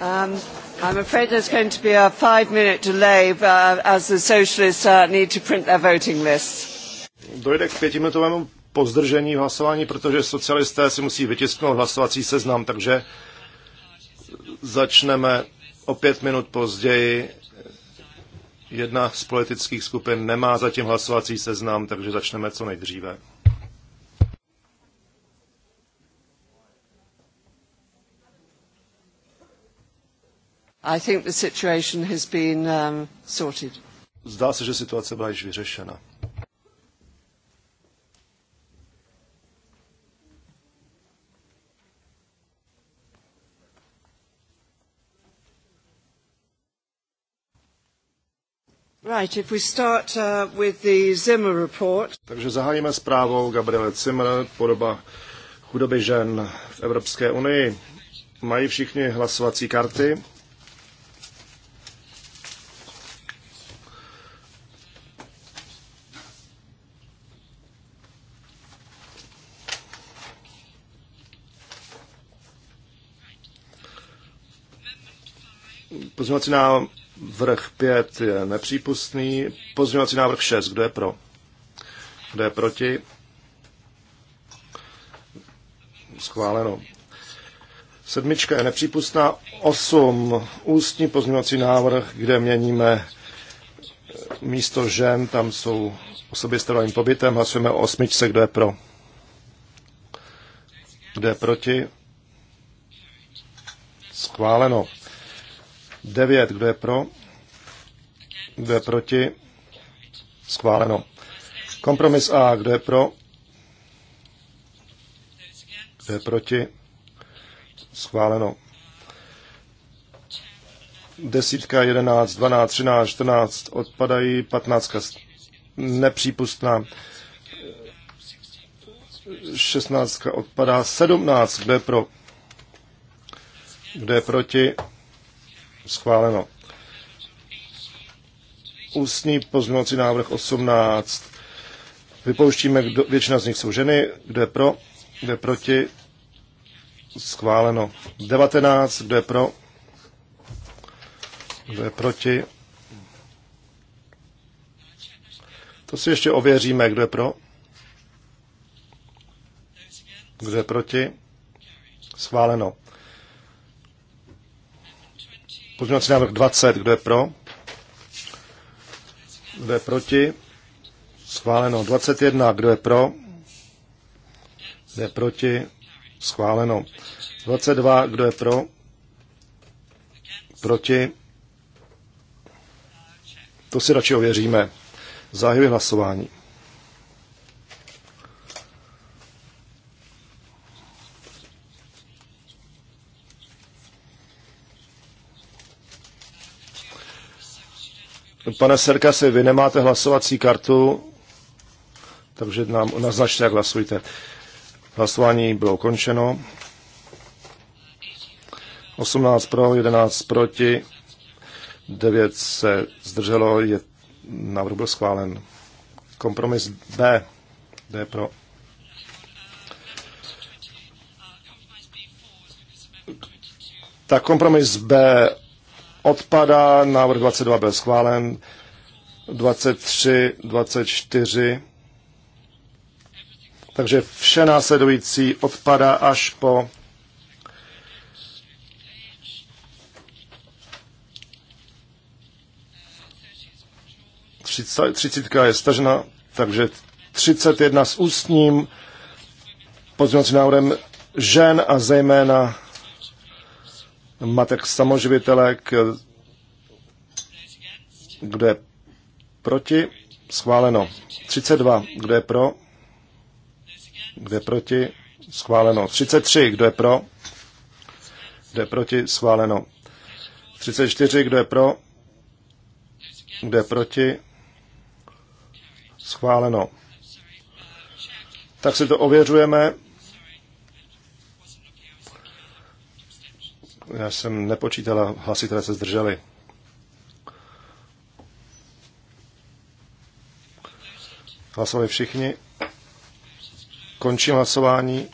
Um, I'm afraid there's going to be a five-minute delay uh, as the socialists uh, need to print their voting lists. Dojde k pětiminutovému pozdržení v hlasování, protože socialisté si musí vytisknout hlasovací seznam, takže začneme o pět minut později. Jedna z politických skupin nemá zatím hlasovací seznam, takže začneme co nejdříve. I think the situation has been um, sorted. Zdá se, že situace byla již vyřešena. Right, if we start uh, with the Zimmer report. Takže zahájíme zprávou Gabriele Zimmer, podoba chudoby žen v Evropské unii. Mají všichni hlasovací karty? Pozměňovací návrh 5 je nepřípustný. Pozměňovací návrh 6, kdo je pro? Kdo je proti? Schváleno. Sedmička je nepřípustná. Osm ústní pozměňovací návrh, kde měníme místo žen, tam jsou osoby s trvalým pobytem. Hlasujeme o osmičce, kdo je pro. Kdo je proti? Schváleno. 9. Kdo je pro? Kdo je proti? Schváleno. Kompromis A. Kdo je pro? Kdo je proti? Schváleno. Desítka, jedenáct, dvanáct, třináct, čtrnáct odpadají, patnáctka nepřípustná, šestnáctka odpadá, sedmnáct, kde pro, kde proti, Schváleno. Ústní pozměnovací návrh 18. Vypouštíme, kdo, většina z nich jsou ženy. Kdo je pro? Kdo je proti? Schváleno. 19. Kdo je pro? Kdo je proti? To si ještě ověříme, kdo je pro. Kdo je proti? Schváleno. Pozměňovací návrh 20, kdo je pro? Kdo je proti? Schváleno. 21, kdo je pro? Kdo je proti? Schváleno. 22, kdo je pro? Proti? To si radši ověříme. Zahajuji hlasování. Pane Serkasi, vy nemáte hlasovací kartu, takže nám naznačte, jak hlasujte. Hlasování bylo ukončeno. 18 pro, 11 proti, 9 se zdrželo, je, návrh byl schválen. Kompromis B, D pro. Tak kompromis B odpadá, návrh 22 byl schválen, 23, 24, takže vše následující odpadá až po třicítka je stažena, takže 31 s ústním pozměňovacím návrhem žen a zejména matek samoživitelek. Kdo je proti? Schváleno. 32. Kdo je pro? Kdo je proti? Schváleno. 33. Kdo je pro? Kdo je proti? Schváleno. 34. Kdo je pro? Kdo je proti? Schváleno. Tak si to ověřujeme. Já jsem nepočítala hlasy, které se zdržely. Hlasovali všichni. Končím hlasování.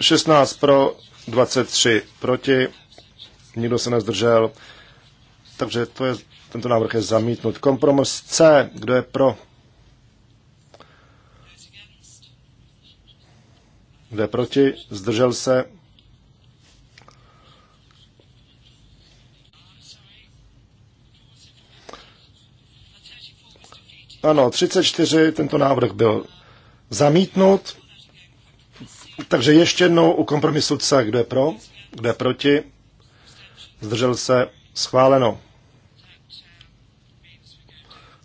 Šestnáct pro, 23 proti, nikdo se nezdržel, takže to je, tento návrh je zamítnut. Kompromis C, kdo je pro? Kdo je proti? Zdržel se? Ano, 34, tento návrh byl zamítnut. Takže ještě jednou u kompromisu C, kdo je pro, kdo je proti, zdržel se schváleno.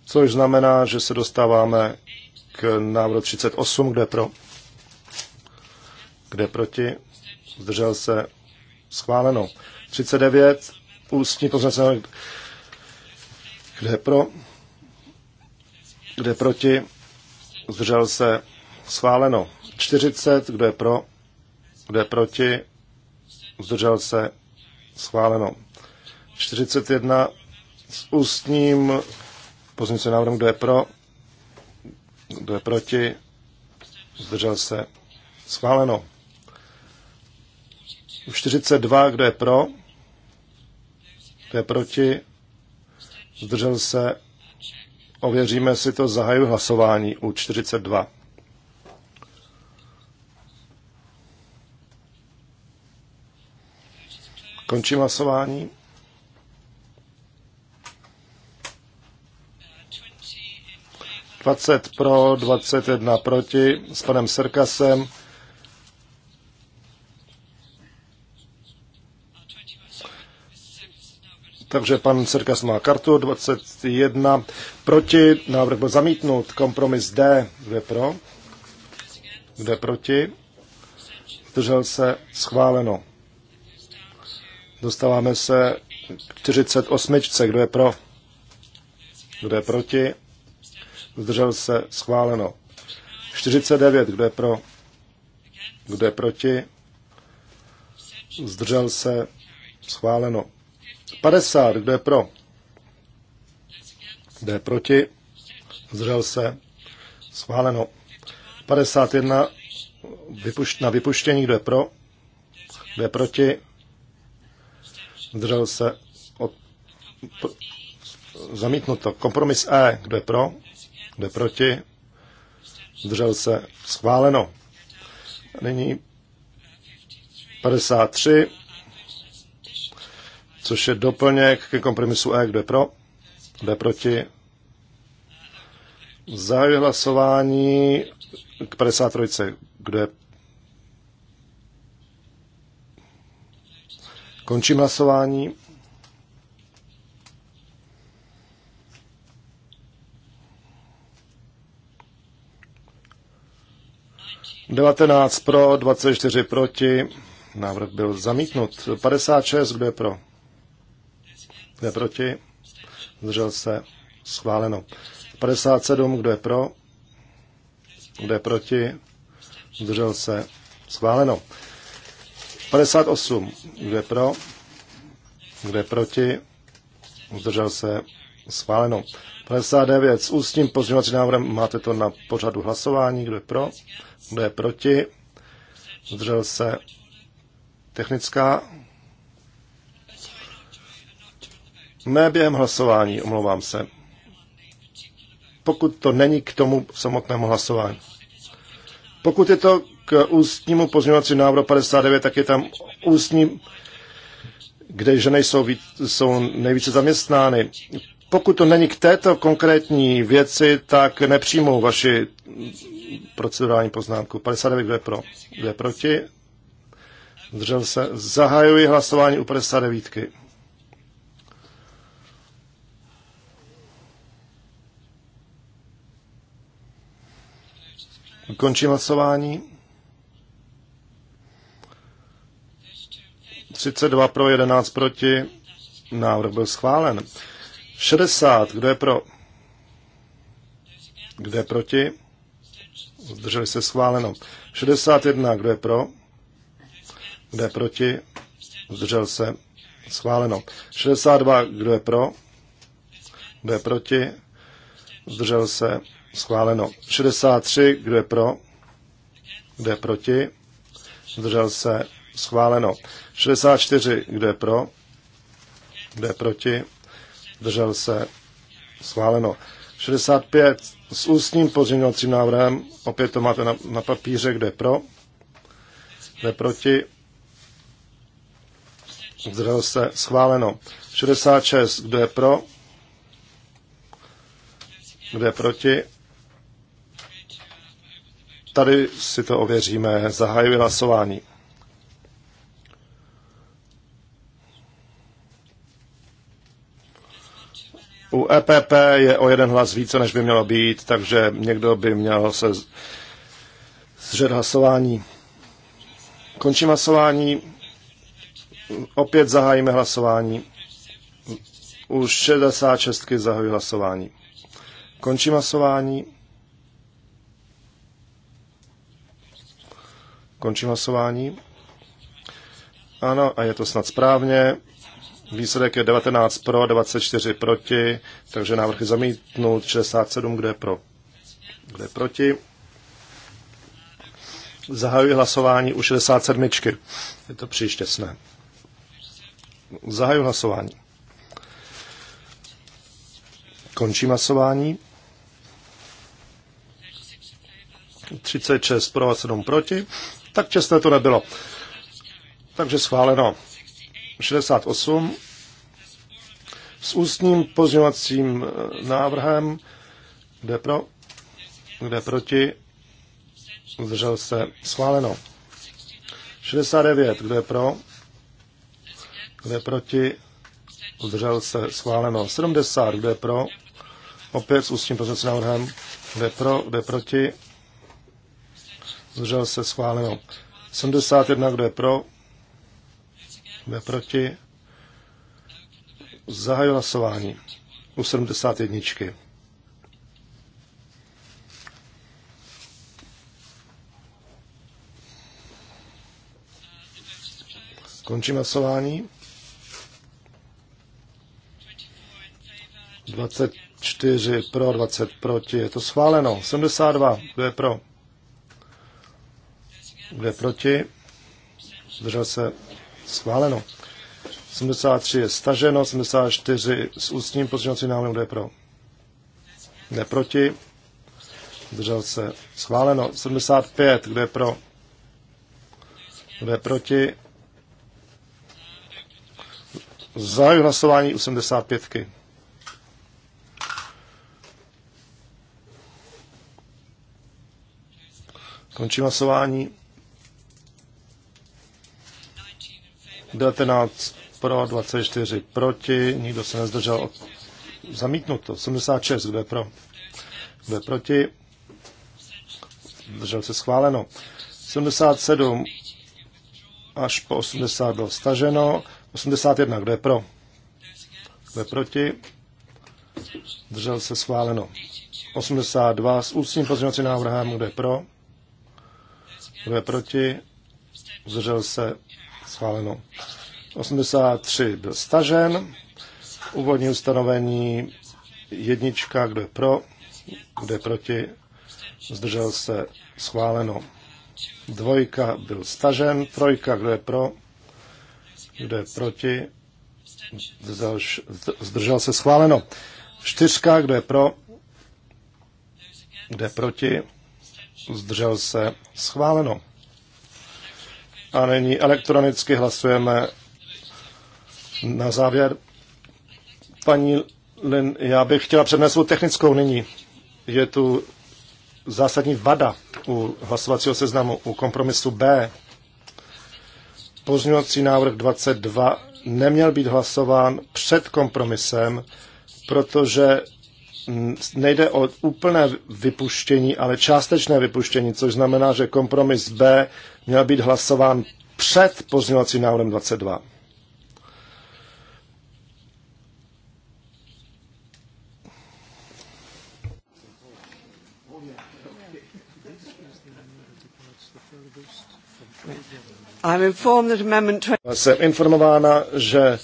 Což znamená, že se dostáváme k návrhu 38, kdo je pro, kde proti? Zdržel se? Schváleno. 39. Ústní pozměnce. kde pro? kde proti? Zdržel se? Schváleno. 40. Kdo je pro? Kdo je proti? Zdržel se? Schváleno. 41 s ústním pozměňovacím návrhem, kdo je pro, kdo je proti, zdržel se, schváleno. 42, kdo je pro? Kdo je proti? Zdržel se? Ověříme si to, zahajuji hlasování u 42. Končím hlasování. 20 pro, 21 proti s panem Serkasem. Takže pan Cerkas má kartu 21 proti, návrh byl zamítnut, kompromis D, kde pro, kde proti, zdržel se, schváleno. Dostáváme se k 48, kdo je pro, kdo je proti, zdržel se, schváleno. 49, kdo je pro, kdo je proti, zdržel se, schváleno. 50, kdo je pro? Kdo je proti? Zdržel se. Schváleno. 51 vypušt, na vypuštění, kdo je pro? Kdo je proti? Zdržel se. Od, pr, zamítnuto. Kompromis E, kdo je pro? Kdo je proti? Zdržel se. Schváleno. Nyní 53 což je doplněk ke kompromisu E, kdo je pro, kdo je proti. Zahajuji hlasování k 53, kdo je Končím hlasování. Devatenáct pro, 24 proti. Návrh byl zamítnut. 56, kdo je pro? Kdo je proti? Zdržel se? Schváleno. 57. Kdo je pro? Kdo je proti? Zdržel se? Schváleno. 58. Kdo je pro? Kdo je proti? Zdržel se? Schváleno. 59. S ústním pozměňovacím návrhem máte to na pořadu hlasování. Kdo je pro? Kdo je proti? Zdržel se? Technická Ne během hlasování, omlouvám se. Pokud to není k tomu samotnému hlasování. Pokud je to k ústnímu pozměňovacímu návrhu 59, tak je tam ústní, kde ženy jsou, víc, jsou nejvíce zaměstnány. Pokud to není k této konkrétní věci, tak nepřijmou vaši procedurální poznámku. 59, kdo je pro? Kdo je proti? Zdržel se. Zahajuji hlasování u 59. -ky. Končím hlasování. 32 pro, 11 proti. Návrh byl schválen. 60. Kdo je pro? Kdo je proti? Zdrželi se schváleno. 61. Kdo je pro? Kdo je proti? Zdržel se schváleno. 62. Kdo je pro? Kdo je proti? Zdržel se Schváleno. 63, kdo je pro? Kdo je proti? Zdržel se. Schváleno. 64, kdo je pro? Kdo je proti? Zdržel se. Schváleno. 65 s ústním pozměňovacím návrhem. Opět to máte na, na papíře, kde pro, kde proti. Zdržel se schváleno. 66, kdo je pro, kdo je proti. Tady si to ověříme. Zahajuji hlasování. U EPP je o jeden hlas více, než by mělo být, takže někdo by měl se zřet hlasování. Končím hlasování. Opět zahájíme hlasování. U 66 zahajuji hlasování. Končím hlasování. Končím hlasování. Ano, a je to snad správně. Výsledek je 19 pro, 24 proti, takže návrh je zamítnut, 67, kde je pro, kde je proti. Zahajuji hlasování u 67. Je to příště sné. Zahajuji hlasování. Končím hlasování. 36 pro a 7 proti. Tak čestné to nebylo. Takže schváleno. 68 s ústním pozměvacím eh, návrhem. Kde pro? Kde proti? Zdržel se. Schváleno. 69. Kde pro? Kde proti? Zdržel se. Schváleno. 70. Kde pro? Opět s ústním pozměvacím návrhem. Kde pro? Kde proti? zdržel se schváleno. 71, kdo je pro, kdo je proti, Zahaj hlasování u 71. Končím hlasování. 24 pro, 20 proti. Je to schváleno. 72. Kdo je pro? Kdo je proti? Zdržel se schváleno. 73 je staženo, 74 s ústním pozměňovacím návrhem, kdo je pro? Kdo je proti? Zdržel se schváleno. 75, kdo je pro? Kdo je proti? Zahajuji hlasování 85. -ky. Končím hlasování. 19 pro, 24 proti, nikdo se nezdržel. Zamítnuto. 76, kdo je pro? Kdo je proti? Zdržel se schváleno. 77 až po 80 bylo staženo. 81, kdo je pro? Kdo je proti? Držel se schváleno. 82 s ústním pozměňovacím návrhem, kdo je pro? Kdo je proti? zdržel se, schváleno. 83 byl stažen, úvodní ustanovení jednička, kdo je pro, kdo je proti, zdržel se, schváleno. Dvojka byl stažen, trojka, kdo je pro, kdo je proti, zdržel, zdržel se, schváleno. Čtyřka, kdo je pro, kdo je proti, zdržel se, schváleno. A nyní elektronicky hlasujeme na závěr. Paní Lin, já bych chtěla přednést svou technickou nyní. Je tu zásadní vada u hlasovacího seznamu, u kompromisu B. Pozňovací návrh 22 neměl být hlasován před kompromisem, protože nejde o úplné vypuštění, ale částečné vypuštění, což znamená, že kompromis B měl být hlasován před pozměňovacím návrhem 22. Jsem informována, že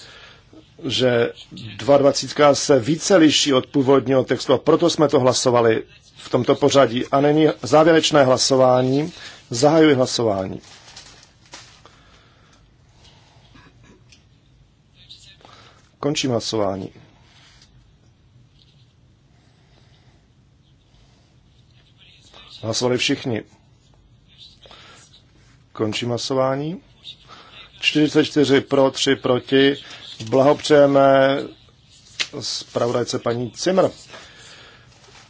že 22 se více liší od původního textu a proto jsme to hlasovali v tomto pořadí. A není závěrečné hlasování. Zahajuji hlasování. Končím hlasování. Hlasovali všichni. Končím hlasování. 44 pro, 3 proti. Blahopřejeme pravodajce paní Cimr.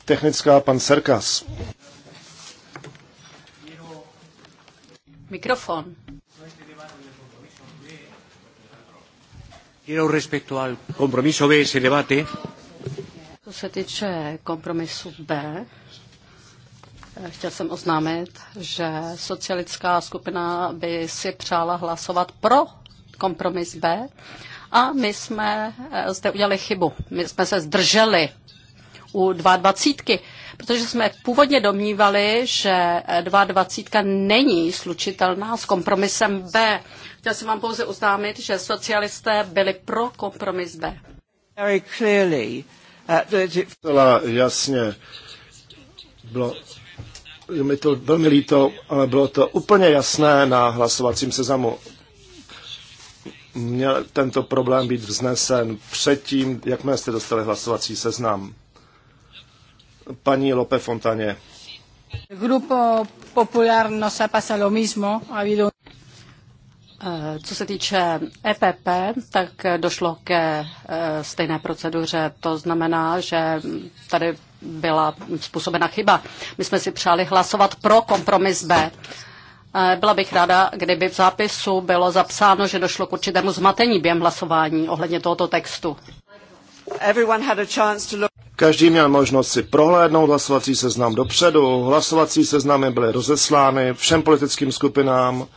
Technická pan Serkas. Mikrofon. Quiero respecto al compromiso B ese debate. Co se týče kompromisu B, Chtěl jsem oznámit, že socialická skupina by si přála hlasovat pro kompromis B, a my jsme eh, zde udělali chybu. My jsme se zdrželi u 22, protože jsme původně domnívali, že 22 není slučitelná s kompromisem B. Chtěl jsem vám pouze uznámit, že socialisté byli pro kompromis B. Very clearly, uh, Zcela jasně bylo je mi to velmi líto, ale bylo to úplně jasné na hlasovacím seznamu měl tento problém být vznesen předtím, jakmile jste dostali hlasovací seznam. Paní Lope Fontaně. Grupo Popular no se pasa lo mismo. habido... Eh, co se týče EPP, tak došlo ke eh, stejné proceduře. To znamená, že tady byla způsobena chyba. My jsme si přáli hlasovat pro kompromis B. Eh, byla bych ráda, kdyby v zápisu bylo zapsáno, že došlo k určitému zmatení během hlasování ohledně tohoto textu. Každý měl možnost si prohlédnout hlasovací seznam dopředu. Hlasovací seznamy byly rozeslány všem politickým skupinám.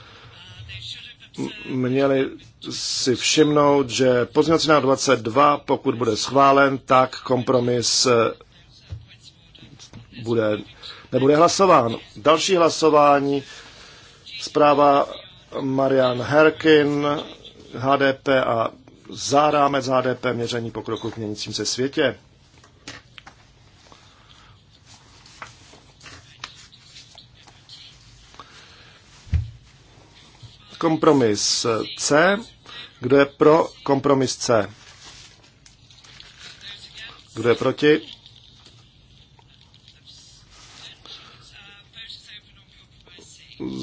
Měli si všimnout, že pozměnací návrh 22, pokud bude schválen, tak kompromis eh, bude, nebude hlasován. Další hlasování Zpráva Marian Herkin, HDP a zárámec HDP měření pokroku v měnícím se světě. Kompromis C. Kdo je pro kompromis C? Kdo je proti?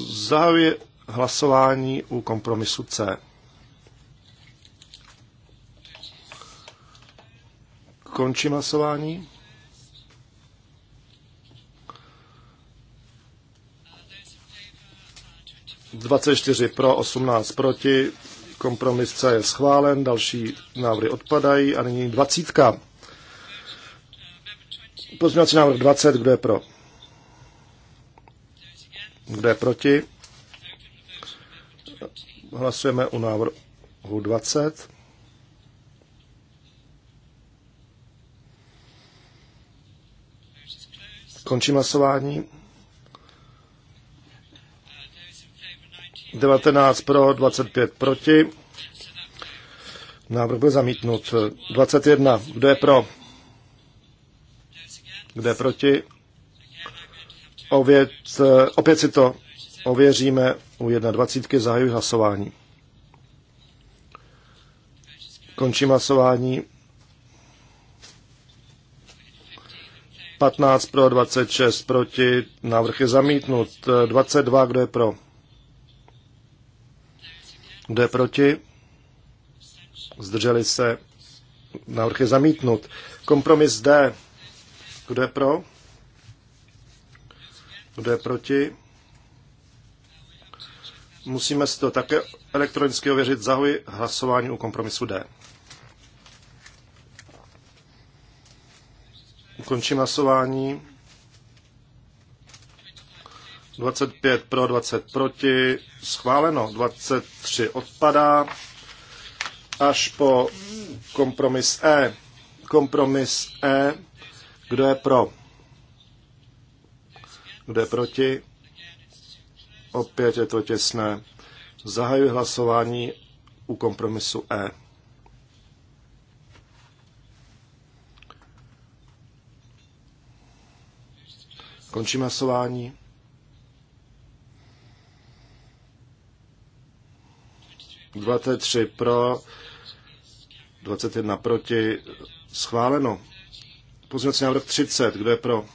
Zahajuji hlasování u kompromisu C. Končím hlasování. Dvacet čtyři pro, osmnáct proti. Kompromis C je schválen, další návrhy odpadají a nyní dvacítka. Pozměňovací návrh 20, kdo je pro? Kdo je proti? Hlasujeme u návrhu 20. Končím hlasování. 19 pro, 25 proti. Návrh byl zamítnut. 21. Kdo je pro? Kdo je proti? ovět, eh, opět si to ověříme u 21. zahajuji hlasování. Končím hlasování. 15 pro, 26 proti, návrh je zamítnut. 22, kdo je pro? Kdo je proti? Zdrželi se. Návrh je zamítnut. Kompromis D. Kdo je pro? Kdo je proti? Musíme si to také elektronicky ověřit. Zahoji hlasování u kompromisu D. Ukončím hlasování. 25 pro, 20 proti. Schváleno. 23 odpadá. Až po kompromis E. Kompromis E. Kdo je pro? Kdo je proti? Opět je to těsné. Zahajuji hlasování u kompromisu E. Končím hlasování. Dvacet tři pro, 21 proti, schváleno. Pozměňovací návrh 30, kdo je pro?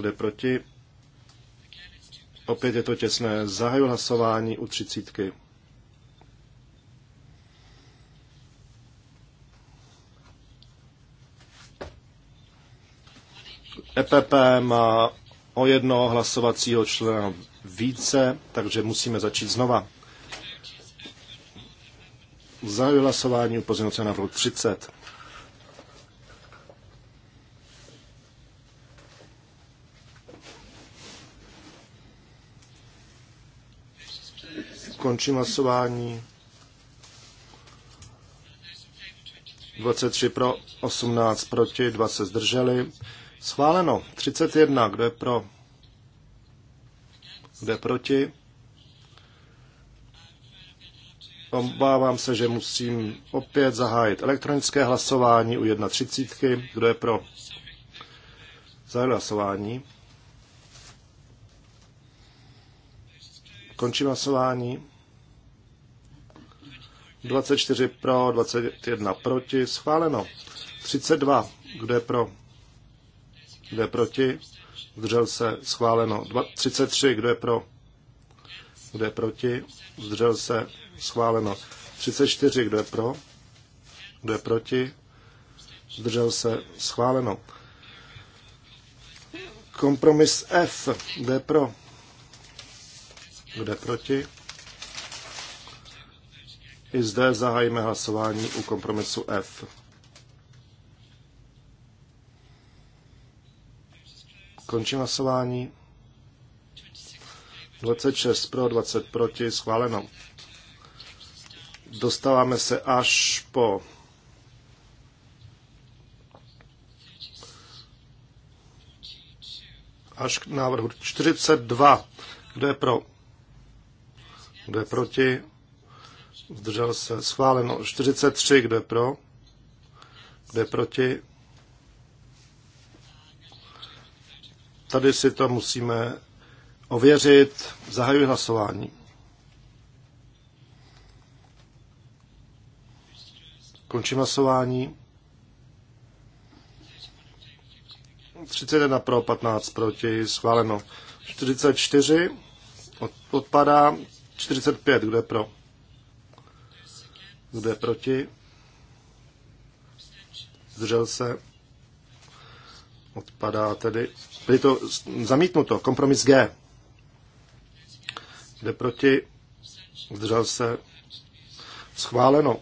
Kdo je proti? Opět je to těsné. Zahaju hlasování u třicítky. EPP má o jedno hlasovacího člena více, takže musíme začít znova. Zahaju hlasování u pozornosti 30. Končím hlasování. 23 pro, 18 proti, 2 se zdrželi. Schváleno. 31. Kdo je pro? Kdo je proti? Obávám se, že musím opět zahájit elektronické hlasování u 1.30. Kdo je pro? Zahájit hlasování. Končím hlasování. 24 pro, 21 proti, schváleno. 32, kdo je pro, kdo je proti, zdržel se, schváleno. 33, kdo je pro, kdo je proti, zdržel se, schváleno. 34, kdo je pro, kdo je proti, zdržel se, schváleno. Kompromis F, kdo je pro, kdo je proti, i zde zahájíme hlasování u kompromisu F. Končím hlasování. 26 pro, 20 proti, schváleno. Dostáváme se až po až k návrhu 42. Kdo je pro? Kdo je proti? zdržel se, schváleno 43, kdo je pro, kdo je proti. Tady si to musíme ověřit, zahajuji hlasování. Končím hlasování. 31 pro, 15 proti, schváleno. 44 odpadá, 45, kdo je pro? Kdo je proti? Zdržel se? Odpadá tedy. Byli to zamítnuto. Kompromis G. Kde proti? Zdržel se? Schváleno.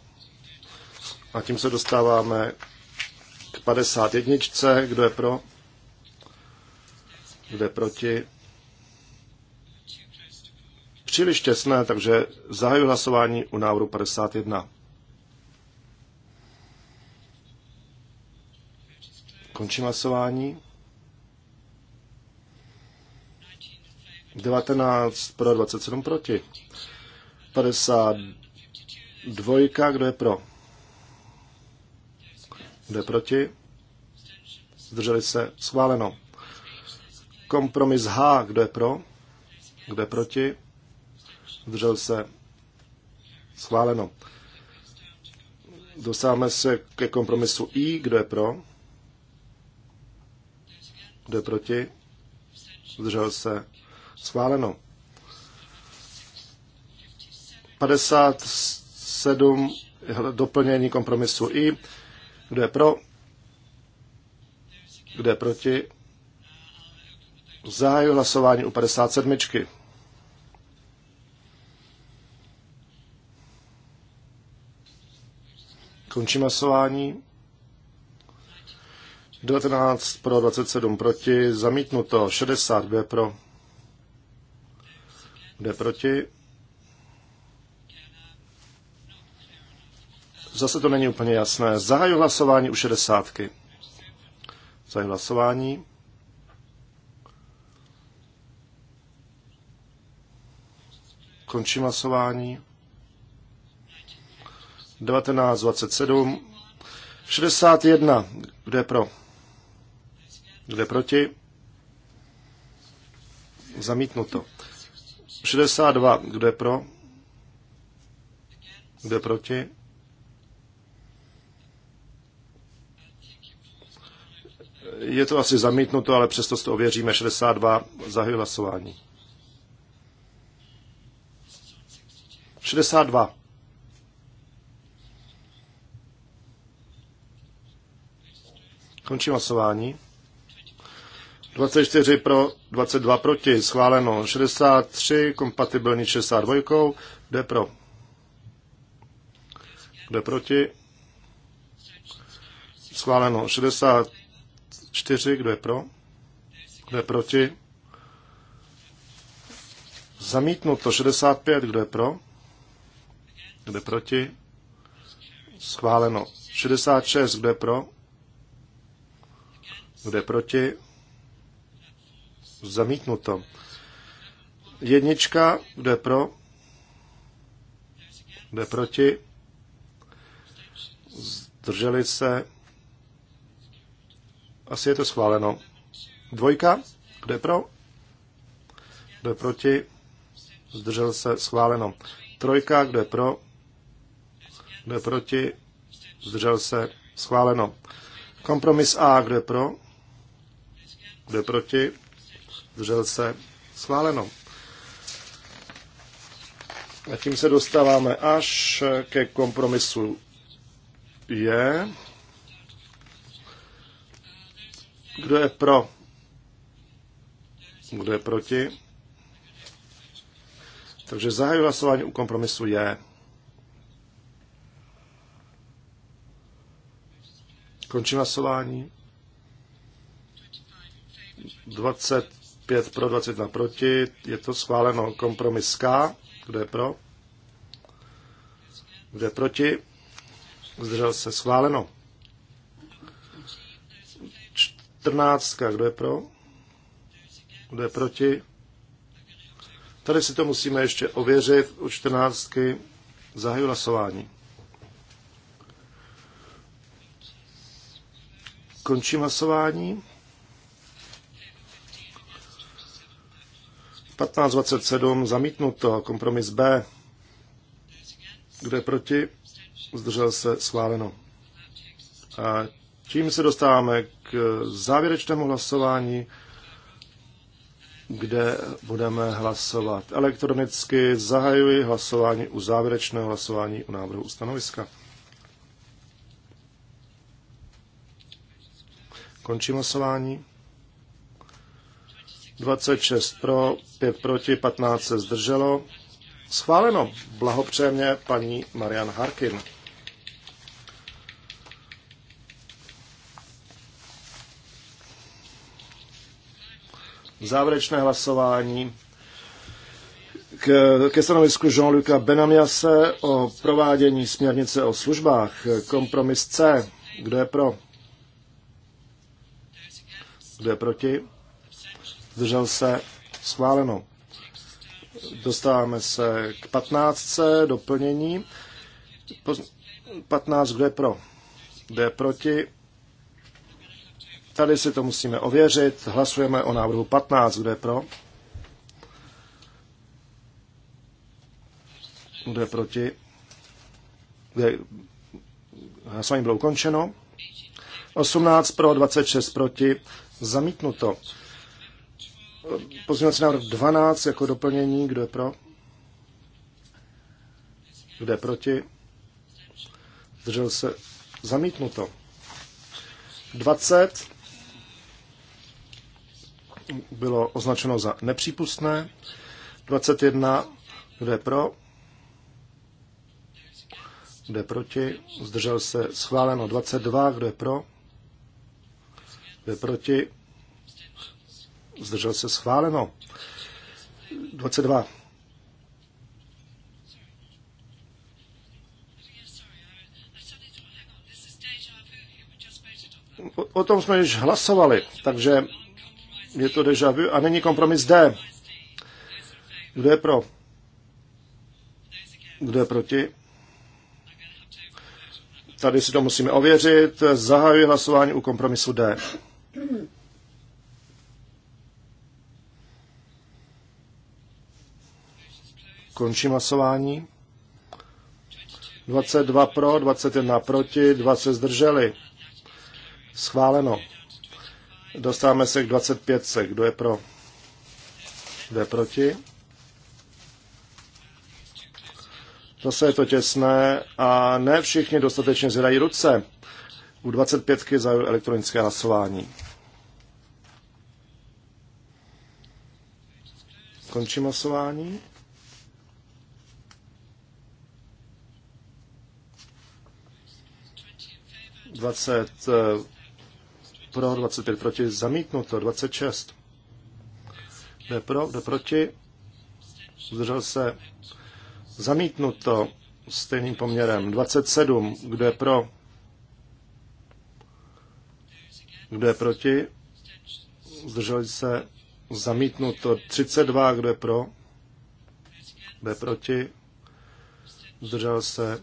A tím se dostáváme k 51. Kdo je pro? Kde je proti? Příliš těsné, takže zahajuji hlasování u návrhu 51. Končím hlasování. 19 pro, 27 proti. 52, kdo je pro? Kdo je proti? Zdrželi se, schváleno. Kompromis H, kdo je pro? Kdo je proti? Zdržel se, schváleno. Dostáváme se ke kompromisu I, kdo je pro? Kdo je proti? Zdržel se. Schváleno. 57 doplnění kompromisu I. Kdo je pro? Kdo je proti? Zahajuji hlasování u 57. Končím hlasování. 19 pro, 27 proti, zamítnuto 60, 62 pro, kde proti. Zase to není úplně jasné. Zahaju hlasování u 60. Zahaju hlasování. Končím hlasování. 19, 27, 61. Kdo je pro? Kdo proti? Zamítnuto. 62. Kdo je pro? Kdo je proti? Je to asi zamítnuto, ale přesto to ověříme. 62. Zahy hlasování. 62. Končím hlasování. 24 pro, 22 proti, schváleno 63, kompatibilní 62, kde pro, kde proti, schváleno 64, kdo je pro, kdo je proti, zamítnuto 65, kdo je pro, kdo je proti, schváleno 66, kdo je pro, kdo je proti, Zamítnuto. Jednička, kdo je pro? Kdo je proti? Zdrželi se. Asi je to schváleno. Dvojka, kdo je pro? Kdo je proti? Zdržel se. Schváleno. Trojka, kdo je pro? Kdo je proti? Zdržel se. Schváleno. Kompromis A, kdo je pro? Kdo je proti? zdržel se, schváleno. A tím se dostáváme až ke kompromisu je. Kdo je pro? Kdo je proti? Takže zahajuji hlasování u kompromisu je. Končím hlasování. 20 5 pro, 21 proti. Je to schváleno kompromis K. Kdo je pro? Kdo je proti? Zdržel se schváleno. 14. Kdo je pro? Kdo je proti? Tady si to musíme ještě ověřit. U 14. Zahaju hlasování. Končím hlasování. 1527 zamítnuto, kompromis B. Kdo je proti? Zdržel se schváleno. A tím se dostáváme k závěrečnému hlasování, kde budeme hlasovat elektronicky. Zahajuji hlasování u závěrečného hlasování u návrhu stanoviska. Končím hlasování. 26 pro, 5 proti, 15 se zdrželo. Schváleno. Blahopřejmě paní Marian Harkin. Závěrečné hlasování k, ke stanovisku jean luc Benamiase o provádění směrnice o službách. Kompromis C. Kdo je pro? Kdo je proti? zdržel se, schváleno. Dostáváme se k 15. doplnění. 15, kdo je pro? Kdo je proti? Tady si to musíme ověřit. Hlasujeme o návrhu 15, kdo je pro? Kdo je proti? Kde... Hlasování bylo ukončeno. 18 pro, 26 proti, zamítnuto. Pozměňovací návrh 12 jako doplnění. Kdo je pro? Kdo je proti? Zdržel se zamítnuto. 20 bylo označeno za nepřípustné. 21, kdo je pro? Kdo je proti? Zdržel se schváleno. 22, kdo je pro? Kdo je proti? zdržel se schváleno. 22. O, o tom jsme již hlasovali, takže je to deja vu a není kompromis D. Kdo je pro? Kdo je proti? Tady si to musíme ověřit. Zahajuji hlasování u kompromisu D. Končím hlasování. 22 pro, 21 proti, 2 se zdrželi. Schváleno. Dostáváme se k 25. Kdo je pro? Kdo je proti? Zase je to těsné a ne všichni dostatečně zvedají ruce. U 25 za elektronické hlasování. Končím hlasování. 20 eh, pro, 25 proti, zamítnuto, 26. Jde pro, jde proti, zdržel se, zamítnuto stejným poměrem, 27, kdo je pro, kdo je proti, zdrželi se, zamítnuto, 32, kdo je pro, kdo je proti, zdržel se,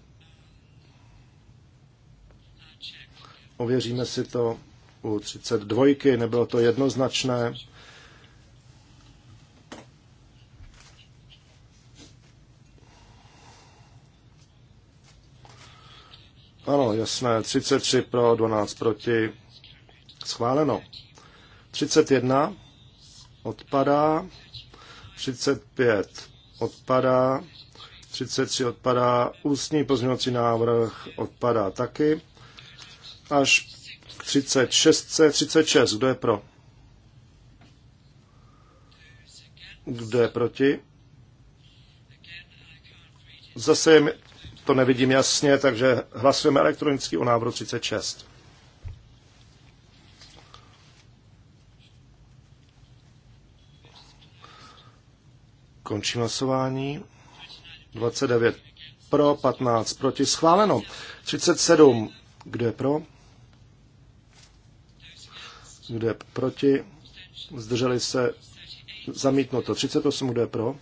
Ověříme si to u 32, nebylo to jednoznačné. Ano, jasné, 33 pro, 12 proti. Schváleno. 31 odpadá, 35 odpadá, 33 odpadá, ústní pozměňovací návrh odpadá taky až 36, 36. Kdo je pro? Kdo je proti? Zase to nevidím jasně, takže hlasujeme elektronicky o návrhu 36. Končím hlasování. 29 pro, 15 proti. Schváleno. 37. Kdo je pro? kdo je proti, zdrželi se, zamítnuto 38, kdo je pro,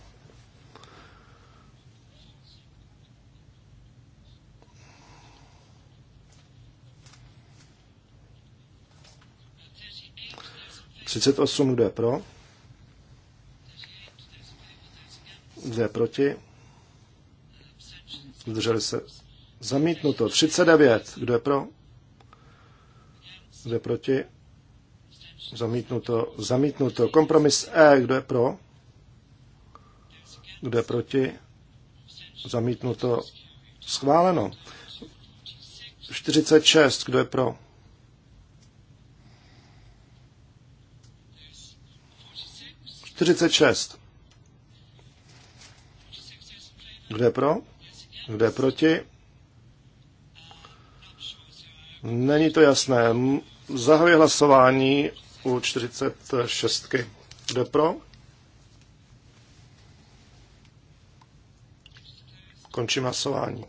Třicet osm, kdo je pro? Kdo je proti? Zdrželi se. Zamítnuto. devět. Kdo je pro? Kdo je proti? Zamítnuto, zamítnuto. Kompromis E, kdo je pro? Kdo je proti? Zamítnuto, schváleno. 46, kdo je pro? 46, Kdo je pro? Kdo je proti? Není to jasné. Zahajuji hlasování u 46. Kdo pro? Končím hlasování.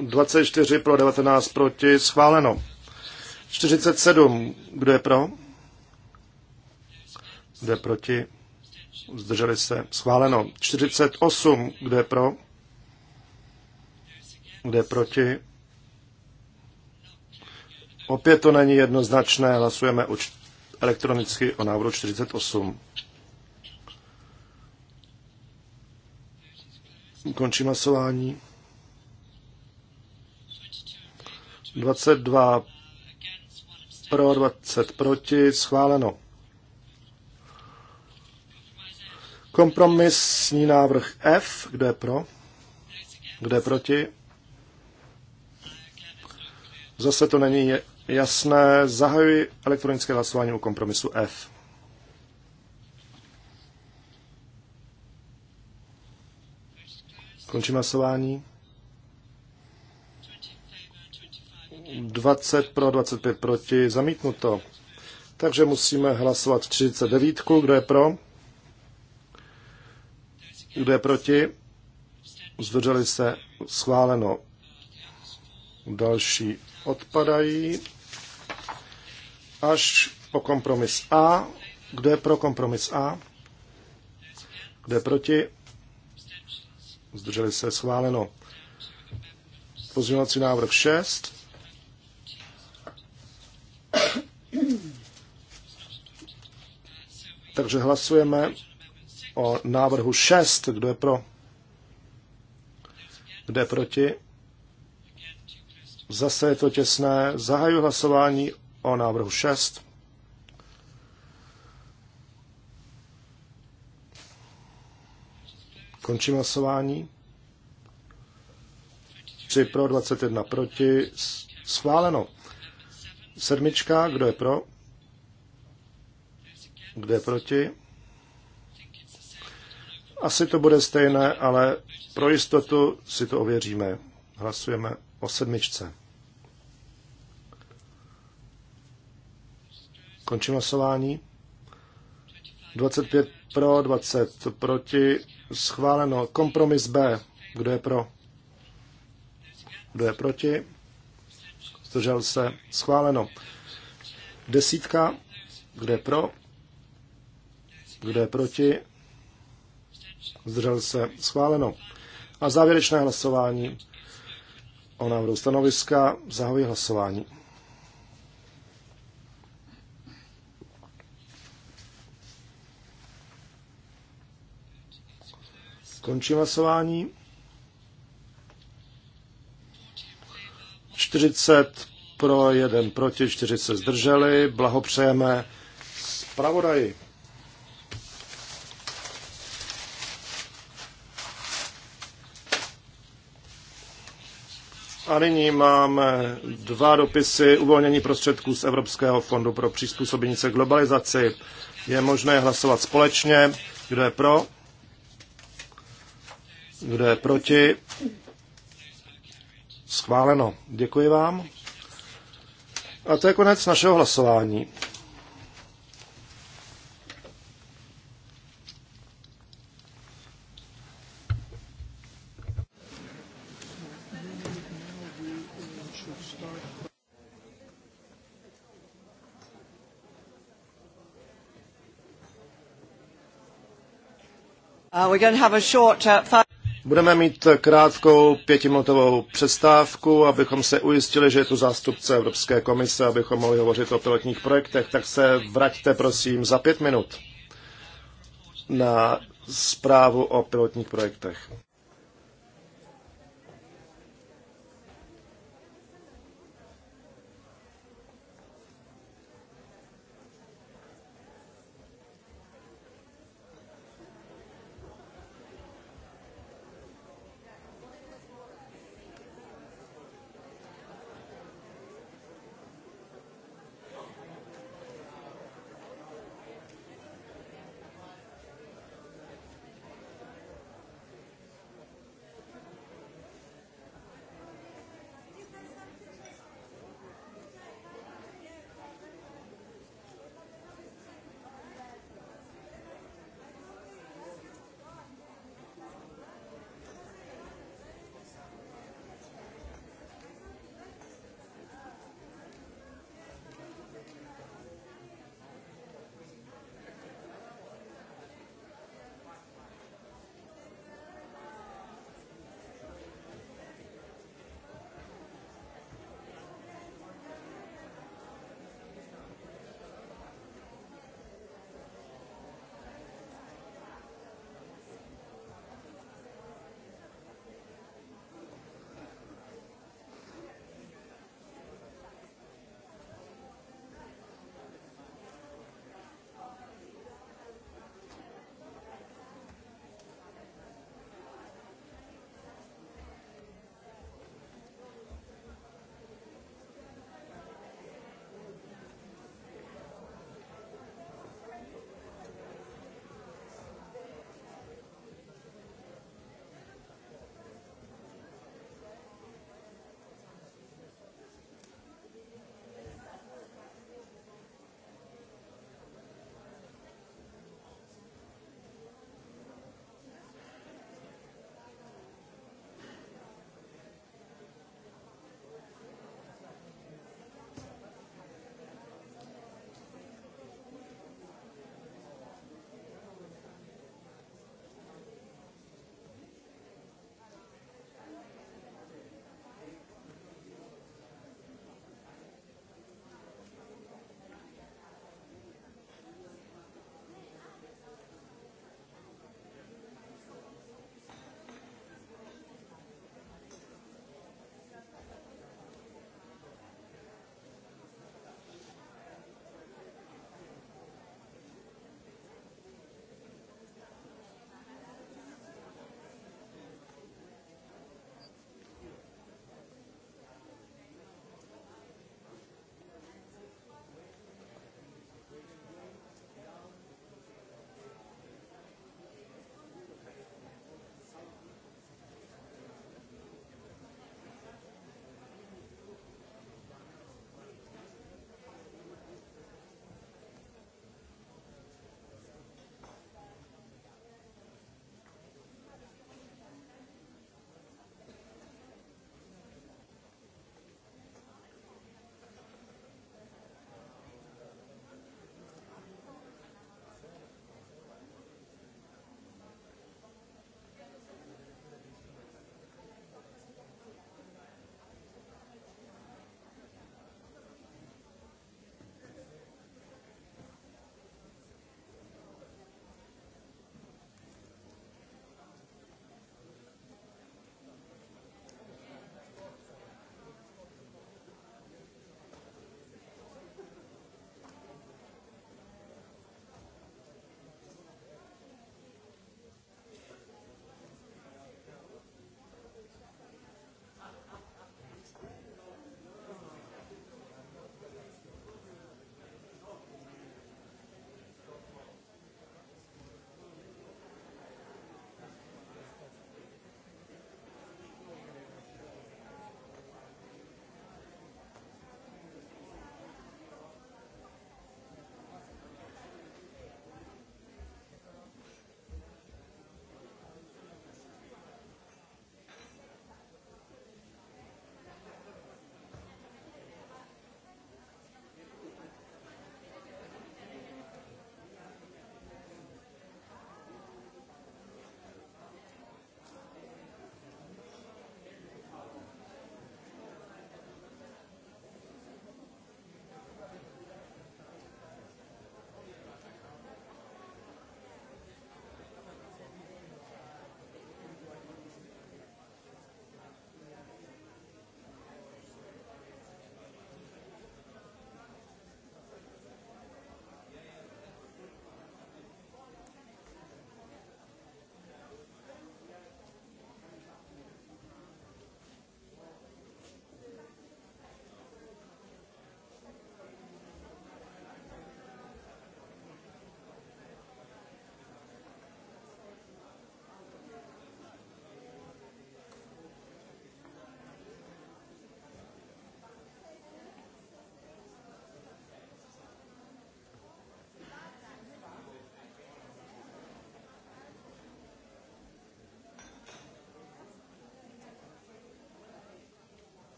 24 pro 19 proti, schváleno. 47, kdo je pro? Kdo je proti? Zdrželi se, schváleno. 48, kdo je pro? Kdo je proti? Opět to není jednoznačné, hlasujeme elektronicky o návrhu 48. Končím hlasování. 22 pro, 20 proti, schváleno. Kompromisní návrh F, kde je pro, kde je proti. Zase to není jasné. Zahajuji elektronické hlasování u kompromisu F. Končím hlasování. 20 pro, 25 proti, zamítnuto. Takže musíme hlasovat 39. Kdo je pro? Kdo je proti? Zdrželi se schváleno. Další odpadají až po kompromis A. Kdo je pro kompromis A? Kdo je proti? Zdrželi se schváleno. Pozměňovací návrh 6. Takže hlasujeme o návrhu 6. Kdo je pro? Kde proti? Zase je to těsné. Zahaju hlasování o návrhu 6. Končím hlasování. 3 pro, 21 proti. Schváleno. Sedmička, kdo je pro? Kdo je proti? Asi to bude stejné, ale pro jistotu si to ověříme. Hlasujeme o sedmičce. Končím hlasování. 25 pro, 20 proti. Schváleno. Kompromis B. Kdo je pro? Kdo je proti? Zdržel se. Schváleno. Desítka. Kdo je pro? Kdo je proti? Zdržel se. Schváleno. A závěrečné hlasování o návrhu stanoviska. Zahoji hlasování. Končím hlasování. 40 pro, 1 proti, 4 se zdrželi. Blahopřejeme zpravodaji. A nyní máme dva dopisy uvolnění prostředků z Evropského fondu pro přizpůsobení se globalizaci. Je možné hlasovat společně. Kdo je pro? Kdo je proti? Schváleno. Děkuji vám. A to je konec našeho hlasování. Uh, we're going to have a short uh, five Budeme mít krátkou pětiminutovou přestávku, abychom se ujistili, že je tu zástupce Evropské komise, abychom mohli hovořit o pilotních projektech, tak se vraťte prosím za pět minut na zprávu o pilotních projektech.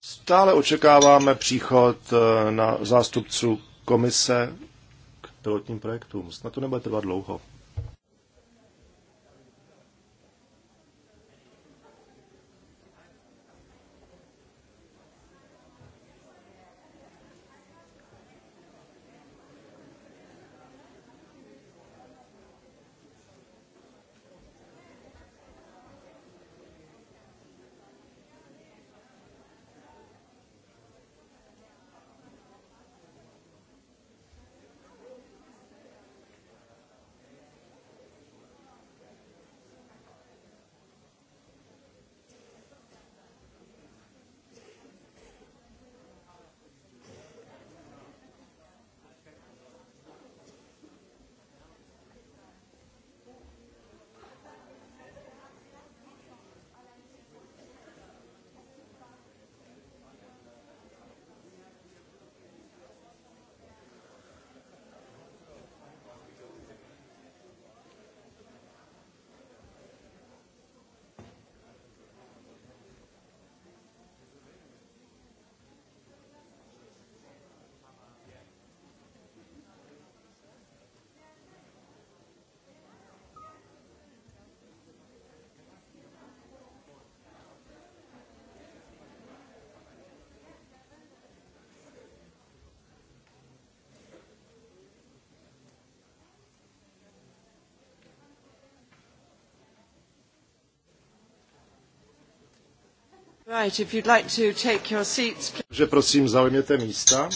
Stále očekáváme příchod eh, na zástupců komise k pilotním projektům. Snad to nebude trvat dlouho. Right, Že prosím, zaujměte místa.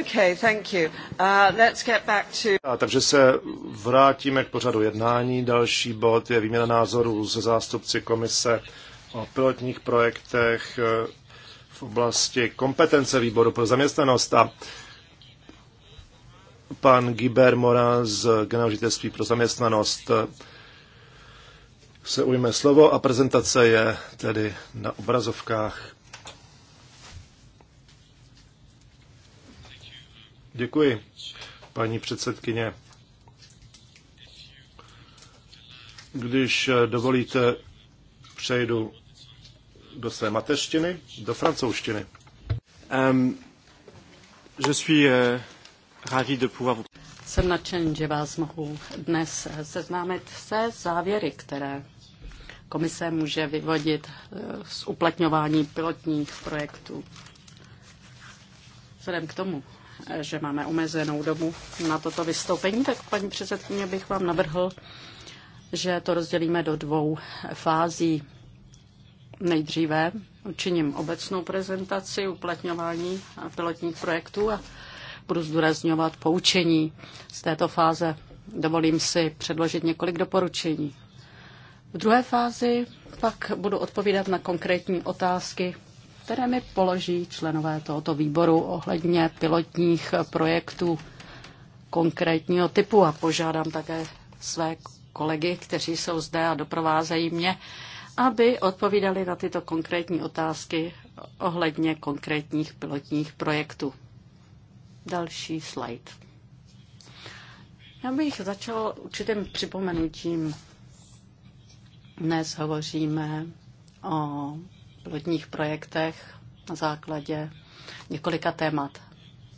Okay, thank you. Uh, let's get back to... A takže se vrátíme k pořadu jednání. Další bod je výměna názorů se zástupci komise o pilotních projektech eh, v oblasti kompetence výboru pro zaměstnanost a pan Giber Mora z Generalitelství pro zaměstnanost eh, se ujme slovo a prezentace je tedy na obrazovkách. Děkuji, paní předsedkyně. Když eh, dovolíte, přejdu do své mateřštiny, do francouzštiny. Um, je suis, uh, ravi de pouvoir... Jsem nadšen, že vás mohu dnes eh, seznámit se závěry, které komise může vyvodit z uplatňování pilotních projektů. Vzhledem k tomu, že máme omezenou dobu na toto vystoupení, tak paní předsedkyně bych vám navrhl, že to rozdělíme do dvou fází. Nejdříve učiním obecnou prezentaci uplatňování pilotních projektů a budu zdůrazňovat poučení z této fáze. Dovolím si předložit několik doporučení. V druhé fázi pak budu odpovídat na konkrétní otázky které mi položí členové tohoto výboru ohledně pilotních projektů konkrétního typu a požádám také své kolegy, kteří jsou zde a doprovázejí mě, aby odpovídali na tyto konkrétní otázky ohledně konkrétních pilotních projektů. Další slide. Já bych začal určitým připomenutím. Dnes hovoříme o pilotních projektech na základě několika témat.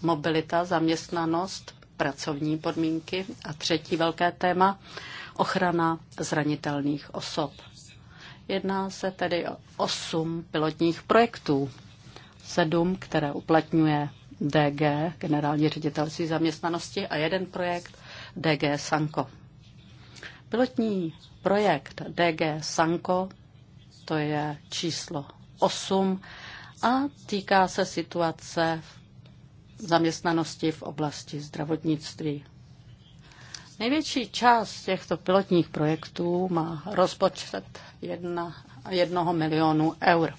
Mobilita, zaměstnanost, pracovní podmínky a třetí velké téma ochrana zranitelných osob. Jedná se tedy o osm pilotních projektů, sedm, které uplatňuje DG, generální ředitelství zaměstnanosti, a jeden projekt DG Sanko. Pilotní projekt DG Sanko, to je číslo 8 a týká se situace v zaměstnanosti v oblasti zdravotnictví. Největší část těchto pilotních projektů má rozpočet 1 milionu eur.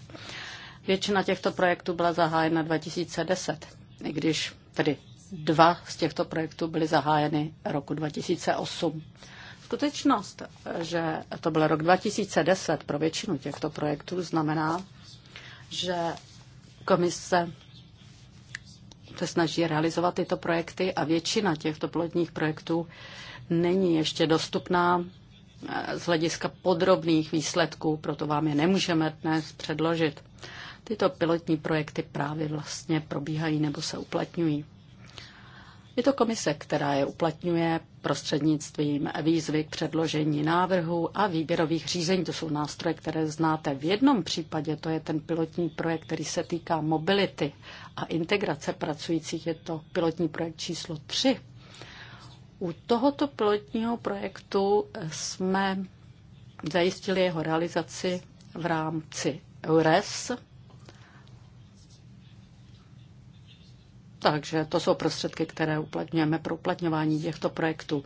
Většina těchto projektů byla zahájena 2010, i když tedy dva z těchto projektů byly zahájeny roku 2008. Skutečnost, že to byl rok 2010 pro většinu těchto projektů, znamená, že komise se snaží realizovat tyto projekty a většina těchto pilotních projektů není ještě dostupná eh, z hlediska podrobných výsledků, proto vám je nemůžeme dnes předložit. Tyto pilotní projekty právě vlastně probíhají nebo se uplatňují. Je to komise, která je uplatňuje prostřednictvím výzvy k předložení návrhu a výběrových řízení. To jsou nástroje, které znáte. V jednom případě to je ten pilotní projekt, který se týká mobility a integrace pracujících. Je to pilotní projekt číslo 3. U tohoto pilotního projektu jsme zajistili jeho realizaci v rámci EURES, Takže to jsou prostředky, které uplatňujeme pro uplatňování těchto projektů.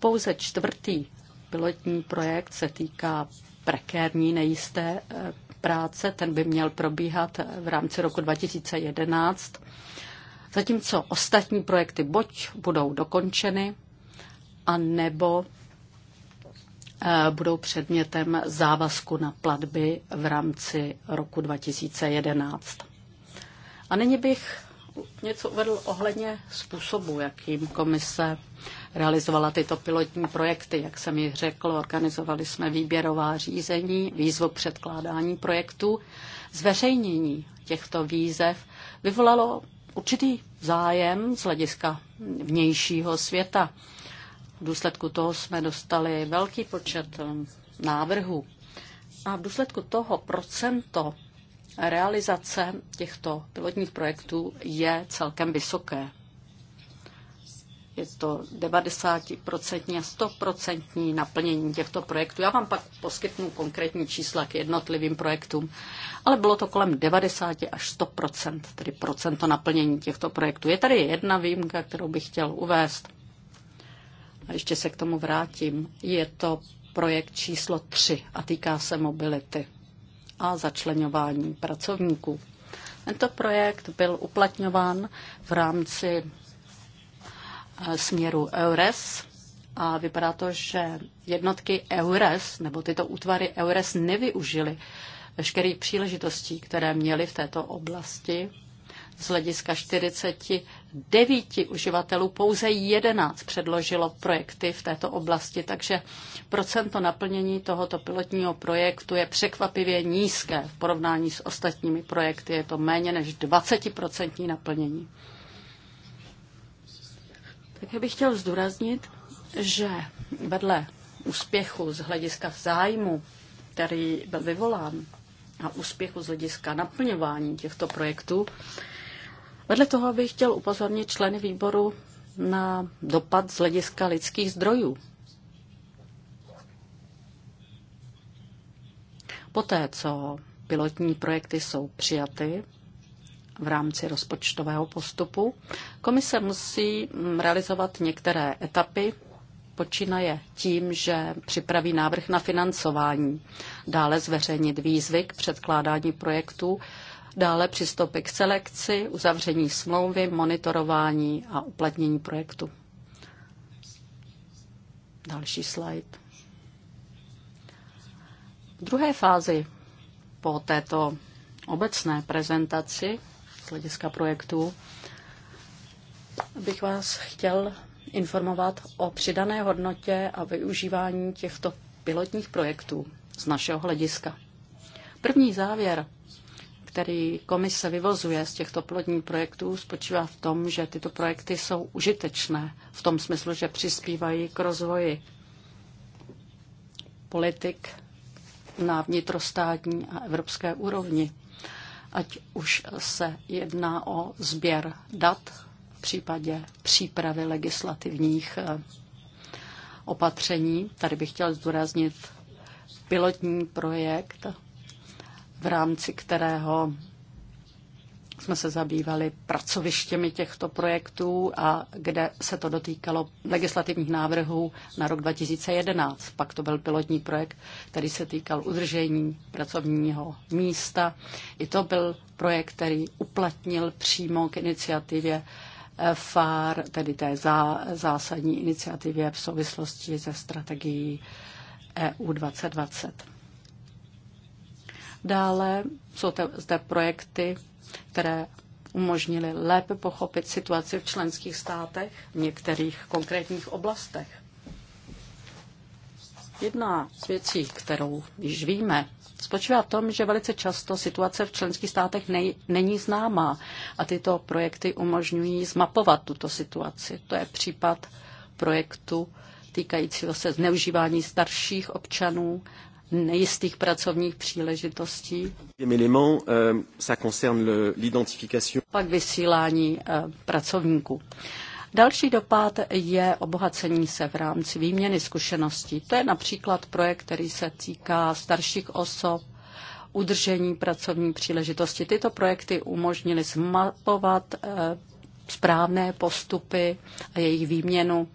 Pouze čtvrtý pilotní projekt se týká prekérní nejisté eh, práce. Ten by měl probíhat eh, v rámci roku 2011. Zatímco ostatní projekty buď budou dokončeny, anebo eh, budou předmětem závazku na platby v rámci roku 2011. A nyní bych něco uvedl ohledně způsobu, jakým komise realizovala tyto pilotní projekty. Jak jsem ji řekl, organizovali jsme výběrová řízení, výzvu předkládání projektů. Zveřejnění těchto výzev vyvolalo určitý zájem z hlediska vnějšího světa. V důsledku toho jsme dostali velký počet návrhů. A v důsledku toho procento realizace těchto pilotních projektů je celkem vysoké. Je to 90% a 100% naplnění těchto projektů. Já vám pak poskytnu konkrétní čísla k jednotlivým projektům, ale bylo to kolem 90 až 100%, tedy procento naplnění těchto projektů. Je tady jedna výjimka, kterou bych chtěl uvést. A ještě se k tomu vrátím. Je to projekt číslo 3 a týká se mobility a začlenování pracovníků. Tento projekt byl uplatňován v rámci eh, směru EURES a vypadá to, že jednotky EURES nebo tyto útvary EURES nevyužily veškerých příležitostí, které měly v této oblasti z hlediska 49 uživatelů pouze 11 předložilo projekty v této oblasti, takže procento naplnění tohoto pilotního projektu je překvapivě nízké v porovnání s ostatními projekty. Je to méně než 20% naplnění. já bych chtěl zdůraznit, že vedle úspěchu z hlediska zájmu, který byl vyvolán, a úspěchu z hlediska naplňování těchto projektů, Vedle toho bych chtěl upozornit členy výboru na dopad z hlediska lidských zdrojů. Poté, co pilotní projekty jsou přijaty v rámci rozpočtového postupu, komise musí realizovat některé etapy, počínaje tím, že připraví návrh na financování, dále zveřejnit výzvy k předkládání projektů dále přistoupit k selekci, uzavření smlouvy, monitorování a uplatnění projektu. Další slide. V druhé fázi po této obecné prezentaci z hlediska projektu bych vás chtěl informovat o přidané hodnotě a využívání těchto pilotních projektů z našeho hlediska. První závěr který komise vyvozuje z těchto plodních projektů, spočívá v tom, že tyto projekty jsou užitečné v tom smyslu, že přispívají k rozvoji politik na vnitrostátní a evropské úrovni. Ať už se jedná o sběr dat v případě přípravy legislativních eh, opatření. Tady bych chtěl zdůraznit pilotní projekt v rámci kterého jsme se zabývali pracovištěmi těchto projektů a kde se to dotýkalo legislativních návrhů na rok 2011. Pak to byl pilotní projekt, který se týkal udržení pracovního místa. I to byl projekt, který uplatnil přímo k iniciativě eh, FAR, tedy té zá, zásadní iniciativě v souvislosti se strategií EU 2020. Dále jsou zde projekty, které umožnily lépe pochopit situaci v členských státech v některých konkrétních oblastech. Jedna z věcí, kterou již víme, spočívá v tom, že velice často situace v členských státech nej, není známá a tyto projekty umožňují zmapovat tuto situaci. To je případ projektu týkajícího se zneužívání starších občanů nejistých pracovních příležitostí. Euh, Pak vysílání eh, pracovníků. Další dopad je obohacení se v rámci výměny zkušeností. To je například projekt, který se týká starších osob, udržení pracovní příležitosti. Tyto projekty umožnily zmapovat eh, správné postupy a jejich výměnu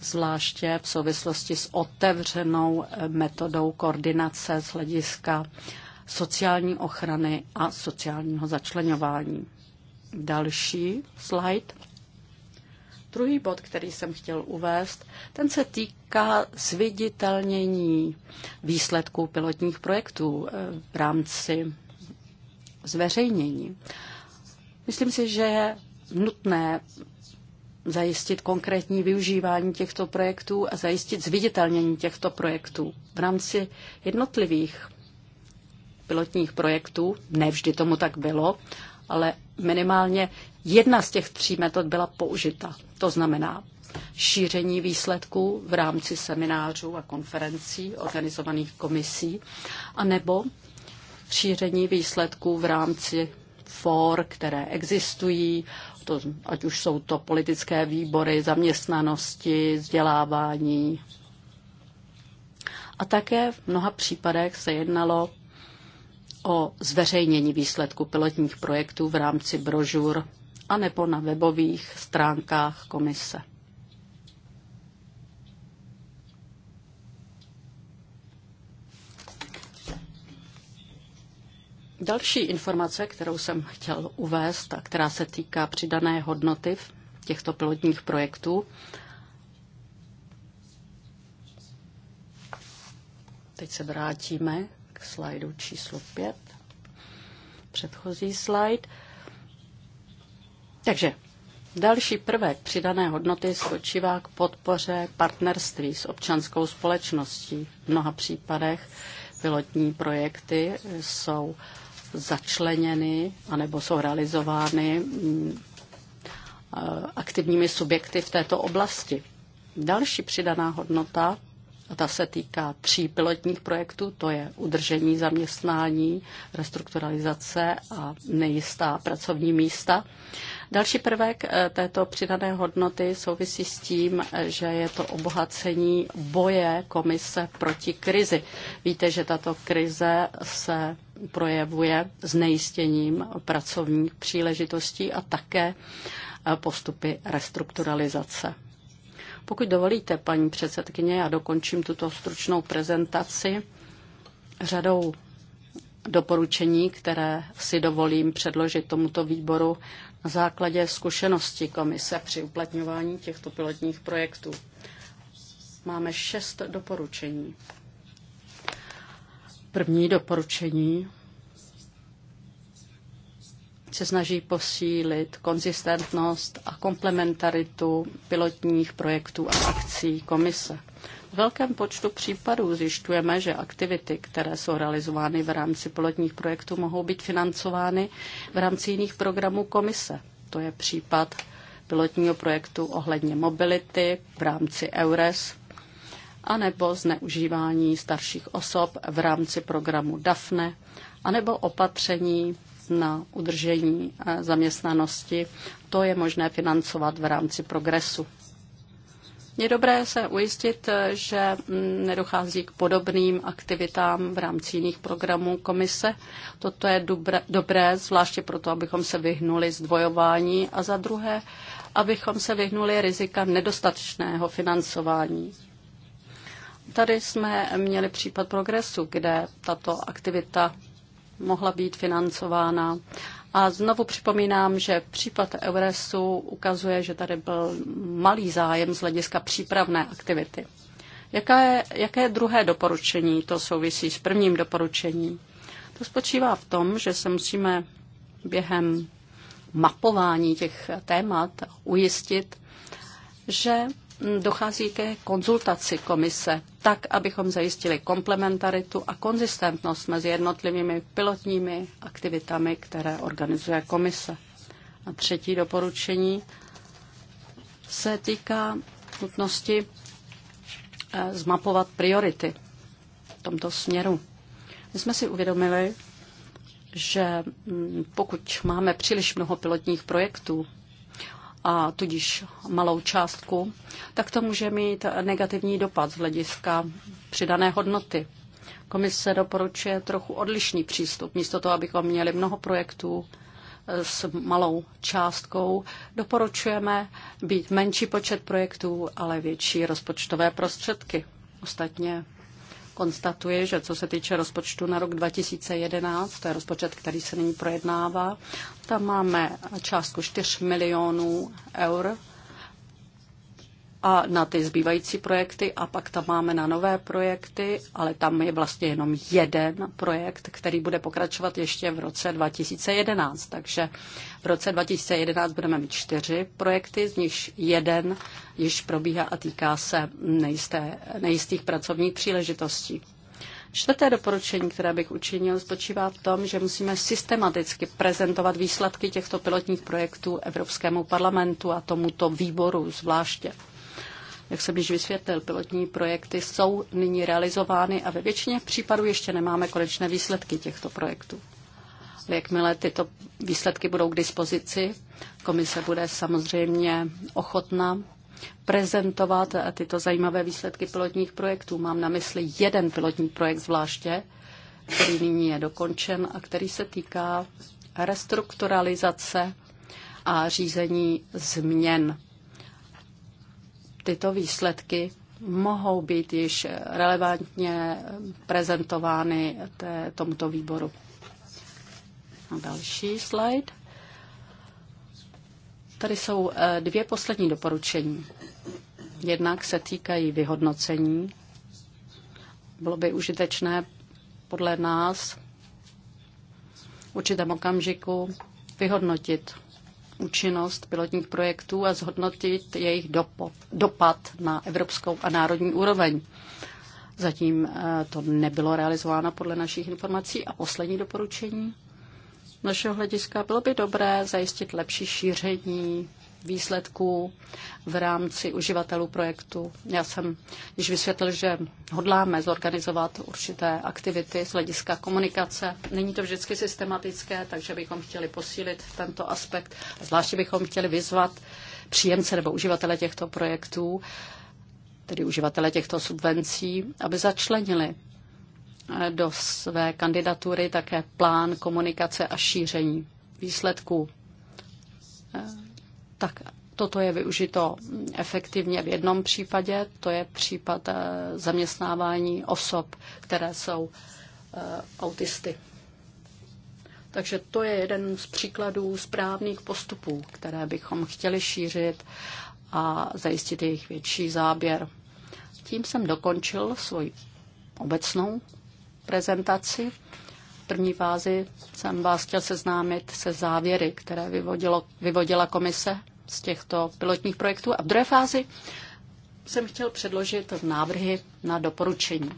zvláště v souvislosti s otevřenou metodou koordinace z hlediska sociální ochrany a sociálního začlenování. Další slide. Druhý bod, který jsem chtěl uvést, ten se týká zviditelnění výsledků pilotních projektů eh, v rámci zveřejnění. Myslím si, že je nutné zajistit konkrétní využívání těchto projektů a zajistit zviditelnění těchto projektů. V rámci jednotlivých pilotních projektů, nevždy tomu tak bylo, ale minimálně jedna z těch tří metod byla použita. To znamená šíření výsledků v rámci seminářů a konferencí organizovaných komisí, anebo šíření výsledků v rámci for, které existují, to, ať už jsou to politické výbory, zaměstnanosti, vzdělávání. A také v mnoha případech se jednalo o zveřejnění výsledku pilotních projektů v rámci brožur a nebo na webových stránkách komise. Další informace, kterou jsem chtěl uvést a která se týká přidané hodnoty v těchto pilotních projektů, Teď se vrátíme k slajdu číslo 5. Předchozí slide. Takže další prvek přidané hodnoty spočívá k podpoře partnerství s občanskou společností. V mnoha případech pilotní projekty jsou začleněny anebo jsou realizovány mm, eh, aktivními subjekty v této oblasti. Další přidaná hodnota, a ta se týká tří pilotních projektů, to je udržení zaměstnání, restrukturalizace a nejistá pracovní místa. Další prvek eh, této přidané hodnoty souvisí s tím, eh, že je to obohacení boje komise proti krizi. Víte, že tato krize se projevuje znejistěním pracovních příležitostí a také eh, postupy restrukturalizace. Pokud dovolíte, paní předsedkyně, já dokončím tuto stručnou prezentaci řadou doporučení, které si dovolím předložit tomuto výboru na základě zkušenosti komise při uplatňování těchto pilotních projektů. Máme šest doporučení. První doporučení se snaží posílit konzistentnost a komplementaritu pilotních projektů a akcí komise. V velkém počtu případů zjišťujeme, že aktivity, které jsou realizovány v rámci pilotních projektů, mohou být financovány v rámci jiných programů komise. To je případ pilotního projektu ohledně mobility v rámci EURES anebo zneužívání starších osob v rámci programu DAFNE, anebo opatření na udržení eh, zaměstnanosti. To je možné financovat v rámci progresu. Je dobré se ujistit, eh, že mm, nedochází k podobným aktivitám v rámci jiných programů komise. Toto je dobré, dobré zvláště proto, abychom se vyhnuli zdvojování a za druhé, abychom se vyhnuli rizika nedostatečného financování. Tady jsme měli případ progresu, kde tato aktivita mohla být financována. A znovu připomínám, že případ Euresu ukazuje, že tady byl malý zájem z hlediska přípravné aktivity. Jaká je, jaké je druhé doporučení? To souvisí s prvním doporučením. To spočívá v tom, že se musíme během mapování těch témat ujistit, že dochází ke konzultaci komise, tak, abychom zajistili komplementaritu a konzistentnost mezi jednotlivými pilotními aktivitami, které organizuje komise. A třetí doporučení se týká nutnosti eh, zmapovat priority v tomto směru. My jsme si uvědomili, že mm, pokud máme příliš mnoho pilotních projektů, a tudíž malou částku, tak to může mít negativní dopad z hlediska přidané hodnoty. Komise doporučuje trochu odlišný přístup. Místo toho, abychom měli mnoho projektů s malou částkou, doporučujeme být menší počet projektů, ale větší rozpočtové prostředky. Ostatně konstatuji, že co se týče rozpočtu na rok 2011, to je rozpočet, který se nyní projednává, tam máme částku 4 milionů eur a na ty zbývající projekty a pak tam máme na nové projekty, ale tam je vlastně jenom jeden projekt, který bude pokračovat ještě v roce 2011. Takže v roce 2011 budeme mít čtyři projekty, z nichž jeden již probíhá a týká se nejisté, nejistých pracovních příležitostí. Čtvrté doporučení, které bych učinil, spočívá v tom, že musíme systematicky prezentovat výsledky těchto pilotních projektů Evropskému parlamentu a tomuto výboru zvláště. Jak jsem již vysvětlil, pilotní projekty jsou nyní realizovány a ve většině případů ještě nemáme konečné výsledky těchto projektů. Jakmile tyto výsledky budou k dispozici, komise bude samozřejmě ochotná prezentovat tyto zajímavé výsledky pilotních projektů. Mám na mysli jeden pilotní projekt zvláště, který nyní je dokončen a který se týká restrukturalizace a řízení změn tyto výsledky mohou být již relevantně prezentovány té, tomuto výboru. A další slide. Tady jsou eh, dvě poslední doporučení. Jednak se týkají vyhodnocení. Bylo by užitečné podle nás v určitém okamžiku vyhodnotit účinnost pilotních projektů a zhodnotit jejich dopad, dopad na evropskou a národní úroveň. Zatím eh, to nebylo realizováno podle našich informací. A poslední doporučení našeho hlediska bylo by dobré zajistit lepší šíření výsledků v rámci uživatelů projektu. Já jsem již vysvětlil, že hodláme zorganizovat určité aktivity z hlediska komunikace. Není to vždycky systematické, takže bychom chtěli posílit tento aspekt. Zvláště bychom chtěli vyzvat příjemce nebo uživatele těchto projektů, tedy uživatele těchto subvencí, aby začlenili eh, do své kandidatury také plán komunikace a šíření výsledků eh, tak toto je využito efektivně v jednom případě, to je případ eh, zaměstnávání osob, které jsou eh, autisty. Takže to je jeden z příkladů správných postupů, které bychom chtěli šířit a zajistit jejich větší záběr. Tím jsem dokončil svoji obecnou prezentaci. V první fázi jsem vás chtěl seznámit se závěry, které vyvodilo, vyvodila komise z těchto pilotních projektů a v druhé fázi jsem chtěl předložit návrhy na doporučení.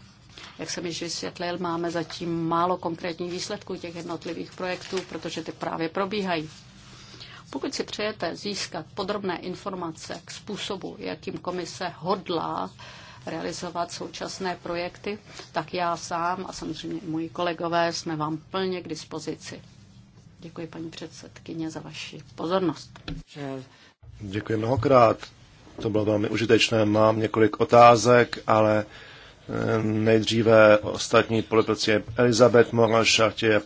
Jak jsem již vysvětlil, máme zatím málo konkrétních výsledků těch jednotlivých projektů, protože ty právě probíhají. Pokud si přejete získat podrobné informace k způsobu, jakým komise hodlá realizovat současné projekty, tak já sám a samozřejmě i moji kolegové jsme vám plně k dispozici. Děkuji, paní předsedkyně, za vaši pozornost. Děkuji mnohokrát. To bylo velmi užitečné. Mám několik otázek, ale eh, nejdříve ostatní politici Elizabeth Moraš a tě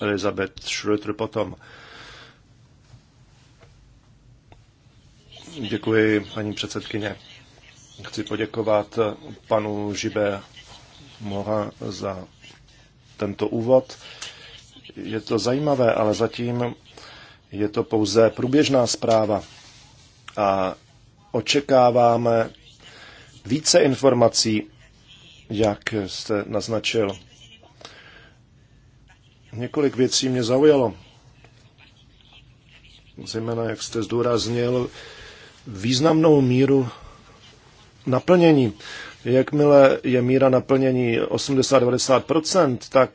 Elizabeth Schröter potom. Děkuji, paní předsedkyně. Chci poděkovat panu Žibe Mora za tento úvod je to zajímavé, ale zatím je to pouze průběžná zpráva a očekáváme více informací, jak jste naznačil. Několik věcí mě zaujalo. Zejména, jak jste zdůraznil, významnou míru naplnění. Jakmile je míra naplnění 80-90%, tak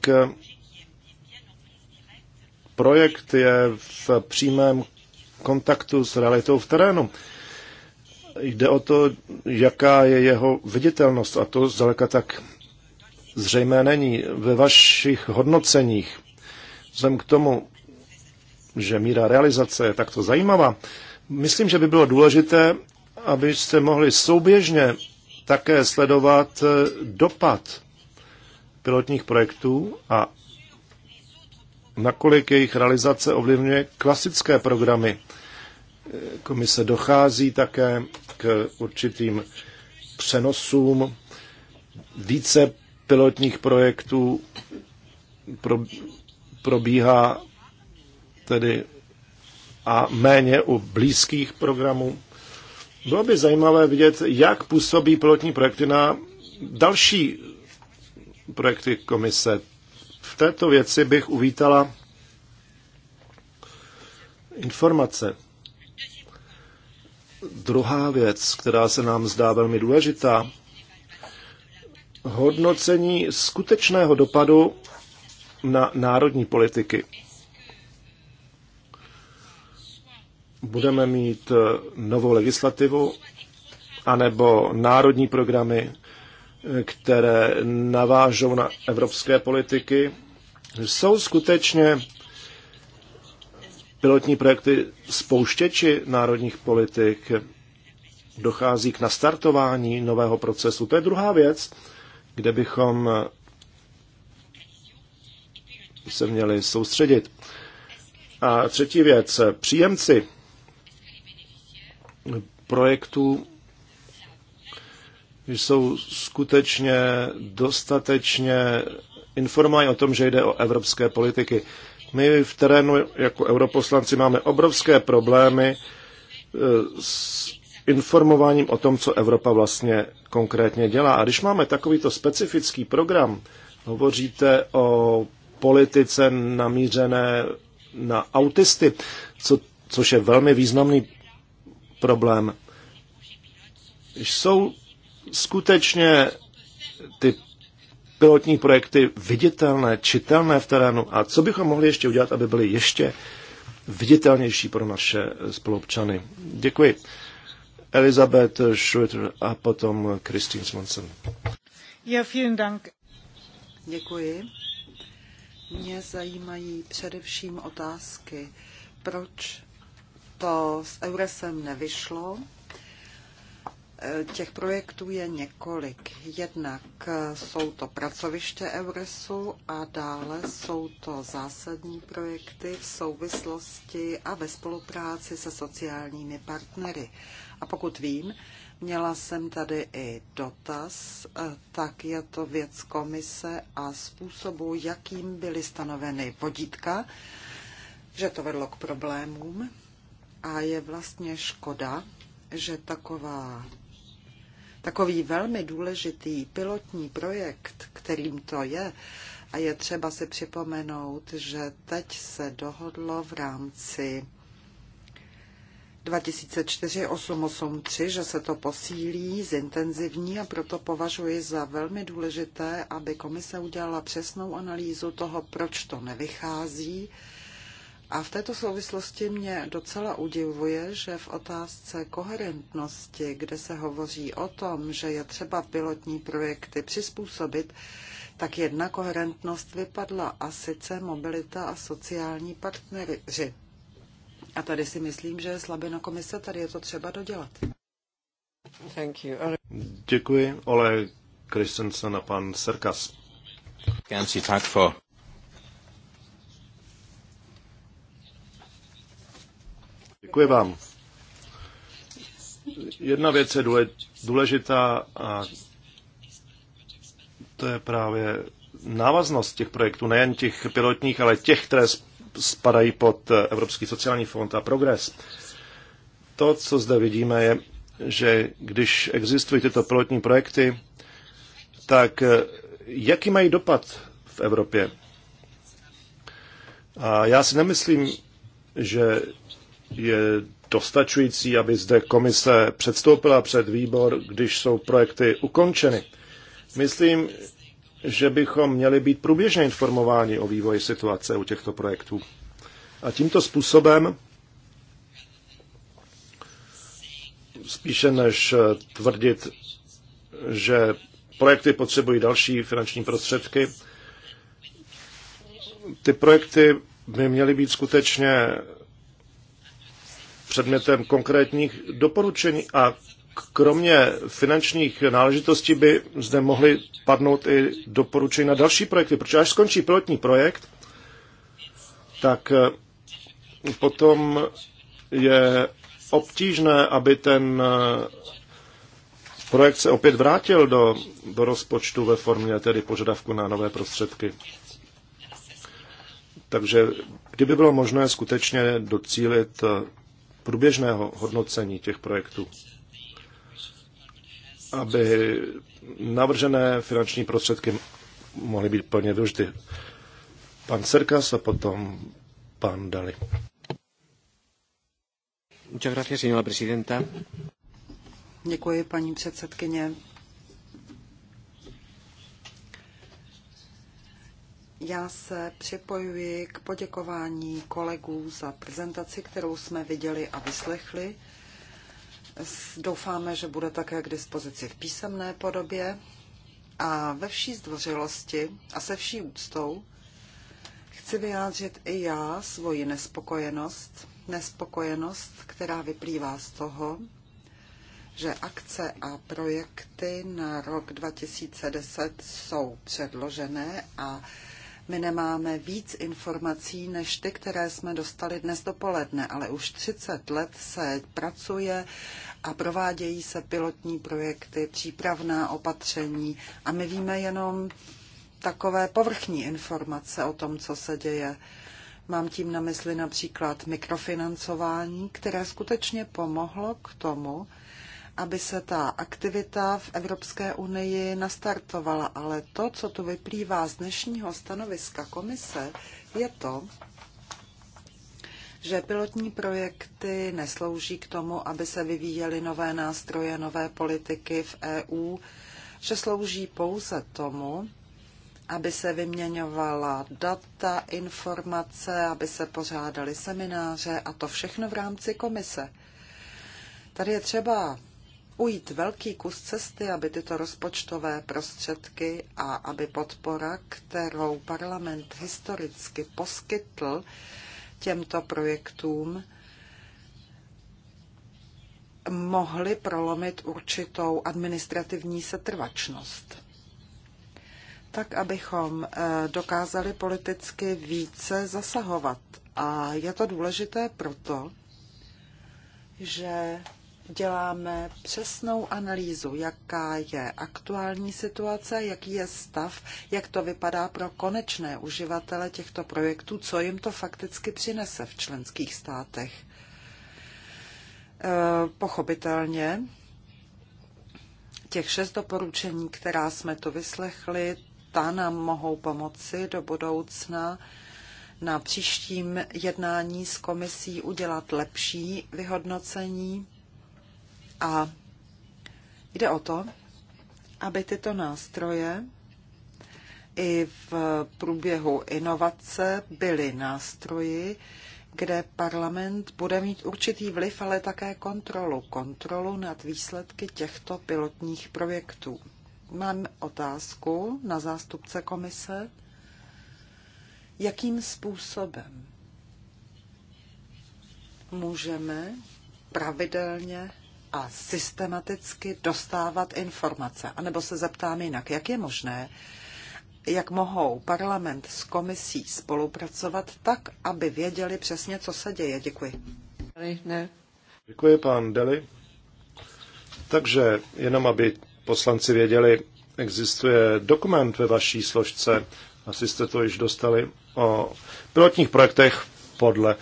projekt je v přímém kontaktu s realitou v terénu. Jde o to, jaká je jeho viditelnost a to zdaleka tak zřejmé není. Ve vašich hodnoceních, vzhledem k tomu, že míra realizace je takto zajímavá, myslím, že by bylo důležité, abyste mohli souběžně také sledovat dopad pilotních projektů a nakolik jejich realizace ovlivňuje klasické programy. Komise dochází také k určitým přenosům více pilotních projektů pro, probíhá tedy a méně u blízkých programů. Bylo by zajímavé vidět, jak působí pilotní projekty na další projekty komise této věci bych uvítala informace. Druhá věc, která se nám zdá velmi důležitá, hodnocení skutečného dopadu na národní politiky. Budeme mít eh, novou legislativu anebo národní programy, eh, které navážou na evropské politiky jsou skutečně pilotní projekty spouštěči národních politik? Dochází k nastartování nového procesu? To je druhá věc, kde bychom se měli soustředit. A třetí věc, příjemci projektů jsou skutečně dostatečně Informují o tom, že jde o evropské politiky. My v terénu jako europoslanci máme obrovské problémy e, s informováním o tom, co Evropa vlastně konkrétně dělá. A když máme takovýto specifický program, hovoříte o politice namířené na autisty, co, což je velmi významný problém. Jsou skutečně ty pilotní projekty viditelné, čitelné v terénu a co bychom mohli ještě udělat, aby byly ještě viditelnější pro naše spolupčany. Děkuji. Elizabeth Schroeder a potom Christine Smonsen. Ja, vielen Dank. Děkuji. Mě zajímají především otázky, proč to s Euresem nevyšlo, Eh, těch projektů je několik. Jednak eh, jsou to pracoviště Euresu a dále jsou to zásadní projekty v souvislosti a ve spolupráci se sociálními partnery. A pokud vím, měla jsem tady i dotaz, eh, tak je to věc komise a způsobu, jakým byly stanoveny vodítka, že to vedlo k problémům a je vlastně škoda, že taková takový velmi důležitý pilotní projekt, kterým to je, a je třeba si připomenout, že teď se dohodlo v rámci 2004-883, že se to posílí, zintenzivní a proto považuji za velmi důležité, aby komise udělala přesnou analýzu toho, proč to nevychází, a v této souvislosti mě docela udivuje, že v otázce koherentnosti, kde se hovoří o tom, že je třeba pilotní projekty přizpůsobit, tak jedna koherentnost vypadla a sice mobilita a sociální partneři. A tady si myslím, že je slabina komise, tady je to třeba dodělat. Thank you. Děkuji. Ole Christensen a pan Serkas. Gansi, tak for. Děkuji vám. Jedna věc je důležitá a to je právě návaznost těch projektů, nejen těch pilotních, ale těch, které spadají pod eh, Evropský sociální fond a progres. To, co zde vidíme, je, že když existují tyto pilotní projekty, tak eh, jaký mají dopad v Evropě? A já si nemyslím, že je dostačující, aby zde komise předstoupila před výbor, když jsou projekty ukončeny. Myslím, že bychom měli být průběžně informováni o vývoji situace u těchto projektů. A tímto způsobem, spíše než tvrdit, že projekty potřebují další finanční prostředky, ty projekty by měly být skutečně předmětem konkrétních doporučení a kromě finančních náležitostí by zde mohly padnout i doporučení na další projekty, protože až skončí pilotní projekt, tak eh, potom je obtížné, aby ten eh, projekt se opět vrátil do, do rozpočtu ve formě tedy požadavku na nové prostředky. Takže kdyby bylo možné skutečně docílit eh, průběžného hodnocení těch projektů, aby navržené finanční prostředky mohly být plně využity. Pan Serkas a potom pan Dali. Děkuji, paní předsedkyně. Já se připojuji k poděkování kolegů za prezentaci, kterou jsme viděli a vyslechli. Doufáme, že bude také k dispozici v písemné podobě. A ve vší zdvořilosti a se vší úctou chci vyjádřit i já svoji nespokojenost, nespokojenost, která vyplývá z toho, že akce a projekty na rok 2010 jsou předložené a my nemáme víc informací než ty, které jsme dostali dnes dopoledne, ale už 30 let se pracuje a provádějí se pilotní projekty, přípravná opatření a my víme jenom takové povrchní informace o tom, co se děje. Mám tím na mysli například mikrofinancování, které skutečně pomohlo k tomu, aby se ta aktivita v Evropské unii nastartovala. Ale to, co tu vyplývá z dnešního stanoviska komise, je to, že pilotní projekty neslouží k tomu, aby se vyvíjely nové nástroje, nové politiky v EU, že slouží pouze tomu, aby se vyměňovala data, informace, aby se pořádaly semináře a to všechno v rámci komise. Tady je třeba ujít velký kus cesty, aby tyto rozpočtové prostředky a aby podpora, kterou parlament historicky poskytl těmto projektům, mohly prolomit určitou administrativní setrvačnost. Tak, abychom eh, dokázali politicky více zasahovat. A je to důležité proto, že děláme přesnou analýzu, jaká je aktuální situace, jaký je stav, jak to vypadá pro konečné uživatele těchto projektů, co jim to fakticky přinese v členských státech. E, pochopitelně těch šest doporučení, která jsme tu vyslechli, ta nám mohou pomoci do budoucna na příštím jednání s komisí udělat lepší vyhodnocení a jde o to, aby tyto nástroje i v průběhu inovace byly nástroji, kde parlament bude mít určitý vliv, ale také kontrolu. Kontrolu nad výsledky těchto pilotních projektů. Mám otázku na zástupce komise. Jakým způsobem můžeme pravidelně a systematicky dostávat informace. A nebo se zeptám jinak, jak je možné, jak mohou parlament s komisí spolupracovat tak, aby věděli přesně, co se děje. Děkuji. Ne. Děkuji, pán Deli. Takže jenom, aby poslanci věděli, existuje dokument ve vaší složce, asi jste to již dostali, o pilotních projektech podle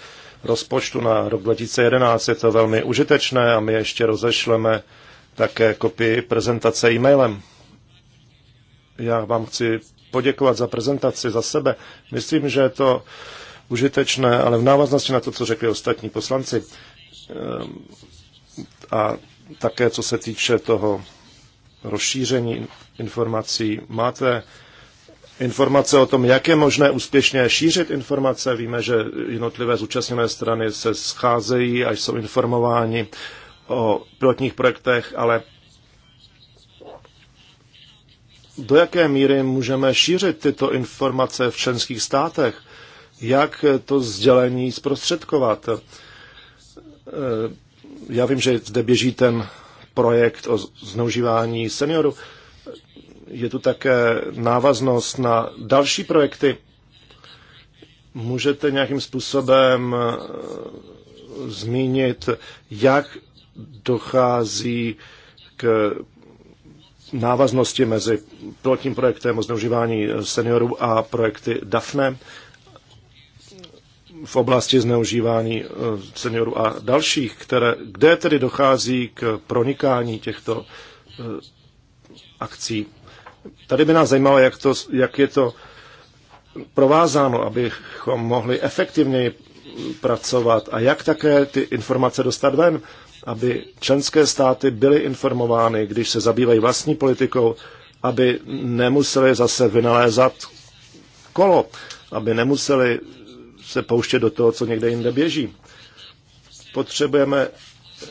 rozpočtu na rok 2011. Je to velmi užitečné a my ještě rozešleme také kopii prezentace e-mailem. Já vám chci poděkovat za prezentaci, za sebe. Myslím, že je to užitečné, ale v návaznosti na to, co řekli ostatní poslanci ehm, a také co se týče toho rozšíření informací, máte informace o tom, jak je možné úspěšně šířit informace. Víme, že jednotlivé zúčastněné strany se scházejí a jsou informováni o pilotních projektech, ale do jaké míry můžeme šířit tyto informace v členských státech? Jak to sdělení zprostředkovat? Eh, já vím, že zde běží ten projekt o zneužívání seniorů je tu také návaznost na další projekty. Můžete nějakým způsobem eh, zmínit, jak dochází k návaznosti mezi pilotním projektem o zneužívání eh, seniorů a projekty DAFNE v oblasti zneužívání eh, seniorů a dalších, které, kde tedy dochází k pronikání těchto akcí tady by nás zajímalo, jak, to, jak je to provázáno, abychom mohli efektivněji pracovat a jak také ty informace dostat ven, aby členské státy byly informovány, když se zabývají vlastní politikou, aby nemuseli zase vynalézat kolo, aby nemuseli se pouštět do toho, co někde jinde běží. Potřebujeme, eh,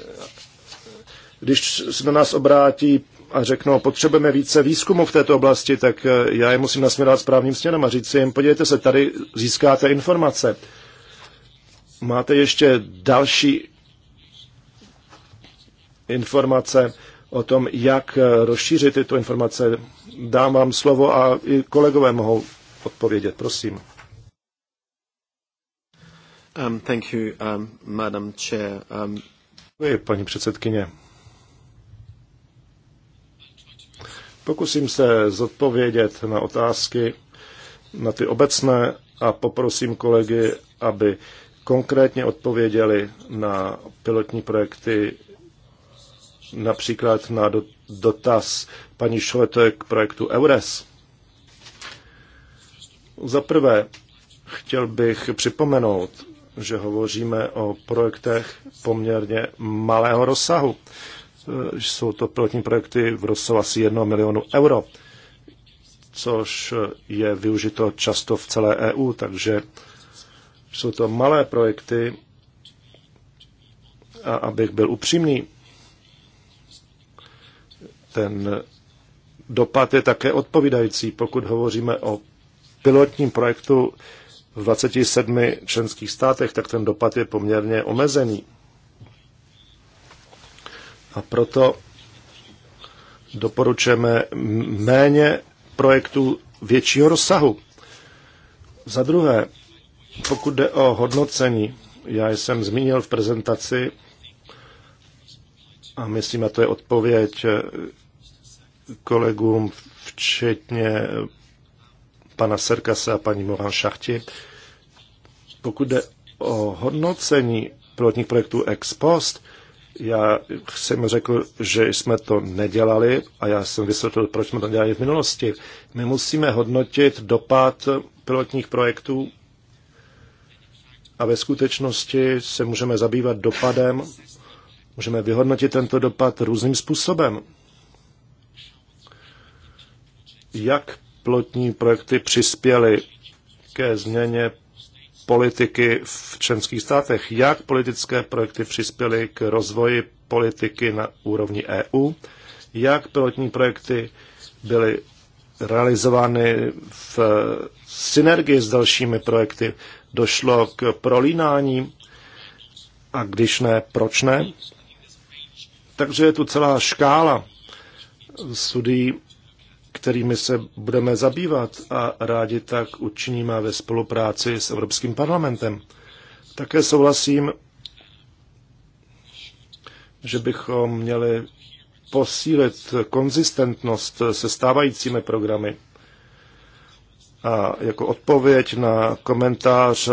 když se na nás obrátí a řeknou, potřebujeme více výzkumu v této oblasti, tak eh, já je musím nasměrovat správným směrem a říct si jim, podívejte se, tady získáte informace. Máte ještě další informace o tom, jak eh, rozšířit tyto informace. Dám vám slovo a i kolegové mohou odpovědět, prosím. Um, thank you, um, Madam Chair. Um... Děkuji, paní předsedkyně. Pokusím se zodpovědět na otázky, na ty obecné a poprosím kolegy, aby konkrétně odpověděli na pilotní projekty, například na dotaz paní Šoleto k projektu EURES. Za prvé, chtěl bych připomenout, že hovoříme o projektech poměrně malého rozsahu. Eh, jsou to pilotní projekty v rozsahu asi 1 milionu euro, což je využito často v celé EU, takže jsou to malé projekty a abych byl upřímný, ten dopad je také odpovídající, pokud hovoříme o pilotním projektu v 27 členských státech, tak ten dopad je poměrně omezený. A proto doporučujeme méně projektů většího rozsahu. Za druhé, pokud jde o hodnocení, já jsem zmínil v prezentaci, a myslím, a to je odpověď kolegům, včetně pana Serkase a paní Moran Šachti, pokud jde o hodnocení pilotních projektů ex post, já jsem řekl, že jsme to nedělali a já jsem vysvětlil, proč jsme to dělali v minulosti. My musíme hodnotit dopad pilotních projektů a ve skutečnosti se můžeme zabývat dopadem, můžeme vyhodnotit tento dopad různým způsobem. Jak pilotní projekty přispěly ke změně politiky v členských státech, jak politické projekty přispěly k rozvoji politiky na úrovni EU, jak pilotní projekty byly realizovány v synergii s dalšími projekty, došlo k prolínání a když ne, proč ne. Takže je tu celá škála studií kterými se budeme zabývat a rádi tak učiníme ve spolupráci s Evropským parlamentem. Také souhlasím, že bychom měli posílit konzistentnost se stávajícími programy. A jako odpověď na komentář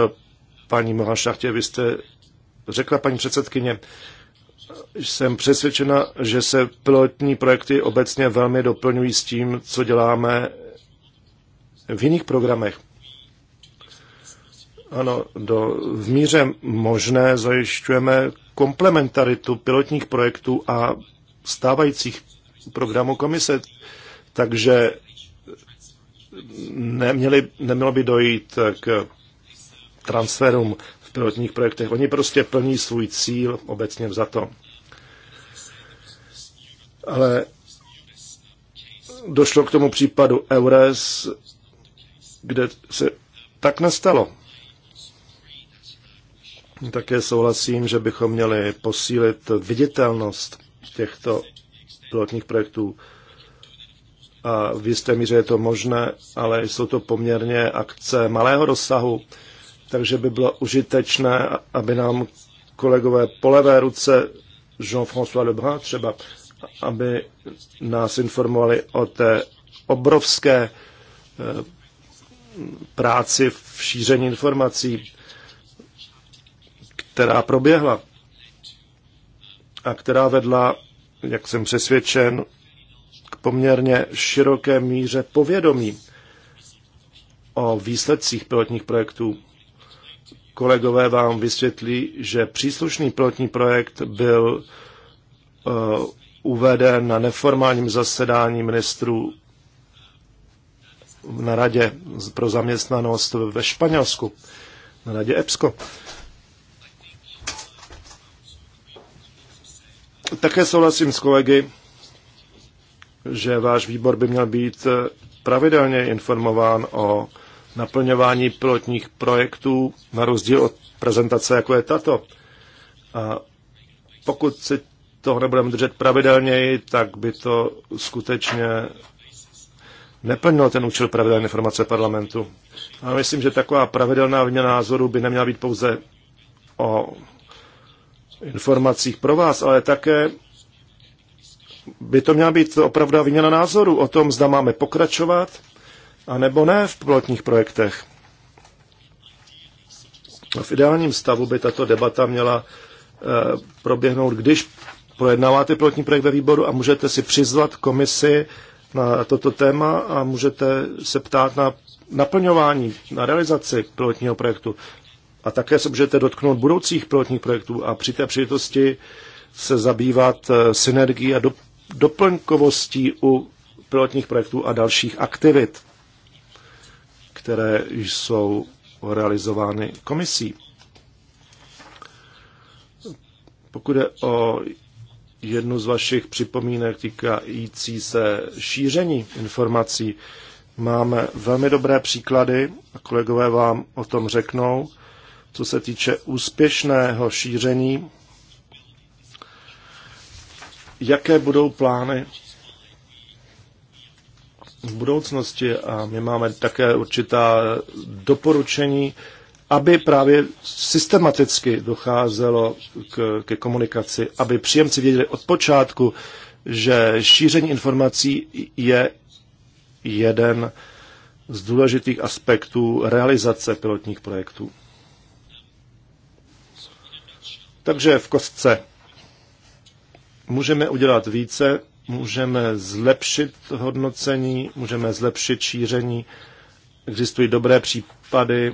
paní Mohašachtě, vy jste řekla, paní předsedkyně, jsem přesvědčena, že se pilotní projekty obecně velmi doplňují s tím, co děláme v jiných programech. Ano, do, v míře možné zajišťujeme komplementaritu pilotních projektů a stávajících programů komise, takže neměli, nemělo by dojít k transferům pilotních projektech. Oni prostě plní svůj cíl obecně to. Ale došlo k tomu případu EURES, kde se tak nestalo. Také souhlasím, že bychom měli posílit viditelnost těchto pilotních projektů. A v jisté míře je to možné, ale jsou to poměrně akce malého rozsahu, takže by bylo užitečné, aby nám kolegové po levé ruce Jean-François Lebrun třeba, aby nás informovali o té obrovské eh, práci v šíření informací, která proběhla a která vedla, jak jsem přesvědčen, k poměrně široké míře povědomí o výsledcích pilotních projektů kolegové vám vysvětlí, že příslušný pilotní projekt byl uh, uveden na neformálním zasedání ministrů na Radě pro zaměstnanost ve Španělsku, na Radě EPSCO. Také souhlasím s kolegy, že váš výbor by měl být pravidelně informován o naplňování pilotních projektů, na rozdíl od prezentace, jako je tato. A pokud si toho nebudeme držet pravidelněji, tak by to skutečně neplnilo ten účel pravidelné informace parlamentu. A myslím, že taková pravidelná výměna názoru by neměla být pouze o informacích pro vás, ale také by to měla být opravdu výměna názoru o tom, zda máme pokračovat a nebo ne v pilotních projektech. V ideálním stavu by tato debata měla eh, proběhnout, když projednáváte pilotní projekt ve výboru a můžete si přizvat komisi na toto téma a můžete se ptát na naplňování, na realizaci pilotního projektu. A také se můžete dotknout budoucích pilotních projektů a při té příležitosti se zabývat eh, synergií a doplňkovostí u pilotních projektů a dalších aktivit které jsou realizovány komisí. Pokud je o jednu z vašich připomínek týkající se šíření informací, máme velmi dobré příklady a kolegové vám o tom řeknou. Co se týče úspěšného šíření, jaké budou plány v budoucnosti a my máme také určitá doporučení, aby právě systematicky docházelo k, ke komunikaci, aby příjemci věděli od počátku, že šíření informací je jeden z důležitých aspektů realizace pilotních projektů. Takže v kostce můžeme udělat více, můžeme zlepšit hodnocení, můžeme zlepšit šíření. Existují dobré případy,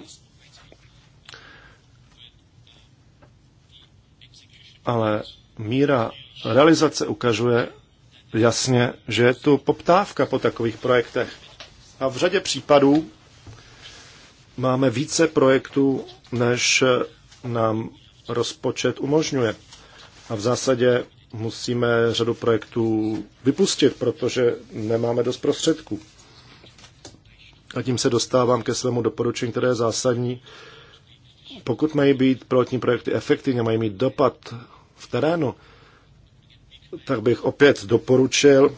ale míra realizace ukazuje jasně, že je tu poptávka po takových projektech. A v řadě případů máme více projektů, než nám rozpočet umožňuje. A v zásadě musíme řadu projektů vypustit, protože nemáme dost prostředků. A tím se dostávám ke svému doporučení, které je zásadní. Pokud mají být pilotní projekty efektivně, mají mít dopad v terénu, tak bych opět doporučil,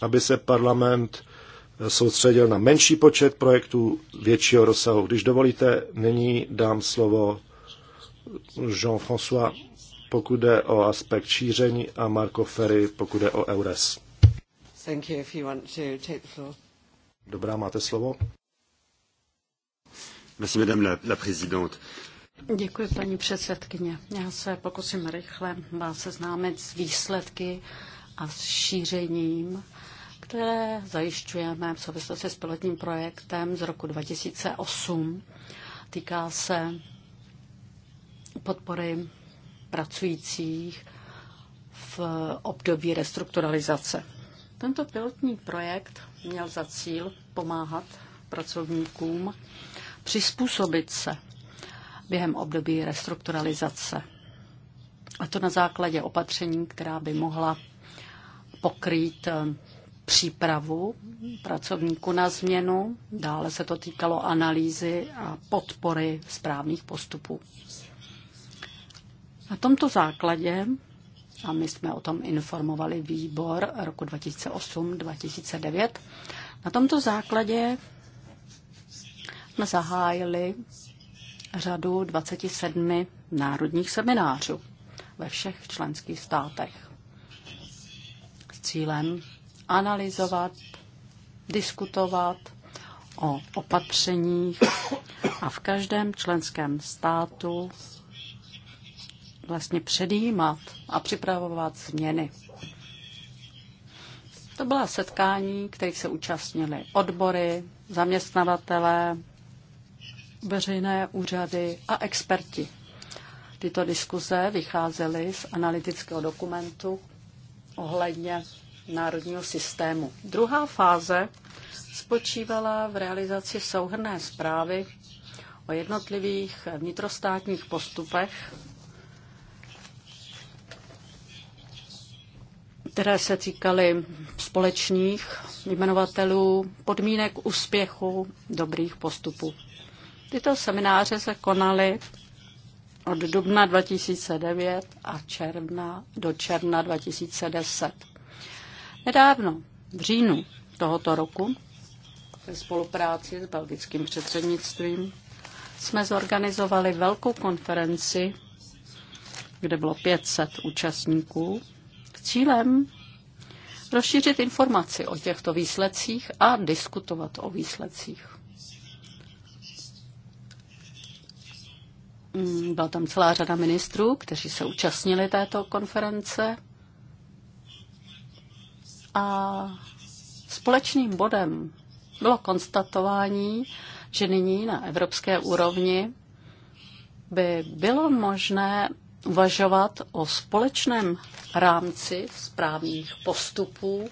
aby se parlament soustředil na menší počet projektů většího rozsahu. Když dovolíte, nyní dám slovo Jean-François pokud jde o aspekt šíření a Marco Ferry, pokud jde o EURES. Thank you if you want to take the floor. Dobrá, máte slovo. Merci, madame la, la présidente. Děkuji, paní předsedkyně. Já se pokusím rychle vás seznámit s výsledky a s šířením, které zajišťujeme v souvislosti s pilotním projektem z roku 2008. Týká se podpory pracujících v období restrukturalizace. Tento pilotní projekt měl za cíl pomáhat pracovníkům přizpůsobit se během období restrukturalizace. A to na základě opatření, která by mohla pokrýt eh, přípravu pracovníků na změnu. Dále se to týkalo analýzy a podpory správných postupů. Na tomto základě, a my jsme o tom informovali výbor roku 2008-2009, na tomto základě jsme zahájili řadu 27 národních seminářů ve všech členských státech s cílem analyzovat, diskutovat o opatřeních a v každém členském státu vlastně předjímat a připravovat změny. To byla setkání, kterých se účastnili odbory, zaměstnavatelé, veřejné úřady a experti. Tyto diskuze vycházely z analytického dokumentu ohledně národního systému. Druhá fáze spočívala v realizaci souhrné zprávy o jednotlivých vnitrostátních postupech které se týkaly společných jmenovatelů, podmínek úspěchu, dobrých postupů. Tyto semináře se konaly od dubna 2009 a června do června 2010. Nedávno, v říjnu tohoto roku, ve spolupráci s belgickým předsednictvím, jsme zorganizovali velkou konferenci, kde bylo 500 účastníků cílem rozšířit informaci o těchto výsledcích a diskutovat o výsledcích. Mm, byla tam celá řada ministrů, kteří se účastnili této konference. A společným bodem bylo konstatování, že nyní na evropské úrovni by bylo možné uvažovat o společném rámci správních postupů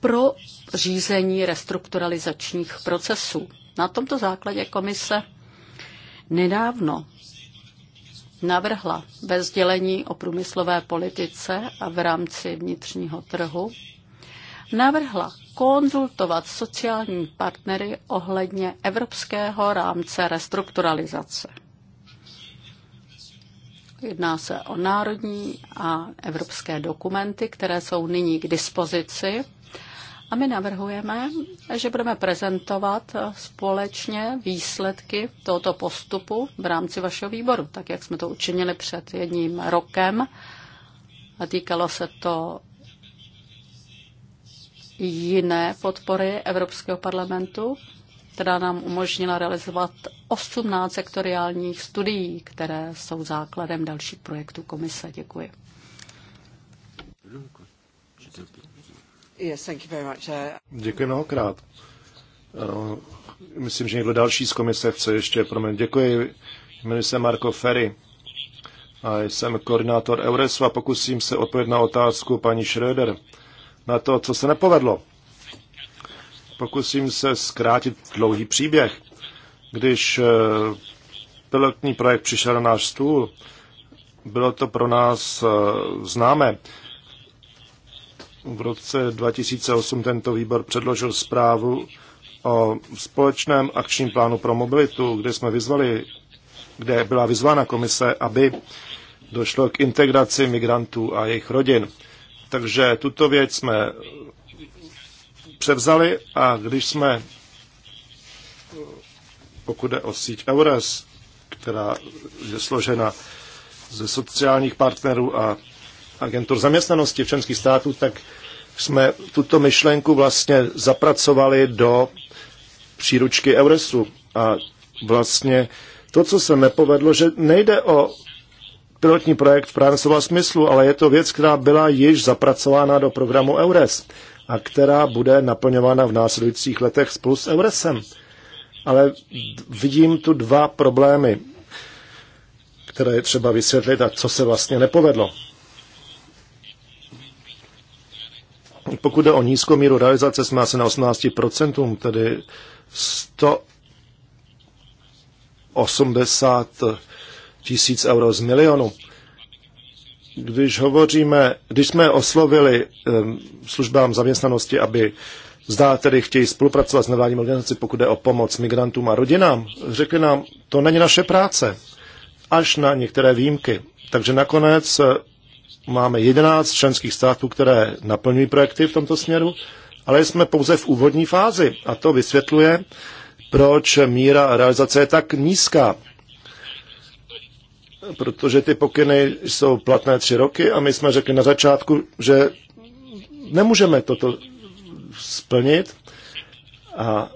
pro řízení restrukturalizačních procesů. Na tomto základě komise nedávno navrhla ve sdělení o průmyslové politice a v rámci vnitřního trhu, navrhla konzultovat sociální partnery ohledně evropského rámce restrukturalizace. Jedná se o národní a evropské dokumenty, které jsou nyní k dispozici. A my navrhujeme, že budeme prezentovat společně výsledky tohoto postupu v rámci vašeho výboru, tak jak jsme to učinili před jedním rokem. A týkalo se to jiné podpory Evropského parlamentu která nám umožnila realizovat 18 sektoriálních studií, které jsou základem dalších projektů komise. Děkuji. Uh, děkuji mnohokrát. Uh, myslím, že někdo další z komise chce ještě, promiň, děkuji. Jmenuji se Marko Ferry a jsem koordinátor EURESu a pokusím se odpovědět na otázku paní Schröder na to, co se nepovedlo. Pokusím se zkrátit dlouhý příběh. Když eh, pilotní projekt přišel na náš stůl, bylo to pro nás eh, známé. V roce 2008 tento výbor předložil zprávu o společném akčním plánu pro mobilitu, kde jsme vyzvali, kde byla vyzvána komise, aby došlo k integraci migrantů a jejich rodin. Takže tuto věc jsme převzali a když jsme, pokud jde o síť EURES, která je složena ze sociálních partnerů a agentur zaměstnanosti v členských států, tak jsme tuto myšlenku vlastně zapracovali do příručky Euresu. A vlastně to, co se nepovedlo, že nejde o pilotní projekt v právě smyslu, ale je to věc, která byla již zapracována do programu EURES a která bude naplňována v následujících letech spolu s Euresem. Ale vidím tu dva problémy, které je třeba vysvětlit a co se vlastně nepovedlo. Pokud jde o nízkou míru realizace, jsme asi na 18%, tedy 180 tisíc euro z milionu když hovoříme, když jsme oslovili službám zaměstnanosti, aby zdá tedy chtějí spolupracovat s nevládními organizací, pokud jde o pomoc migrantům a rodinám, řekli nám, to není naše práce, až na některé výjimky. Takže nakonec eh, máme 11 členských států, které naplňují projekty v tomto směru, ale jsme pouze v úvodní fázi a to vysvětluje, proč míra realizace je tak nízká protože ty pokyny jsou platné tři roky a my jsme řekli na začátku, že nemůžeme toto splnit a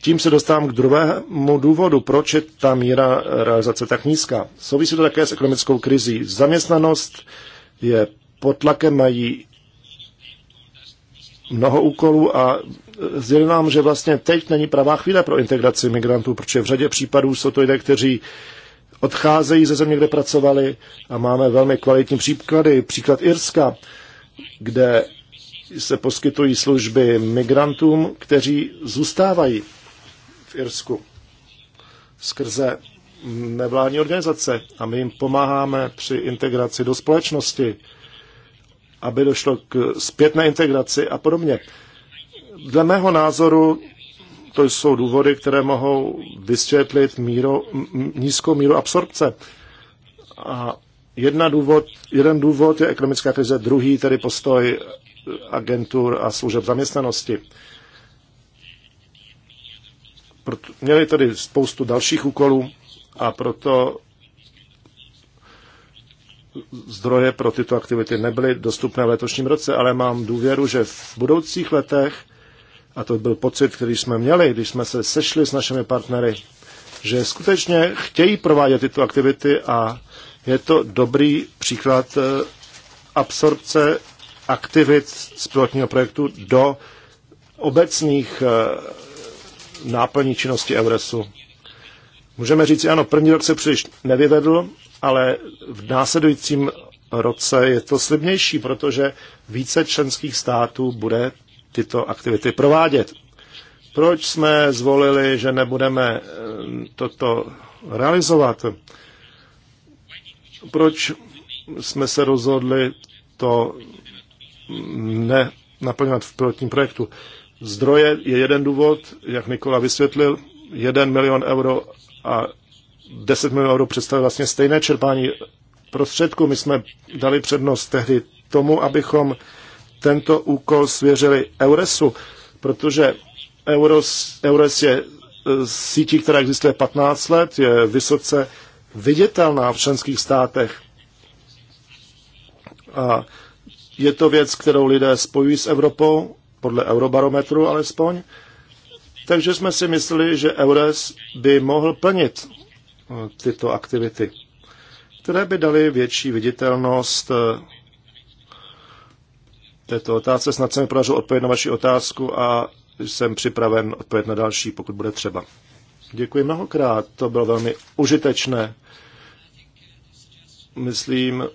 tím se dostávám k druhému důvodu, proč je ta míra realizace tak nízká. Souvisí to také s ekonomickou krizí. Zaměstnanost je pod tlakem, mají mnoho úkolů a sdělil nám, že vlastně teď není pravá chvíle pro integraci migrantů, protože v řadě případů jsou to lidé, kteří odcházejí ze země, kde pracovali a máme velmi kvalitní příklady. Příklad Irska, kde se poskytují služby migrantům, kteří zůstávají v Irsku skrze nevládní organizace a my jim pomáháme při integraci do společnosti, aby došlo k zpětné integraci a podobně. Dle mého názoru to jsou důvody, které mohou vysvětlit míru, nízkou míru absorpce. A jedna důvod, jeden důvod je ekonomická krize, druhý tedy postoj agentur a služeb zaměstnanosti. Proto, měli tedy spoustu dalších úkolů a proto zdroje pro tyto aktivity nebyly dostupné v letošním roce, ale mám důvěru, že v budoucích letech a to byl pocit, který jsme měli, když jsme se sešli s našimi partnery, že skutečně chtějí provádět tyto aktivity a je to dobrý příklad eh, absorpce aktivit z pilotního projektu do obecných eh, náplní činnosti Euresu. Můžeme říct, ano, první rok se příliš nevyvedl, ale v následujícím roce je to slibnější, protože více členských států bude tyto aktivity provádět. Proč jsme zvolili, že nebudeme eh, toto realizovat? Proč jsme se rozhodli to ne v pilotním projektu? Zdroje je jeden důvod, jak Nikola vysvětlil, 1 milion euro a 10 milionů euro představuje vlastně stejné čerpání prostředků. My jsme dali přednost tehdy tomu, abychom tento úkol svěřili Euresu, protože Euros, Eures je e, sítí, která existuje 15 let, je vysoce viditelná v členských státech. A je to věc, kterou lidé spojují s Evropou, podle Eurobarometru alespoň. Takže jsme si mysleli, že EURES by mohl plnit e, tyto aktivity, které by daly větší viditelnost e, této otázce. Snad se mi podařilo odpovědět na vaši otázku a jsem připraven odpovědět na další, pokud bude třeba. Děkuji mnohokrát, to bylo velmi užitečné. Myslím,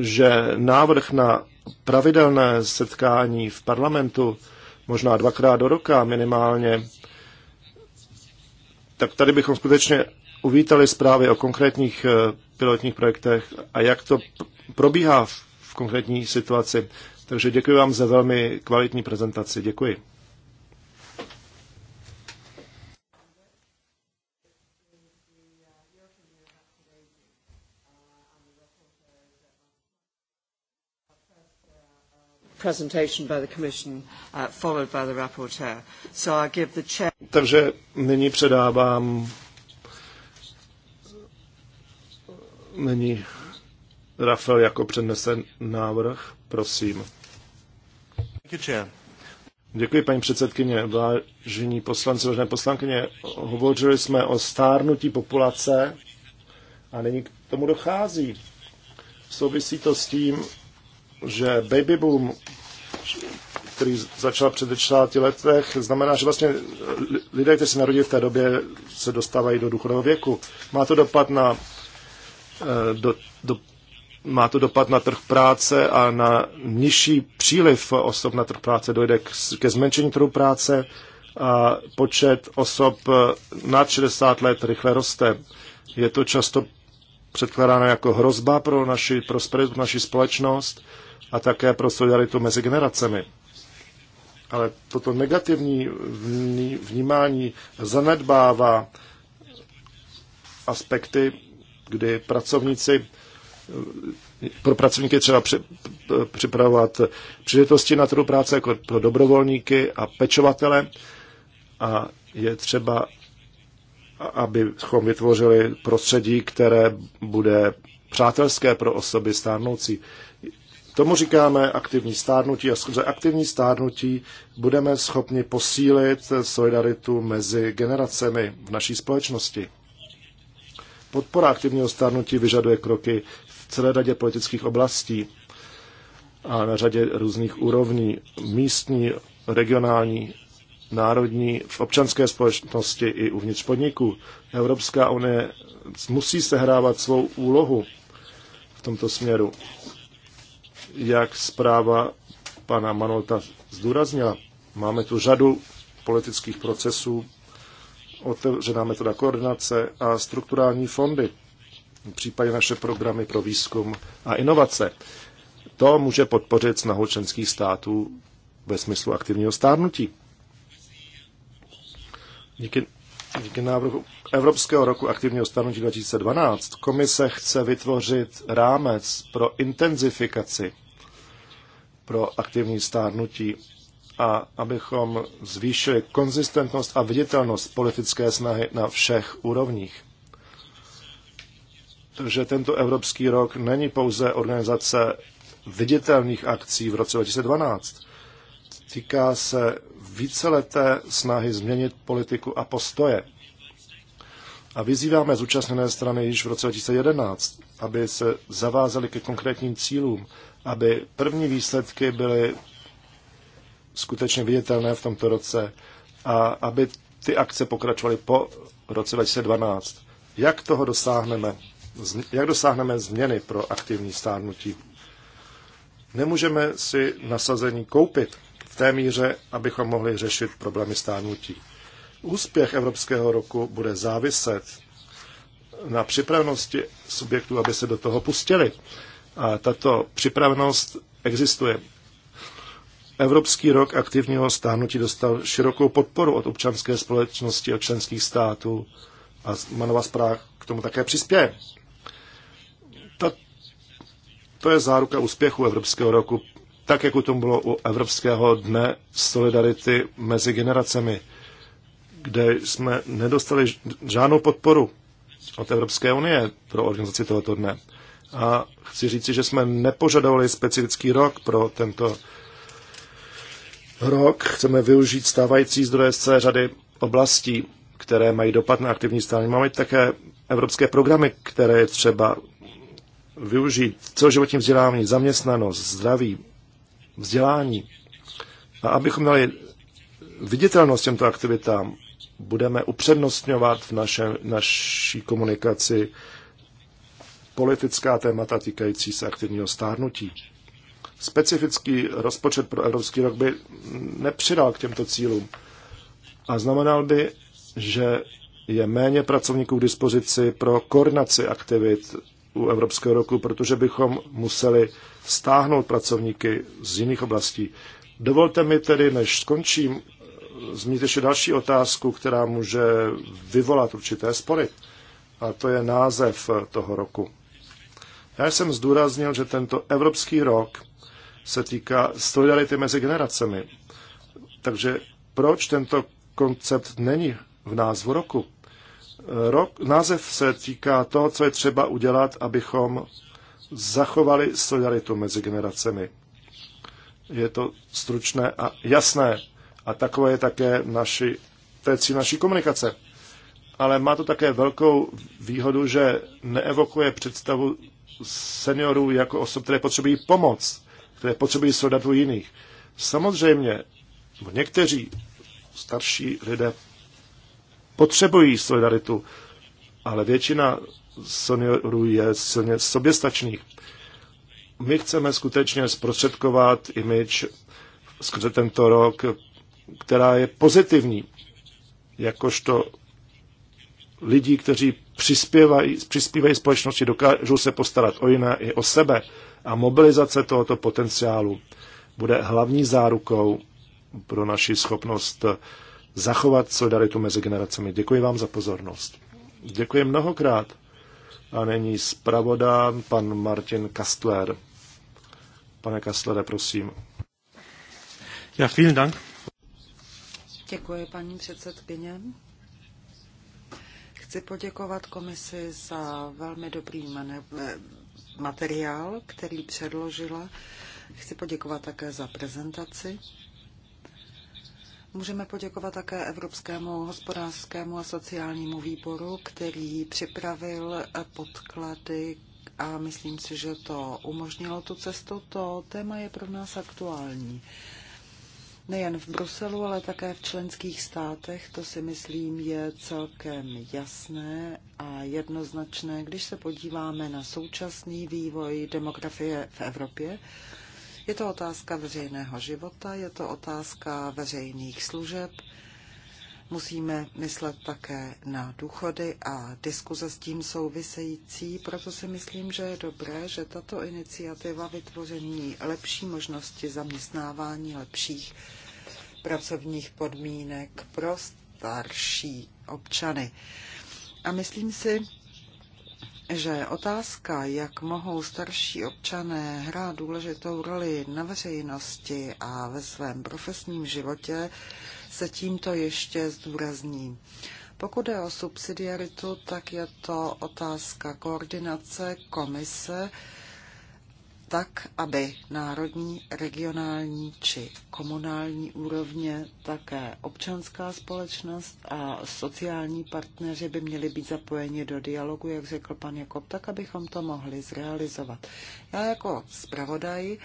že návrh na pravidelné setkání v parlamentu, možná dvakrát do roka minimálně, tak tady bychom skutečně uvítali zprávy o konkrétních eh, pilotních projektech a jak to probíhá v konkrétní situaci. Takže děkuji vám za velmi kvalitní prezentaci. Děkuji. presentation by the Commission, uh, followed by the rapporteur. So I give the chair. Takže nyní předávám nyní Rafael jako přednese návrh, prosím. Děkuji, paní předsedkyně. Vážení poslanci, vážené poslankyně, hovořili jsme o stárnutí populace a nyní k tomu dochází. Souvisí to s tím, že baby boom, který začal před 40 letech, znamená, že vlastně lidé, kteří se narodili v té době, se dostávají do důchodového věku. Má to dopad na eh, do, do má to dopad na trh práce a na nižší příliv osob na trh práce. Dojde k, ke zmenšení trhu práce a počet osob eh, nad 60 let rychle roste. Je to často předkládáno jako hrozba pro naši prosperitu, naši společnost a také pro solidaritu mezi generacemi. Ale toto negativní vnímání zanedbává aspekty, kdy pracovníci pro pracovníky třeba připravovat příležitosti na trhu práce jako pro dobrovolníky a pečovatele a je třeba, abychom vytvořili prostředí, které bude přátelské pro osoby stárnoucí. Tomu říkáme aktivní stárnutí a skrze aktivní stárnutí budeme schopni posílit solidaritu mezi generacemi v naší společnosti. Podpora aktivního stárnutí vyžaduje kroky, celé řadě politických oblastí a na řadě různých úrovní, místní, regionální, národní, v občanské společnosti i uvnitř podniků. Evropská unie musí sehrávat svou úlohu v tomto směru. Jak zpráva pana Manolta zdůraznila, máme tu řadu politických procesů, otevřená metoda koordinace a strukturální fondy případně naše programy pro výzkum a inovace. To může podpořit snahu členských států ve smyslu aktivního stárnutí. Díky, díky návrhu Evropského roku aktivního stárnutí 2012 komise chce vytvořit rámec pro intenzifikaci pro aktivní stárnutí a abychom zvýšili konzistentnost a viditelnost politické snahy na všech úrovních že tento Evropský rok není pouze organizace viditelných akcí v roce 2012. Týká se víceleté snahy změnit politiku a postoje. A vyzýváme zúčastněné strany již v roce 2011, aby se zavázali ke konkrétním cílům, aby první výsledky byly skutečně viditelné v tomto roce a aby ty akce pokračovaly po roce 2012. Jak toho dosáhneme? jak dosáhneme změny pro aktivní stárnutí. Nemůžeme si nasazení koupit v té míře, abychom mohli řešit problémy stárnutí. Úspěch Evropského roku bude záviset na připravenosti subjektů, aby se do toho pustili. A tato připravenost existuje. Evropský rok aktivního stárnutí dostal širokou podporu od občanské společnosti, od členských států a Manova zpráv k tomu také přispěje. To je záruka úspěchu Evropského roku, tak jako tomu bylo u Evropského dne solidarity mezi generacemi, kde jsme nedostali žádnou podporu od Evropské unie pro organizaci tohoto dne. A chci říci, že jsme nepožadovali specifický rok pro tento rok. Chceme využít stávající zdroje z celé řady oblastí, které mají dopad na aktivní strany. Máme také evropské programy, které je třeba využít celoživotní vzdělávání, zaměstnanost, zdraví, vzdělání. A abychom měli viditelnost těmto aktivitám, budeme upřednostňovat v naše, naší komunikaci politická témata týkající se aktivního stárnutí. Specifický rozpočet pro Evropský rok by nepřidal k těmto cílům a znamenal by, že je méně pracovníků k dispozici pro koordinaci aktivit u Evropského roku, protože bychom museli stáhnout pracovníky z jiných oblastí. Dovolte mi tedy, než skončím, zmínit ještě další otázku, která může vyvolat určité spory. A to je název toho roku. Já jsem zdůraznil, že tento Evropský rok se týká solidarity mezi generacemi. Takže proč tento koncept není v názvu roku? Rok, název se týká toho, co je třeba udělat, abychom zachovali solidaritu mezi generacemi. Je to stručné a jasné. A takové je také naši, to je cíl naší komunikace. Ale má to také velkou výhodu, že neevokuje představu seniorů jako osob, které potřebují pomoc, které potřebují solidaritu jiných. Samozřejmě, někteří starší lidé potřebují solidaritu, ale většina seniorů je silně soběstačných. My chceme skutečně zprostředkovat image skrze tento rok, která je pozitivní, jakožto lidí, kteří přispívají, přispívají společnosti, dokážou se postarat o jiné i o sebe. A mobilizace tohoto potenciálu bude hlavní zárukou pro naši schopnost zachovat solidaritu mezi generacemi. Děkuji vám za pozornost. Děkuji mnohokrát. A není zpravodán pan Martin Kastler. Pane Kastlere, prosím. Ja, vielen Dank. Děkuji, paní předsedkyně. Chci poděkovat komisi za velmi dobrý materiál, který předložila. Chci poděkovat také za prezentaci. Můžeme poděkovat také Evropskému hospodářskému a sociálnímu výboru, který připravil eh, podklady a myslím si, že to umožnilo tu cestu. To téma je pro nás aktuální. Nejen v Bruselu, ale také v členských státech, to si myslím je celkem jasné a jednoznačné, když se podíváme na současný vývoj demografie v Evropě je to otázka veřejného života, je to otázka veřejných služeb. Musíme myslet také na důchody a diskuze s tím související, proto si myslím, že je dobré, že tato iniciativa vytvoření lepší možnosti zaměstnávání, lepších pracovních podmínek pro starší občany. A myslím si, že otázka, jak mohou starší občané hrát důležitou roli na veřejnosti a ve svém profesním životě, se tímto ještě zdůrazní. Pokud je o subsidiaritu, tak je to otázka koordinace komise tak, aby národní, regionální či komunální úrovně, také občanská společnost a sociální partneři by měli být zapojeni do dialogu, jak řekl pan Jakob, tak, abychom to mohli zrealizovat. Já jako zpravodaj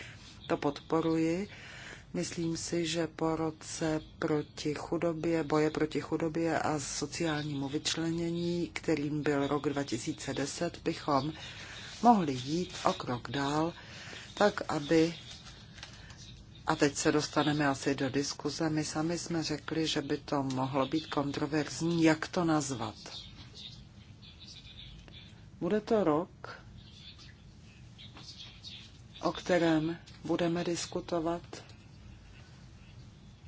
to podporuji. Myslím si, že po roce proti chudobě, boje proti chudobě a sociálnímu vyčlenění, kterým byl rok 2010, bychom mohli jít o krok dál tak aby a teď se dostaneme asi do diskuze. My sami jsme řekli, že by to mohlo být kontroverzní. Jak to nazvat? Bude to rok, o kterém budeme diskutovat,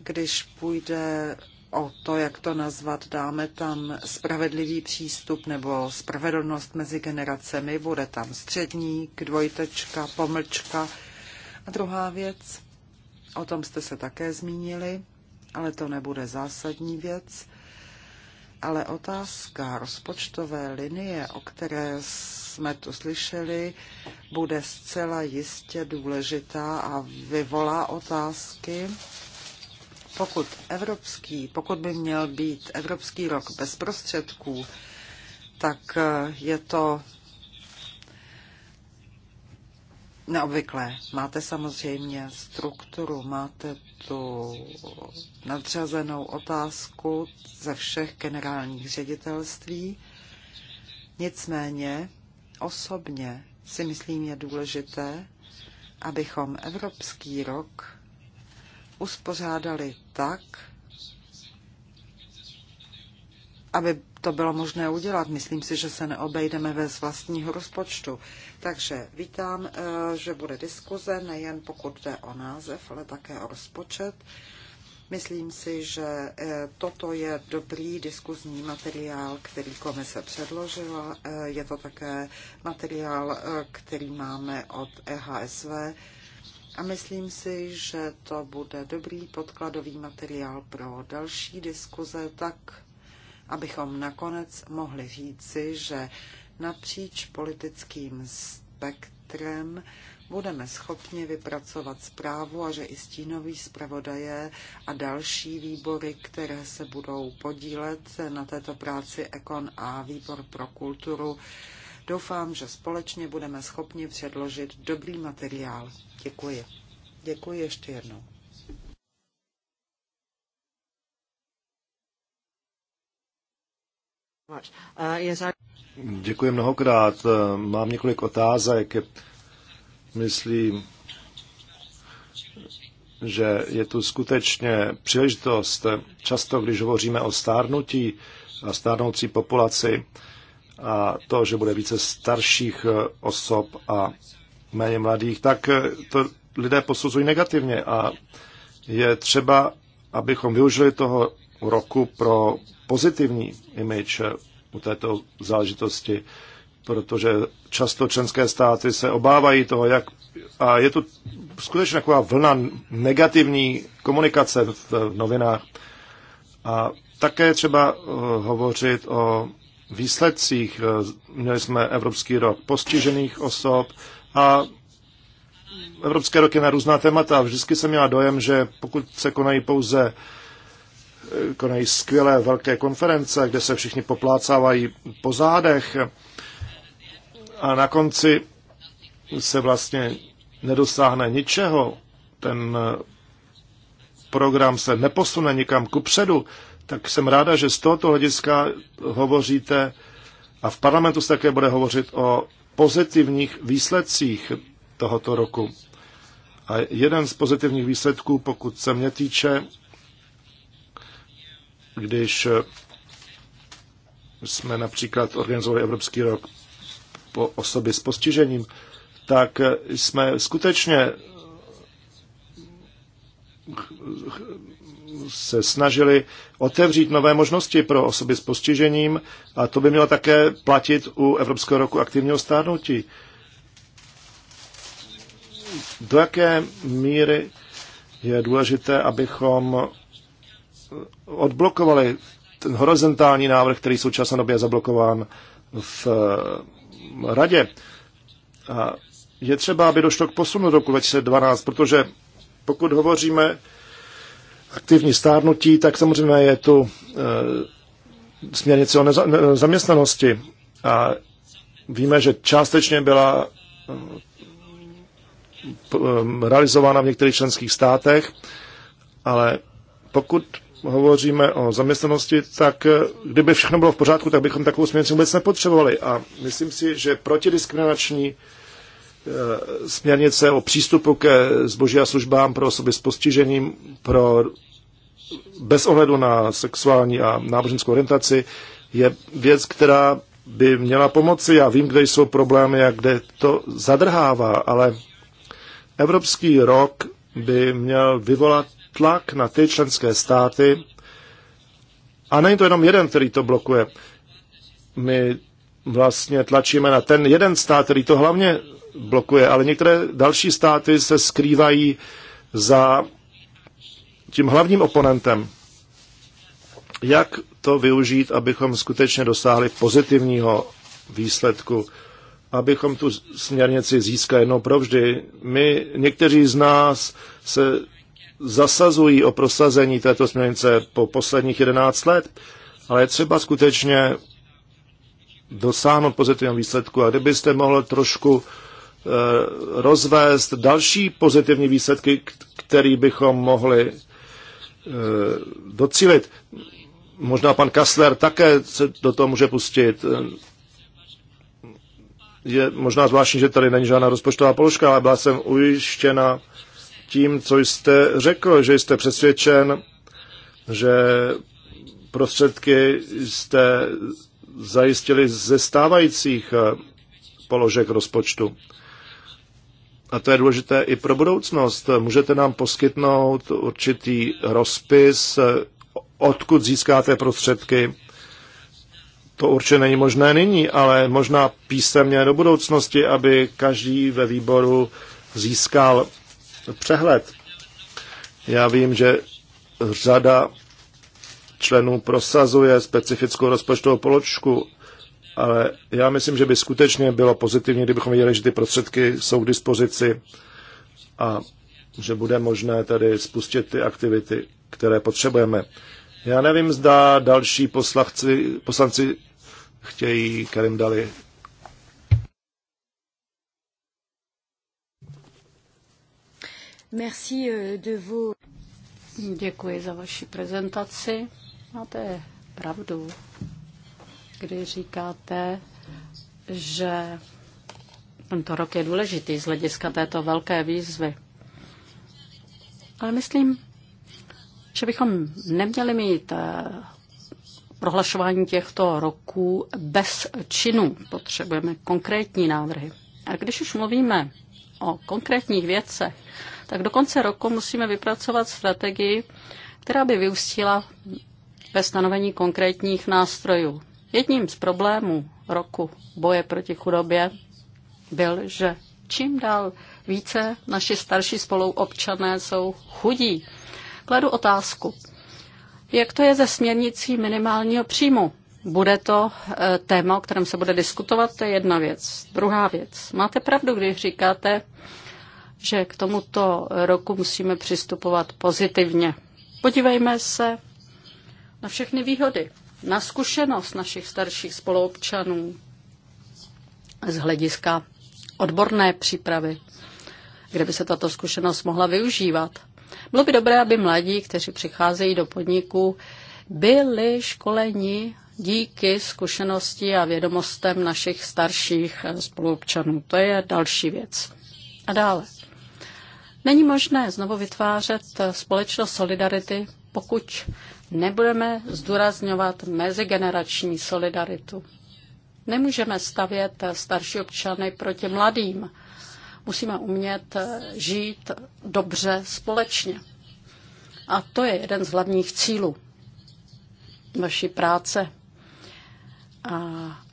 když půjde o to, jak to nazvat, dáme tam spravedlivý přístup nebo spravedlnost mezi generacemi, bude tam středník, dvojtečka, pomlčka. A druhá věc, o tom jste se také zmínili, ale to nebude zásadní věc, ale otázka rozpočtové linie, o které jsme tu slyšeli, bude zcela jistě důležitá a vyvolá otázky pokud, evropský, pokud by měl být Evropský rok bez prostředků, tak eh, je to neobvyklé. Máte samozřejmě strukturu, máte tu nadřazenou otázku ze všech generálních ředitelství. Nicméně osobně si myslím je důležité, abychom Evropský rok uspořádali tak, aby to bylo možné udělat. Myslím si, že se neobejdeme bez vlastního rozpočtu. Takže vítám, eh, že bude diskuze, nejen pokud jde o název, ale také o rozpočet. Myslím si, že eh, toto je dobrý diskuzní materiál, který komise předložila. Eh, je to také materiál, který máme od EHSV a myslím si, že to bude dobrý podkladový materiál pro další diskuze, tak abychom nakonec mohli říci, že napříč politickým spektrem budeme schopni vypracovat zprávu a že i stínoví zpravodaje a další výbory, které se budou podílet na této práci Ekon a Výbor pro kulturu, Doufám, že společně budeme schopni předložit dobrý materiál. Děkuji. Děkuji ještě jednou. Děkuji mnohokrát. Mám několik otázek. Myslím, že je tu skutečně příležitost. Často, když hovoříme o stárnutí a stárnoucí populaci, a to, že bude více starších eh, osob a méně mladých, tak eh, to lidé posuzují negativně a je třeba, abychom využili toho roku pro pozitivní image eh, u této záležitosti, protože často členské státy se obávají toho, jak a je tu skutečně taková vlna negativní komunikace v novinách. A také třeba hovořit o výsledcích. Eh, měli jsme Evropský rok postižených osob a Evropské roky na různá témata. Vždycky jsem měla dojem, že pokud se konají pouze eh, konají skvělé velké konference, kde se všichni poplácávají po zádech a na konci se vlastně nedosáhne ničeho, ten eh, program se neposune nikam ku předu, tak jsem ráda, že z tohoto hlediska hovoříte a v parlamentu se také bude hovořit o pozitivních výsledcích tohoto roku. A jeden z pozitivních výsledků, pokud se mě týče, když jsme například organizovali Evropský rok po osoby s postižením, tak jsme skutečně se snažili otevřít nové možnosti pro osoby s postižením a to by mělo také platit u Evropského roku aktivního stárnutí. Do jaké míry je důležité, abychom odblokovali ten horizontální návrh, který v současné době je zablokován v eh, radě. A je třeba, aby došlo k posunu roku 2012, protože pokud hovoříme aktivní stárnutí, tak samozřejmě je tu e, směrnice o neza, ne, zaměstnanosti. A víme, že částečně byla e, realizována v některých členských státech, ale pokud hovoříme o zaměstnanosti, tak eh, kdyby všechno bylo v pořádku, tak bychom takovou směrnici vůbec nepotřebovali. A myslím si, že protidiskriminační e, Eh, směrnice o přístupu ke zboží a službám pro osoby s postižením, pro bez ohledu na sexuální a náboženskou orientaci, je věc, která by měla pomoci. Já vím, kde jsou problémy a kde to zadrhává, ale Evropský rok by měl vyvolat tlak na ty členské státy, a není to jenom jeden, který to blokuje. My vlastně tlačíme na ten jeden stát, který to hlavně blokuje, ale některé další státy se skrývají za tím hlavním oponentem. Jak to využít, abychom skutečně dosáhli pozitivního výsledku, abychom tu směrnici získali jednou provždy. My, někteří z nás se zasazují o prosazení této směrnice po posledních 11 let, ale je třeba skutečně dosáhnout pozitivního výsledku. A kdybyste mohl trošku Eh, rozvést další pozitivní výsledky, který bychom mohli eh, docílit. Možná pan Kassler také se do toho může pustit. Je možná zvláštní, že tady není žádná rozpočtová položka, ale byla jsem ujištěna tím, co jste řekl, že jste přesvědčen, že prostředky jste zajistili ze stávajících položek rozpočtu a to je důležité i pro budoucnost, můžete nám poskytnout určitý rozpis, odkud získáte prostředky. To určitě není možné nyní, ale možná písemně do budoucnosti, aby každý ve výboru získal přehled. Já vím, že řada členů prosazuje specifickou rozpočtovou poločku ale já myslím, že by skutečně bylo pozitivní, kdybychom viděli, že ty prostředky jsou k dispozici a že bude možné tady spustit ty aktivity, které potřebujeme. Já nevím, zda další poslanci, poslanci chtějí Karim Dali. Merci euh, de vous. Děkuji za vaši prezentaci. Máte pravdu kdy říkáte, že tento rok je důležitý z hlediska této velké výzvy. Ale myslím, že bychom neměli mít eh, prohlašování těchto roků bez činů. Potřebujeme konkrétní návrhy. A když už mluvíme o konkrétních věcech, tak do konce roku musíme vypracovat strategii, která by vyústila ve stanovení konkrétních nástrojů. Jedním z problémů roku boje proti chudobě byl, že čím dál více naši starší spoluobčané jsou chudí. Kladu otázku, jak to je ze směrnicí minimálního příjmu? Bude to eh, téma, o kterém se bude diskutovat, to je jedna věc. Druhá věc. Máte pravdu, když říkáte, že k tomuto roku musíme přistupovat pozitivně. Podívejme se na všechny výhody, na zkušenost našich starších spoluobčanů z hlediska odborné přípravy, kde by se tato zkušenost mohla využívat. Bylo by dobré, aby mladí, kteří přicházejí do podniku, byli školeni díky zkušenosti a vědomostem našich starších spoluobčanů. To je další věc. A dále. Není možné znovu vytvářet společnost solidarity, pokud nebudeme zdůrazňovat mezigenerační solidaritu. Nemůžeme stavět starší občany proti mladým. Musíme umět žít dobře společně. A to je jeden z hlavních cílů vaší práce. A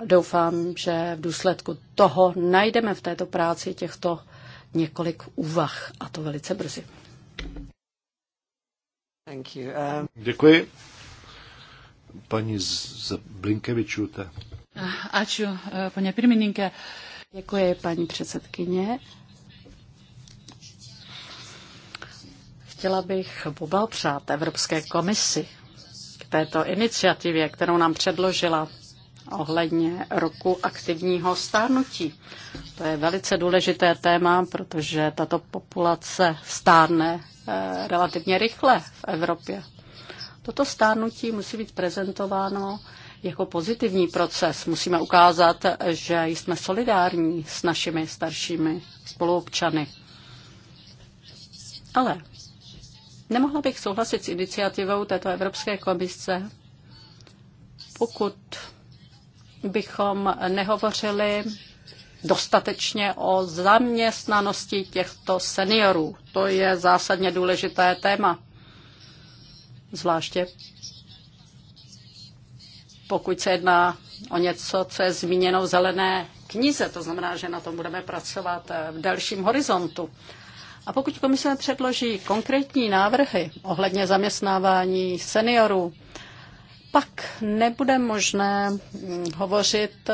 doufám, že v důsledku toho najdeme v této práci těchto několik úvah, a to velice brzy. Um, Děkuji. Paní Blinkevičůte. Aču, eh, paní pirmininke. Děkuji, paní předsedkyně. Chtěla bych poblahopřát Evropské komisi k této iniciativě, kterou nám předložila ohledně roku aktivního stárnutí. To je velice důležité téma, protože tato populace stárne Eh, relativně rychle v Evropě. Toto stárnutí musí být prezentováno jako pozitivní proces. Musíme ukázat, že jsme solidární s našimi staršími spoluobčany. Ale nemohla bych souhlasit s iniciativou této Evropské komise, pokud bychom nehovořili dostatečně o zaměstnanosti těchto seniorů. To je zásadně důležité téma. Zvláště pokud se jedná o něco, co je zmíněno v zelené knize, to znamená, že na tom budeme pracovat v delším horizontu. A pokud komise předloží konkrétní návrhy ohledně zaměstnávání seniorů, pak nebude možné hovořit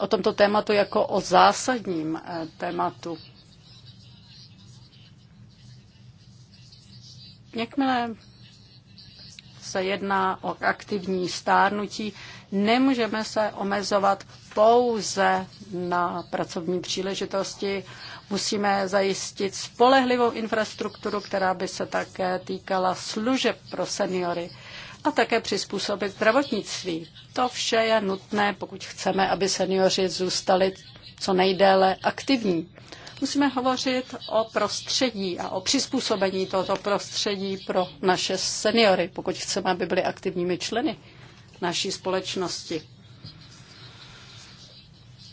o tomto tématu jako o zásadním eh, tématu. Jakmile se jedná o aktivní stárnutí, nemůžeme se omezovat pouze na pracovní příležitosti. Musíme zajistit spolehlivou infrastrukturu, která by se také týkala služeb pro seniory a také přizpůsobit zdravotnictví. To vše je nutné, pokud chceme, aby seniori zůstali co nejdéle aktivní. Musíme hovořit o prostředí a o přizpůsobení tohoto prostředí pro naše seniory, pokud chceme, aby byli aktivními členy naší společnosti.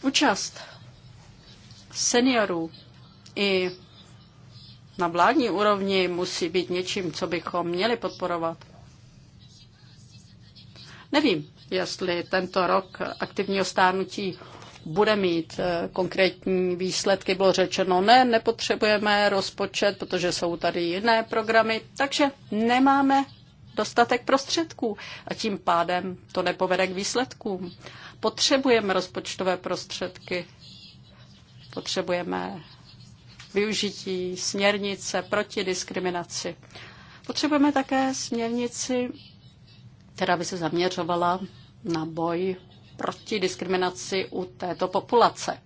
Účast seniorů i na vládní úrovni musí být něčím, co bychom měli podporovat. Nevím, jestli tento rok aktivního stárnutí bude mít eh, konkrétní výsledky. Bylo řečeno, ne, nepotřebujeme rozpočet, protože jsou tady jiné programy, takže nemáme dostatek prostředků a tím pádem to nepovede k výsledkům. Potřebujeme rozpočtové prostředky, potřebujeme využití směrnice proti diskriminaci. Potřebujeme také směrnici která by se zaměřovala na boj proti diskriminaci u této populace.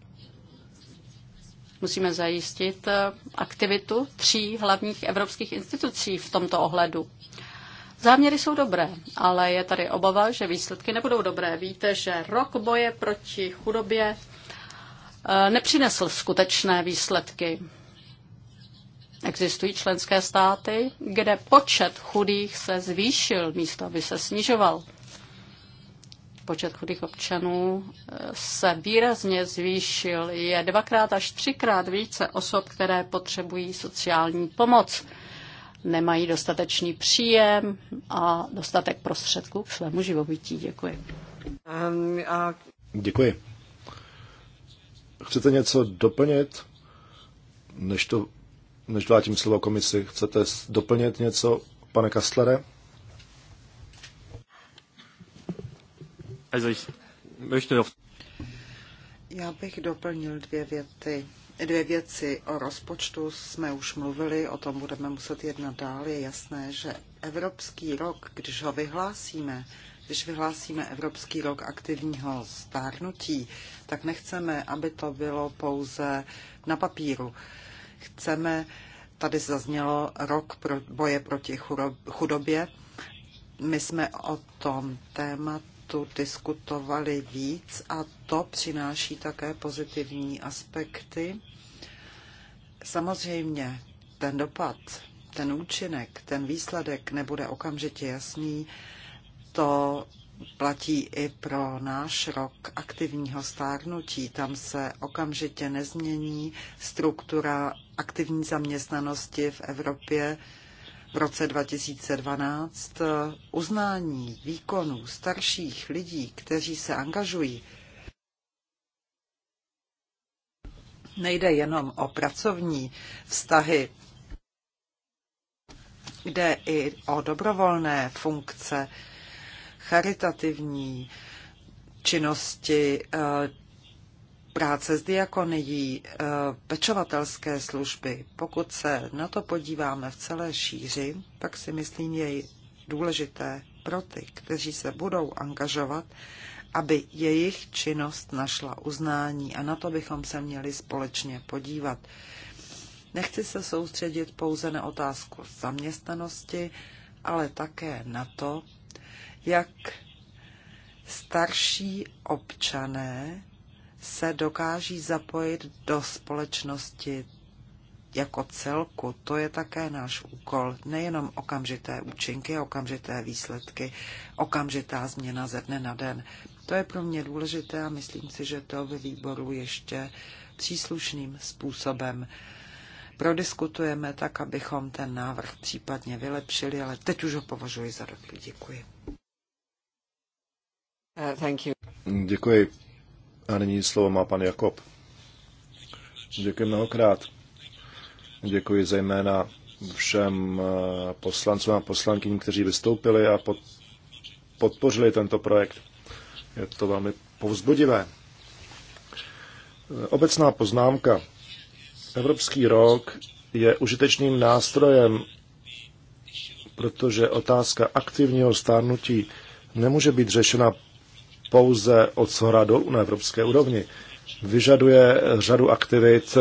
Musíme zajistit eh, aktivitu tří hlavních evropských institucí v tomto ohledu. Záměry jsou dobré, ale je tady obava, že výsledky nebudou dobré. Víte, že rok boje proti chudobě eh, nepřinesl skutečné výsledky. Existují členské státy, kde počet chudých se zvýšil místo, aby se snižoval. Počet chudých občanů eh, se výrazně zvýšil. Je dvakrát až třikrát více osob, které potřebují sociální pomoc. Nemají dostatečný příjem a dostatek prostředků k svému živobytí. Děkuji. Um, Děkuji. Chcete něco doplnit, než to než vrátím slovo komisi, chcete doplnit něco, pane Kastlere? Já bych doplnil dvě věty. Dvě věci o rozpočtu jsme už mluvili, o tom budeme muset jednat dál. Je jasné, že Evropský rok, když ho vyhlásíme, když vyhlásíme Evropský rok aktivního stárnutí, tak nechceme, aby to bylo pouze na papíru chceme, tady zaznělo rok pro boje proti chudobě. My jsme o tom tématu diskutovali víc a to přináší také pozitivní aspekty. Samozřejmě ten dopad, ten účinek, ten výsledek nebude okamžitě jasný. To platí i pro náš rok aktivního stárnutí. Tam se okamžitě nezmění struktura aktivní zaměstnanosti v Evropě v roce 2012. Eh, uznání výkonů starších lidí, kteří se angažují, nejde jenom o pracovní vztahy, jde i o dobrovolné funkce, charitativní činnosti, eh, práce s diakonií, eh, pečovatelské služby. Pokud se na to podíváme v celé šíři, tak si myslím, je důležité pro ty, kteří se budou angažovat, aby jejich činnost našla uznání a na to bychom se měli společně podívat. Nechci se soustředit pouze na otázku zaměstnanosti, ale také na to, jak starší občané se dokáží zapojit do společnosti jako celku. To je také náš úkol. Nejenom okamžité účinky, okamžité výsledky, okamžitá změna ze dne na den. To je pro mě důležité a myslím si, že to ve výboru ještě příslušným způsobem prodiskutujeme tak, abychom ten návrh případně vylepšili, ale teď už ho považuji za dobrý. Děkuji. Uh, Děkuji. A nyní slovo má pan Jakob. Děkuji mnohokrát. Děkuji zejména všem eh, poslancům a poslankyním, kteří vystoupili a pod, podpořili tento projekt. Je to velmi povzbudivé. Eh, obecná poznámka. Evropský rok je užitečným nástrojem, protože otázka aktivního stárnutí nemůže být řešena pouze od shora dolů na evropské úrovni. Vyžaduje řadu aktivit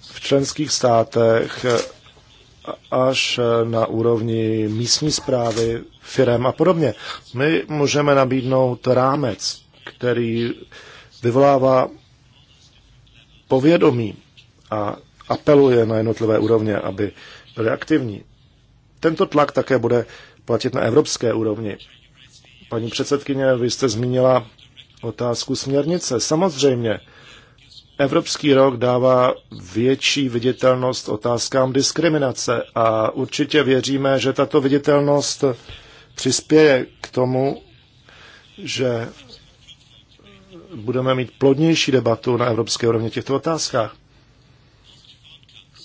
v členských státech až na úrovni místní zprávy, firem a podobně. My můžeme nabídnout rámec, který vyvolává povědomí a apeluje na jednotlivé úrovně, aby byly aktivní. Tento tlak také bude platit na evropské úrovni Paní předsedkyně, vy jste zmínila otázku směrnice. Samozřejmě, Evropský rok dává větší viditelnost otázkám diskriminace a určitě věříme, že tato viditelnost přispěje k tomu, že budeme mít plodnější debatu na evropské úrovni v těchto otázkách.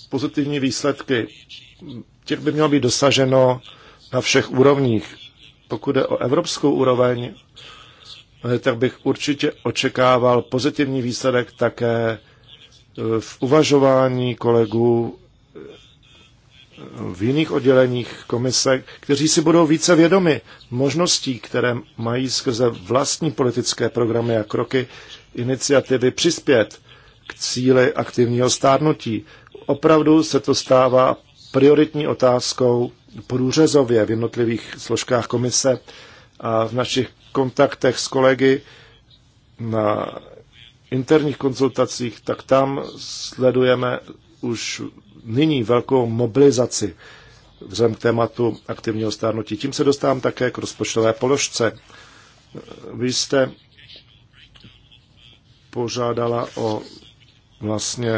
Pozitivní výsledky, těch by mělo být dosaženo na všech úrovních pokud jde o evropskou úroveň, eh, tak bych určitě očekával pozitivní výsledek také eh, v uvažování kolegů eh, v jiných odděleních komise, kteří si budou více vědomi možností, které mají skrze vlastní politické programy a kroky iniciativy přispět k cíli aktivního stárnutí. Opravdu se to stává prioritní otázkou průřezově v jednotlivých složkách komise a v našich kontaktech s kolegy na interních konzultacích, tak tam sledujeme už nyní velkou mobilizaci vzhledem k tématu aktivního stárnutí. Tím se dostávám také k rozpočtové položce. Vy jste požádala o vlastně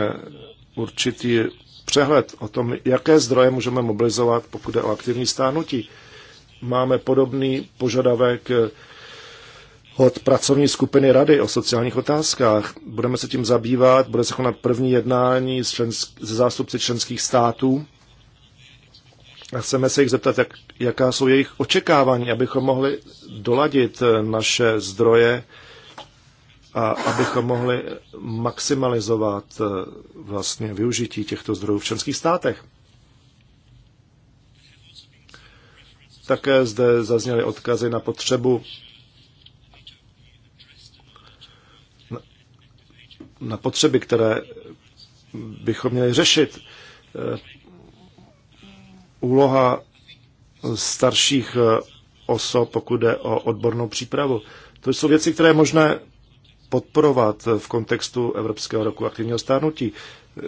určitý přehled o tom, jaké zdroje můžeme mobilizovat, pokud je o aktivní stárnutí. Máme podobný požadavek eh, od pracovní skupiny Rady o sociálních otázkách. Budeme se tím zabývat, bude se konat první jednání s člensk- se zástupci členských států a chceme se jich zeptat, jak, jaká jsou jejich očekávání, abychom mohli doladit eh, naše zdroje a abychom mohli maximalizovat eh, vlastně využití těchto zdrojů v členských státech. Také zde zazněly odkazy na potřebu na potřeby, které bychom měli řešit. Eh, úloha starších eh, osob, pokud jde o odbornou přípravu. To jsou věci, které je možné podporovat v kontextu Evropského roku aktivního stárnutí.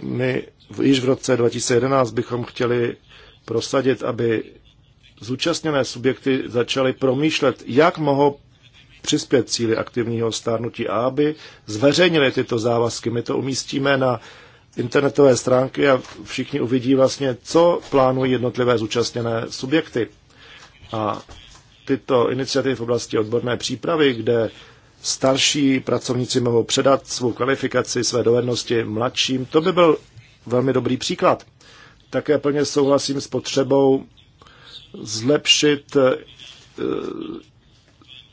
My již v roce 2011 bychom chtěli prosadit, aby zúčastněné subjekty začaly promýšlet, jak mohou přispět cíli aktivního stárnutí a aby zveřejnili tyto závazky. My to umístíme na internetové stránky a všichni uvidí vlastně, co plánují jednotlivé zúčastněné subjekty. A tyto iniciativy v oblasti odborné přípravy, kde starší pracovníci mohou předat svou kvalifikaci, své dovednosti mladším. To by byl velmi dobrý příklad. Také plně souhlasím s potřebou zlepšit eh,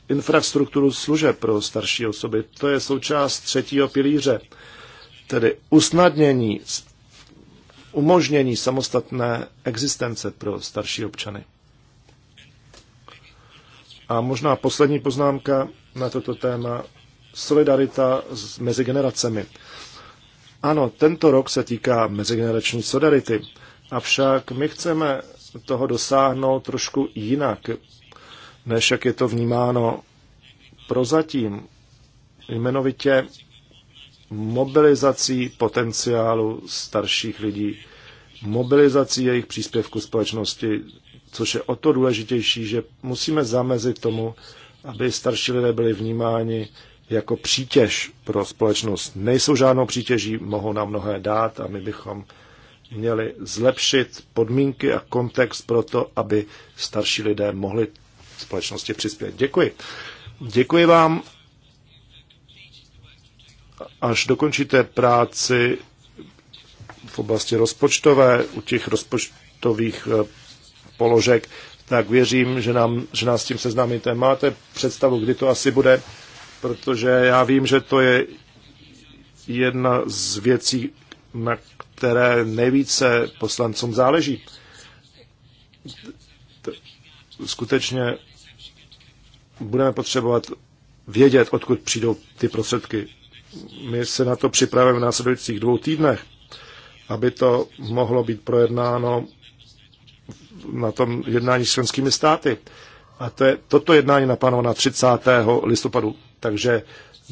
infrastrukturu služeb pro starší osoby. To je součást třetího pilíře, tedy usnadnění, umožnění samostatné existence pro starší občany. A možná poslední poznámka na toto téma solidarita mezi generacemi. Ano, tento rok se týká mezigenerační solidarity, avšak my chceme toho dosáhnout trošku jinak, než jak je to vnímáno prozatím, jmenovitě mobilizací potenciálu starších lidí, mobilizací jejich příspěvku společnosti, což je o to důležitější, že musíme zamezit tomu, aby starší lidé byli vnímáni jako přítěž pro společnost. Nejsou žádnou přítěží, mohou nám mnohé dát a my bychom měli zlepšit podmínky a kontext pro to, aby starší lidé mohli společnosti přispět. Děkuji. Děkuji vám. Až dokončíte práci v oblasti rozpočtové, u těch rozpočtových eh, položek, tak věřím, že, nám, že nás s tím seznámíte. Máte představu, kdy to asi bude, protože já vím, že to je jedna z věcí, na které nejvíce poslancům záleží. Skutečně budeme potřebovat vědět, odkud přijdou ty prostředky. My se na to připravujeme v následujících dvou týdnech, aby to mohlo být projednáno na tom jednání s členskými státy. A to je, toto jednání naplánováno na 30. listopadu, takže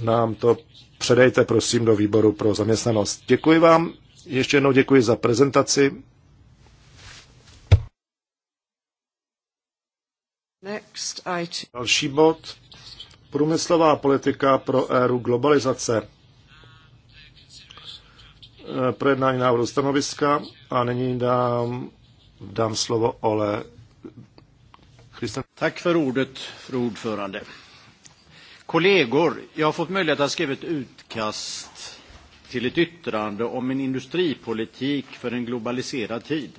nám to předejte prosím do výboru pro zaměstnanost. Děkuji vám, ještě jednou děkuji za prezentaci. Next item. Další bod. Průmyslová politika pro éru globalizace. E, projednání návrhu stanoviska a nyní dám dám slovo Ole Christen. Tack för ordet, fru ordförande. Kollegor, jag har fått möjlighet att skriva ett utkast till ett yttrande om en industripolitik för en globaliserad tid.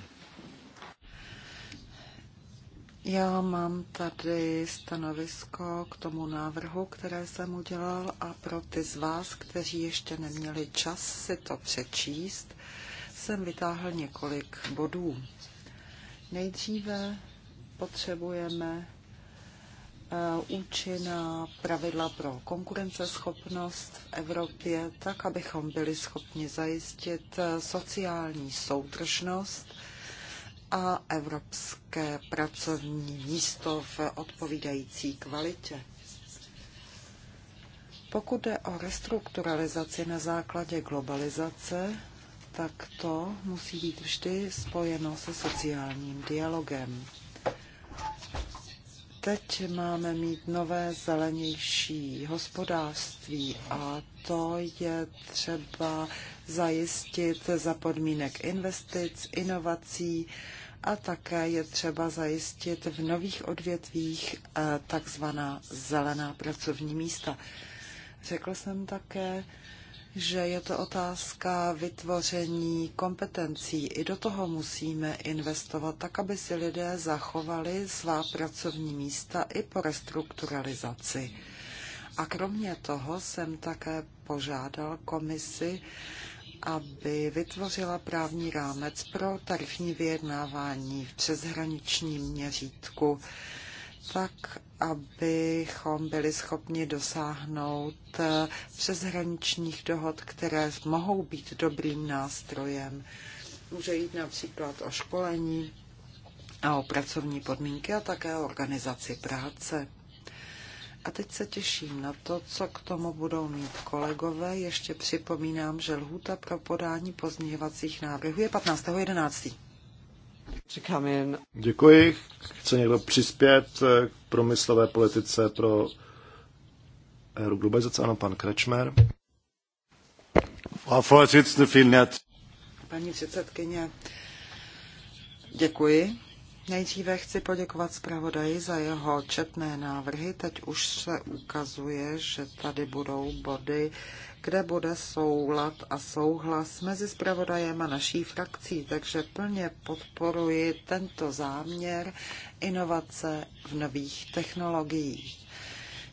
Já mám tady stanovisko k tomu návrhu, které jsem udělal a pro ty z vás, kteří ještě neměli čas si to přečíst, jsem vytáhl několik bodů. Nejdříve potřebujeme eh, účinná pravidla pro konkurenceschopnost v Evropě, tak abychom byli schopni zajistit eh, sociální soudržnost a evropské pracovní místo v odpovídající kvalitě. Pokud jde o restrukturalizaci na základě globalizace, tak to musí být vždy spojeno se sociálním dialogem. Teď máme mít nové zelenější hospodářství a to je třeba zajistit za podmínek investic, inovací a také je třeba zajistit v nových odvětvích eh, takzvaná zelená pracovní místa. Řekl jsem také, že je to otázka vytvoření kompetencí. I do toho musíme investovat tak, aby si lidé zachovali svá pracovní místa i po restrukturalizaci. A kromě toho jsem také požádal komisi, aby vytvořila právní rámec pro tarifní vyjednávání v přeshraničním měřítku tak abychom byli schopni dosáhnout eh, přeshraničních dohod, které mohou být dobrým nástrojem. Může jít například o školení a o pracovní podmínky a také o organizaci práce. A teď se těším na to, co k tomu budou mít kolegové. Ještě připomínám, že lhůta pro podání pozměňovacích návrhů je 15.11. Děkuji. Chce někdo přispět eh, k promyslové politice pro éru globalizace? Ano, pan Krečmer. Paní předsedkyně, děkuji. Nejdříve chci poděkovat zpravodaji za jeho četné návrhy. Teď už se ukazuje, že tady budou body, kde bude soulad a souhlas mezi zpravodajem a naší frakcí. Takže plně podporuji tento záměr inovace v nových technologiích.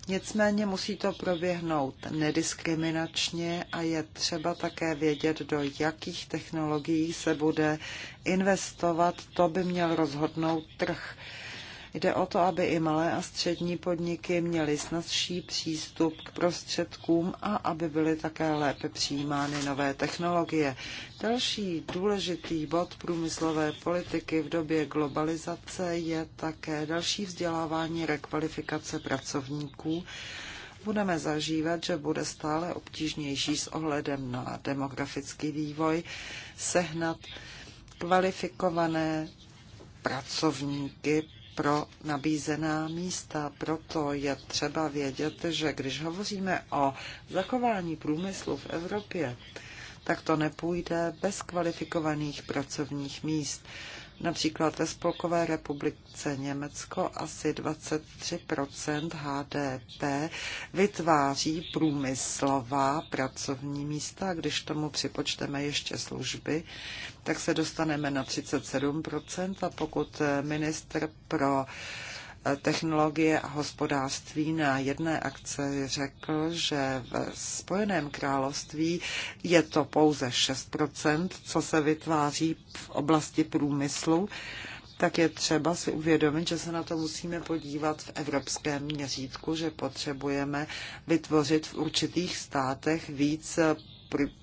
Nicméně musí to proběhnout nediskriminačně a je třeba také vědět, do jakých technologií se bude investovat. To by měl rozhodnout trh. Jde o to, aby i malé a střední podniky měly snazší přístup k prostředkům a aby byly také lépe přijímány nové technologie. Další důležitý bod průmyslové politiky v době globalizace je také další vzdělávání rekvalifikace pracovníků budeme zažívat, že bude stále obtížnější s ohledem na demografický vývoj sehnat kvalifikované pracovníky pro nabízená místa. Proto je třeba vědět, že když hovoříme o zachování průmyslu v Evropě, tak to nepůjde bez kvalifikovaných pracovních míst. Například ve Spolkové republice Německo asi 23 HDP vytváří průmyslová pracovní místa. Když tomu připočteme ještě služby, tak se dostaneme na 37 a pokud minister pro technologie a hospodářství na jedné akce řekl, že v Spojeném království je to pouze 6%, co se vytváří v oblasti průmyslu, tak je třeba si uvědomit, že se na to musíme podívat v evropském měřítku, že potřebujeme vytvořit v určitých státech víc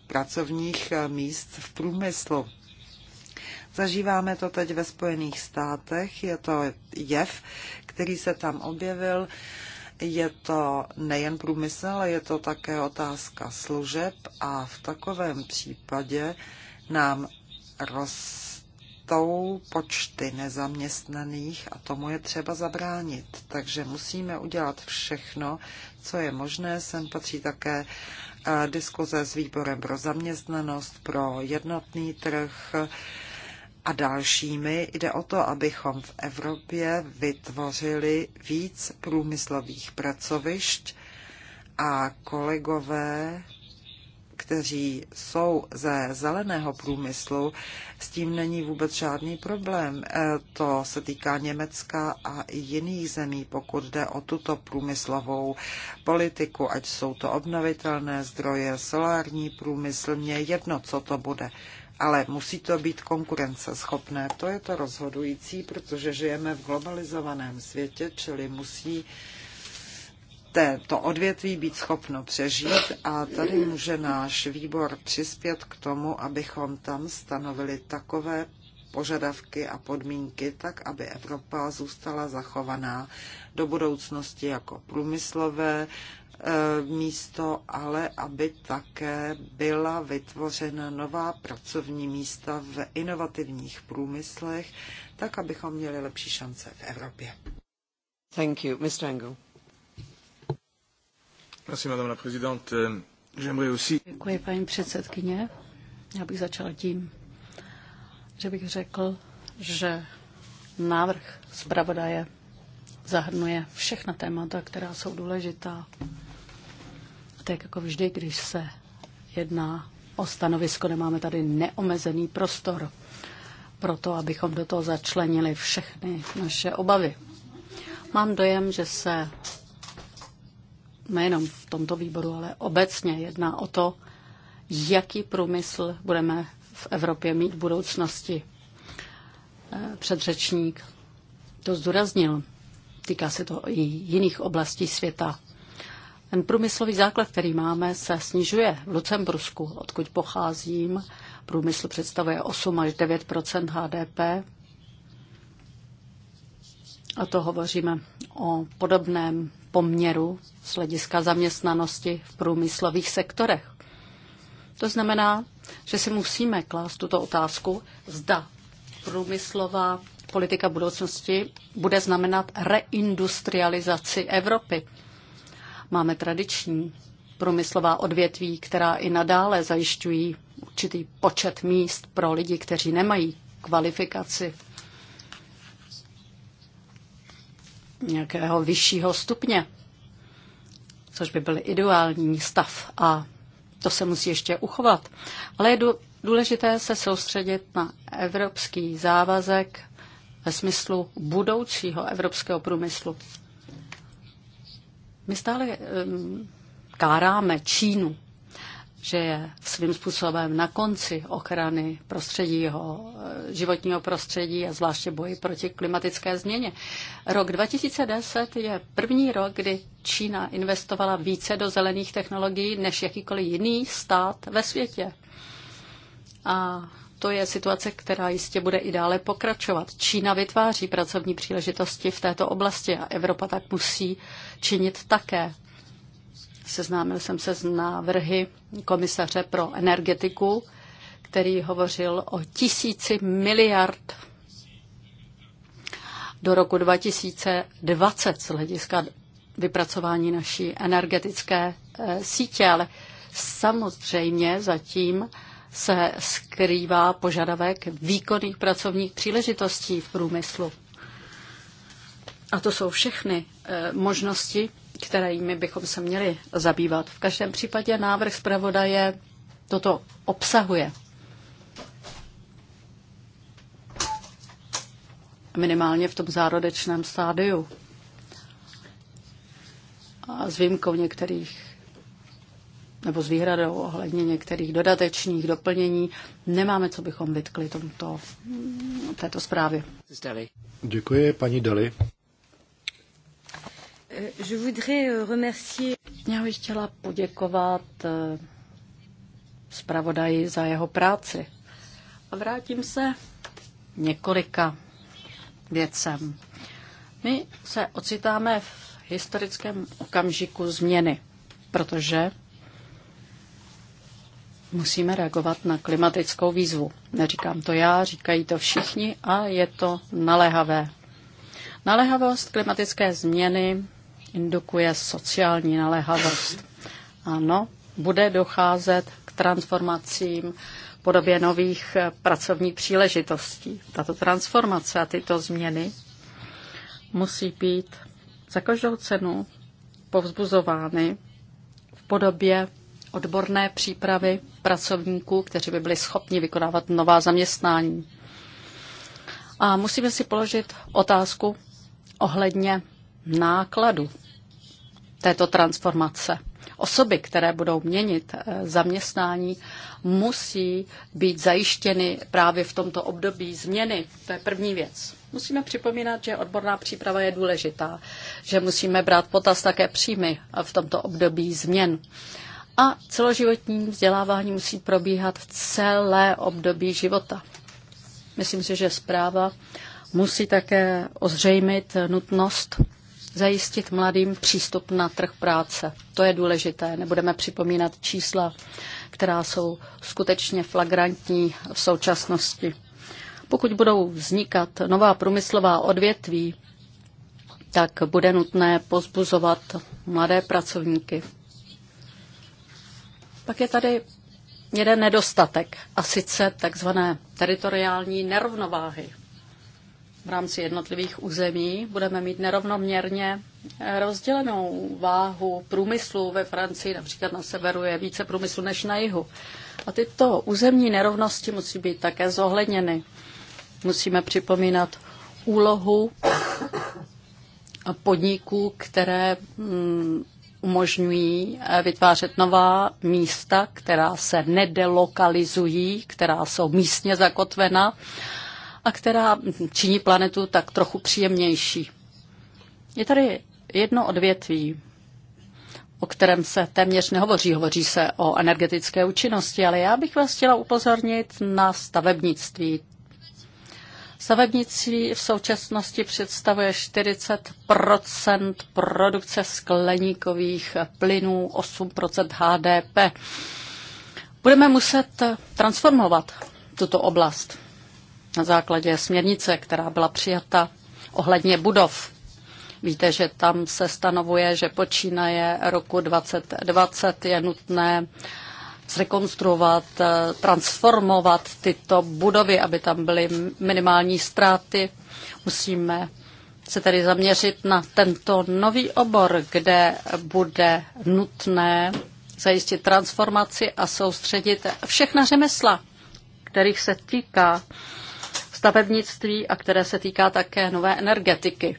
pracovních eh, míst v průmyslu. Zažíváme to teď ve Spojených státech, je to jev, který se tam objevil. Je to nejen průmysl, ale je to také otázka služeb a v takovém případě nám rostou počty nezaměstnaných a tomu je třeba zabránit. Takže musíme udělat všechno, co je možné. Sem patří také eh, diskuze s výborem pro zaměstnanost, pro jednotný trh, a dalšími jde o to, abychom v Evropě vytvořili víc průmyslových pracovišť a kolegové, kteří jsou ze zeleného průmyslu, s tím není vůbec žádný problém. E, to se týká Německa a i jiných zemí, pokud jde o tuto průmyslovou politiku, ať jsou to obnovitelné zdroje, solární průmysl, mě jedno, co to bude ale musí to být konkurenceschopné. To je to rozhodující, protože žijeme v globalizovaném světě, čili musí to odvětví být schopno přežít a tady může náš výbor přispět k tomu, abychom tam stanovili takové požadavky a podmínky tak, aby Evropa zůstala zachovaná do budoucnosti jako průmyslové E, místo, ale aby také byla vytvořena nová pracovní místa v inovativních průmyslech, tak abychom měli lepší šance v Evropě. Thank you. Mr. Engel. Merci, madame la présidente. J'aimerais aussi... Děkuji, paní předsedkyně. Já bych začal tím, že bych řekl, že návrh zpravodaje zahrnuje všechna témata, která jsou důležitá tak jako vždy, když se jedná o stanovisko, nemáme tady neomezený prostor pro to, abychom do toho začlenili všechny naše obavy. Mám dojem, že se nejenom v tomto výboru, ale obecně jedná o to, jaký průmysl budeme v Evropě mít v budoucnosti. Eh, předřečník to zdůraznil. Týká se to i jiných oblastí světa. Ten průmyslový základ, který máme, se snižuje. V Lucembrusku, odkud pocházím, průmysl představuje 8 až 9 HDP. A to hovoříme o podobném poměru z hlediska zaměstnanosti v průmyslových sektorech. To znamená, že si musíme klást tuto otázku, zda průmyslová politika budoucnosti bude znamenat reindustrializaci Evropy. Máme tradiční průmyslová odvětví, která i nadále zajišťují určitý počet míst pro lidi, kteří nemají kvalifikaci nějakého vyššího stupně, což by byl ideální stav a to se musí ještě uchovat. Ale je důležité se soustředit na evropský závazek ve smyslu budoucího evropského průmyslu. My stále eh, káráme Čínu, že je svým způsobem na konci ochrany prostředího, eh, životního prostředí a zvláště boji proti klimatické změně. Rok 2010 je první rok, kdy Čína investovala více do zelených technologií než jakýkoliv jiný stát ve světě. A to je situace, která jistě bude i dále pokračovat. Čína vytváří pracovní příležitosti v této oblasti a Evropa tak musí činit také. Seznámil jsem se s návrhy komisaře pro energetiku, který hovořil o tisíci miliard do roku 2020 z hlediska vypracování naší energetické eh, sítě, ale samozřejmě zatím se skrývá požadavek výkonných pracovních příležitostí v průmyslu. A to jsou všechny eh, možnosti, kterými bychom se měli zabývat. V každém případě návrh zpravodaje toto obsahuje. Minimálně v tom zárodečném stádiu. A s výjimkou některých nebo s výhradou ohledně některých dodatečných doplnění. Nemáme, co bychom vytkli tomto, této zprávě. Děkuji, paní Dali. Je voudrais euh, remercier... Já bych chtěla poděkovat eh, zpravodaji za jeho práci. A vrátím se několika věcem. My se ocitáme v historickém okamžiku změny, protože musíme reagovat na klimatickou výzvu. Neříkám to já, říkají to všichni a je to naléhavé. Naléhavost klimatické změny indukuje sociální naléhavost. Ano, bude docházet k transformacím v podobě nových eh, pracovních příležitostí. Tato transformace a tyto změny musí být za každou cenu povzbuzovány v podobě odborné přípravy pracovníků, kteří by byli schopni vykonávat nová zaměstnání. A musíme si položit otázku ohledně nákladu této transformace. Osoby, které budou měnit eh, zaměstnání, musí být zajištěny právě v tomto období změny. To je první věc. Musíme připomínat, že odborná příprava je důležitá, že musíme brát potaz také příjmy v tomto období změn a celoživotní vzdělávání musí probíhat v celé období života. Myslím si, že zpráva musí také ozřejmit nutnost zajistit mladým přístup na trh práce. To je důležité. Nebudeme připomínat čísla, která jsou skutečně flagrantní v současnosti. Pokud budou vznikat nová průmyslová odvětví, tak bude nutné pozbuzovat mladé pracovníky pak je tady jeden nedostatek, a sice takzvané teritoriální nerovnováhy. V rámci jednotlivých území budeme mít nerovnoměrně eh, rozdělenou váhu průmyslu ve Francii, například na severu je více průmyslu než na jihu. A tyto územní nerovnosti musí být také zohledněny. Musíme připomínat úlohu podniků, které mm, umožňují eh, vytvářet nová místa, která se nedelokalizují, která jsou místně zakotvena a která činí planetu tak trochu příjemnější. Je tady jedno odvětví, o kterém se téměř nehovoří. Hovoří se o energetické účinnosti, ale já bych vás chtěla upozornit na stavebnictví. Stavebnictví v současnosti představuje 40 produkce skleníkových plynů, 8 HDP. Budeme muset transformovat tuto oblast na základě směrnice, která byla přijata ohledně budov. Víte, že tam se stanovuje, že počínaje roku 2020 je nutné zrekonstruovat, eh, transformovat tyto budovy, aby tam byly minimální ztráty. Musíme se tedy zaměřit na tento nový obor, kde bude nutné zajistit transformaci a soustředit všechna řemesla, kterých se týká stavebnictví a které se týká také nové energetiky.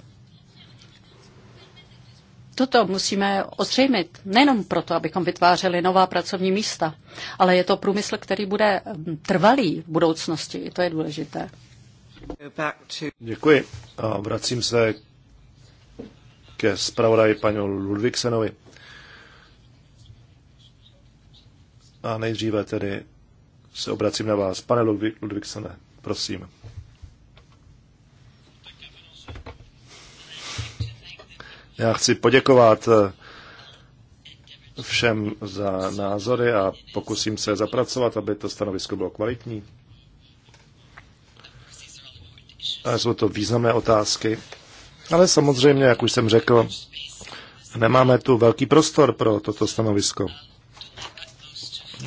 Toto musíme ozřejmit nejenom proto, abychom vytvářeli nová pracovní místa, ale je to průmysl, který bude hm, trvalý v budoucnosti. I to je důležité. Děkuji. A vracím se ke zpravodaji panu Ludvíksenovi. A nejdříve tedy se obracím na vás. Pane Ludvíksene, prosím. Já chci poděkovat eh, všem za názory a pokusím se zapracovat, aby to stanovisko bylo kvalitní. A jsou to významné otázky. Ale samozřejmě, jak už jsem řekl, nemáme tu velký prostor pro toto stanovisko.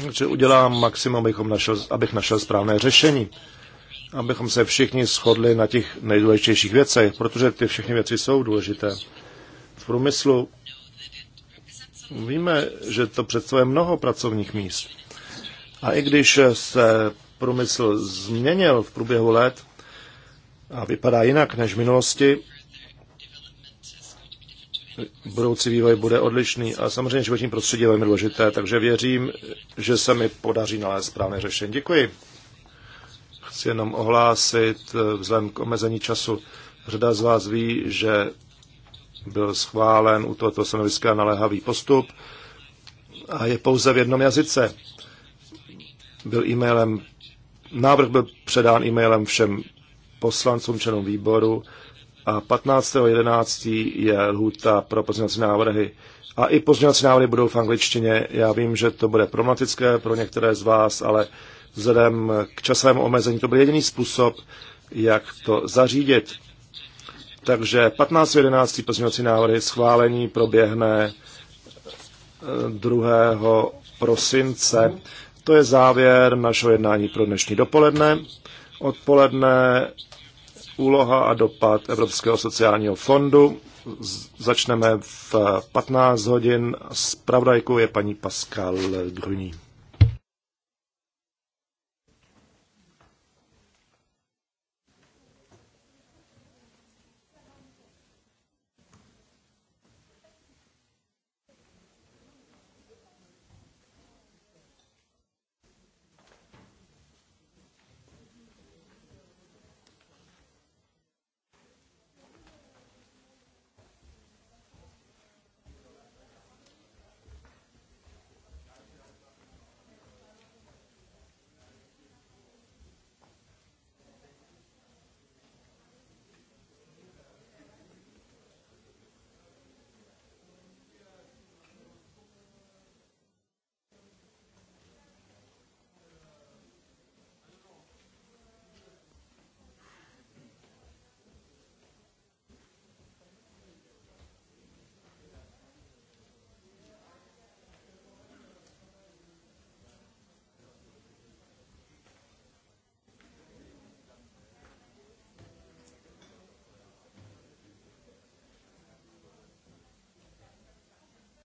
Takže udělám maximum, abychom našel, abych našel správné řešení. Abychom se všichni shodli na těch nejdůležitějších věcech, protože ty všechny věci jsou důležité v průmyslu. Víme, že to představuje mnoho pracovních míst. A i když se průmysl změnil v průběhu let a vypadá jinak než v minulosti, budoucí vývoj bude odlišný a samozřejmě životní prostředí je velmi důležité, takže věřím, že se mi podaří nalézt správné řešení. Děkuji. Chci jenom ohlásit, vzhledem k omezení času, řada z vás ví, že byl schválen u tohoto stanoviska naléhavý postup a je pouze v jednom jazyce. Byl e-mailem, návrh byl předán e-mailem všem poslancům, členům výboru a 15.11. je lhůta pro pozměňovací návrhy. A i pozměňovací návrhy budou v angličtině. Já vím, že to bude problematické pro některé z vás, ale vzhledem k časovému omezení to byl jediný způsob, jak to zařídit. Takže 15.11. pozměňovací návrhy schválení proběhne 2. Eh, prosince. To je závěr našeho jednání pro dnešní dopoledne. Odpoledne úloha a dopad Evropského sociálního fondu. Začneme v 15 hodin. Spravodajkou je paní Pascal Gruní.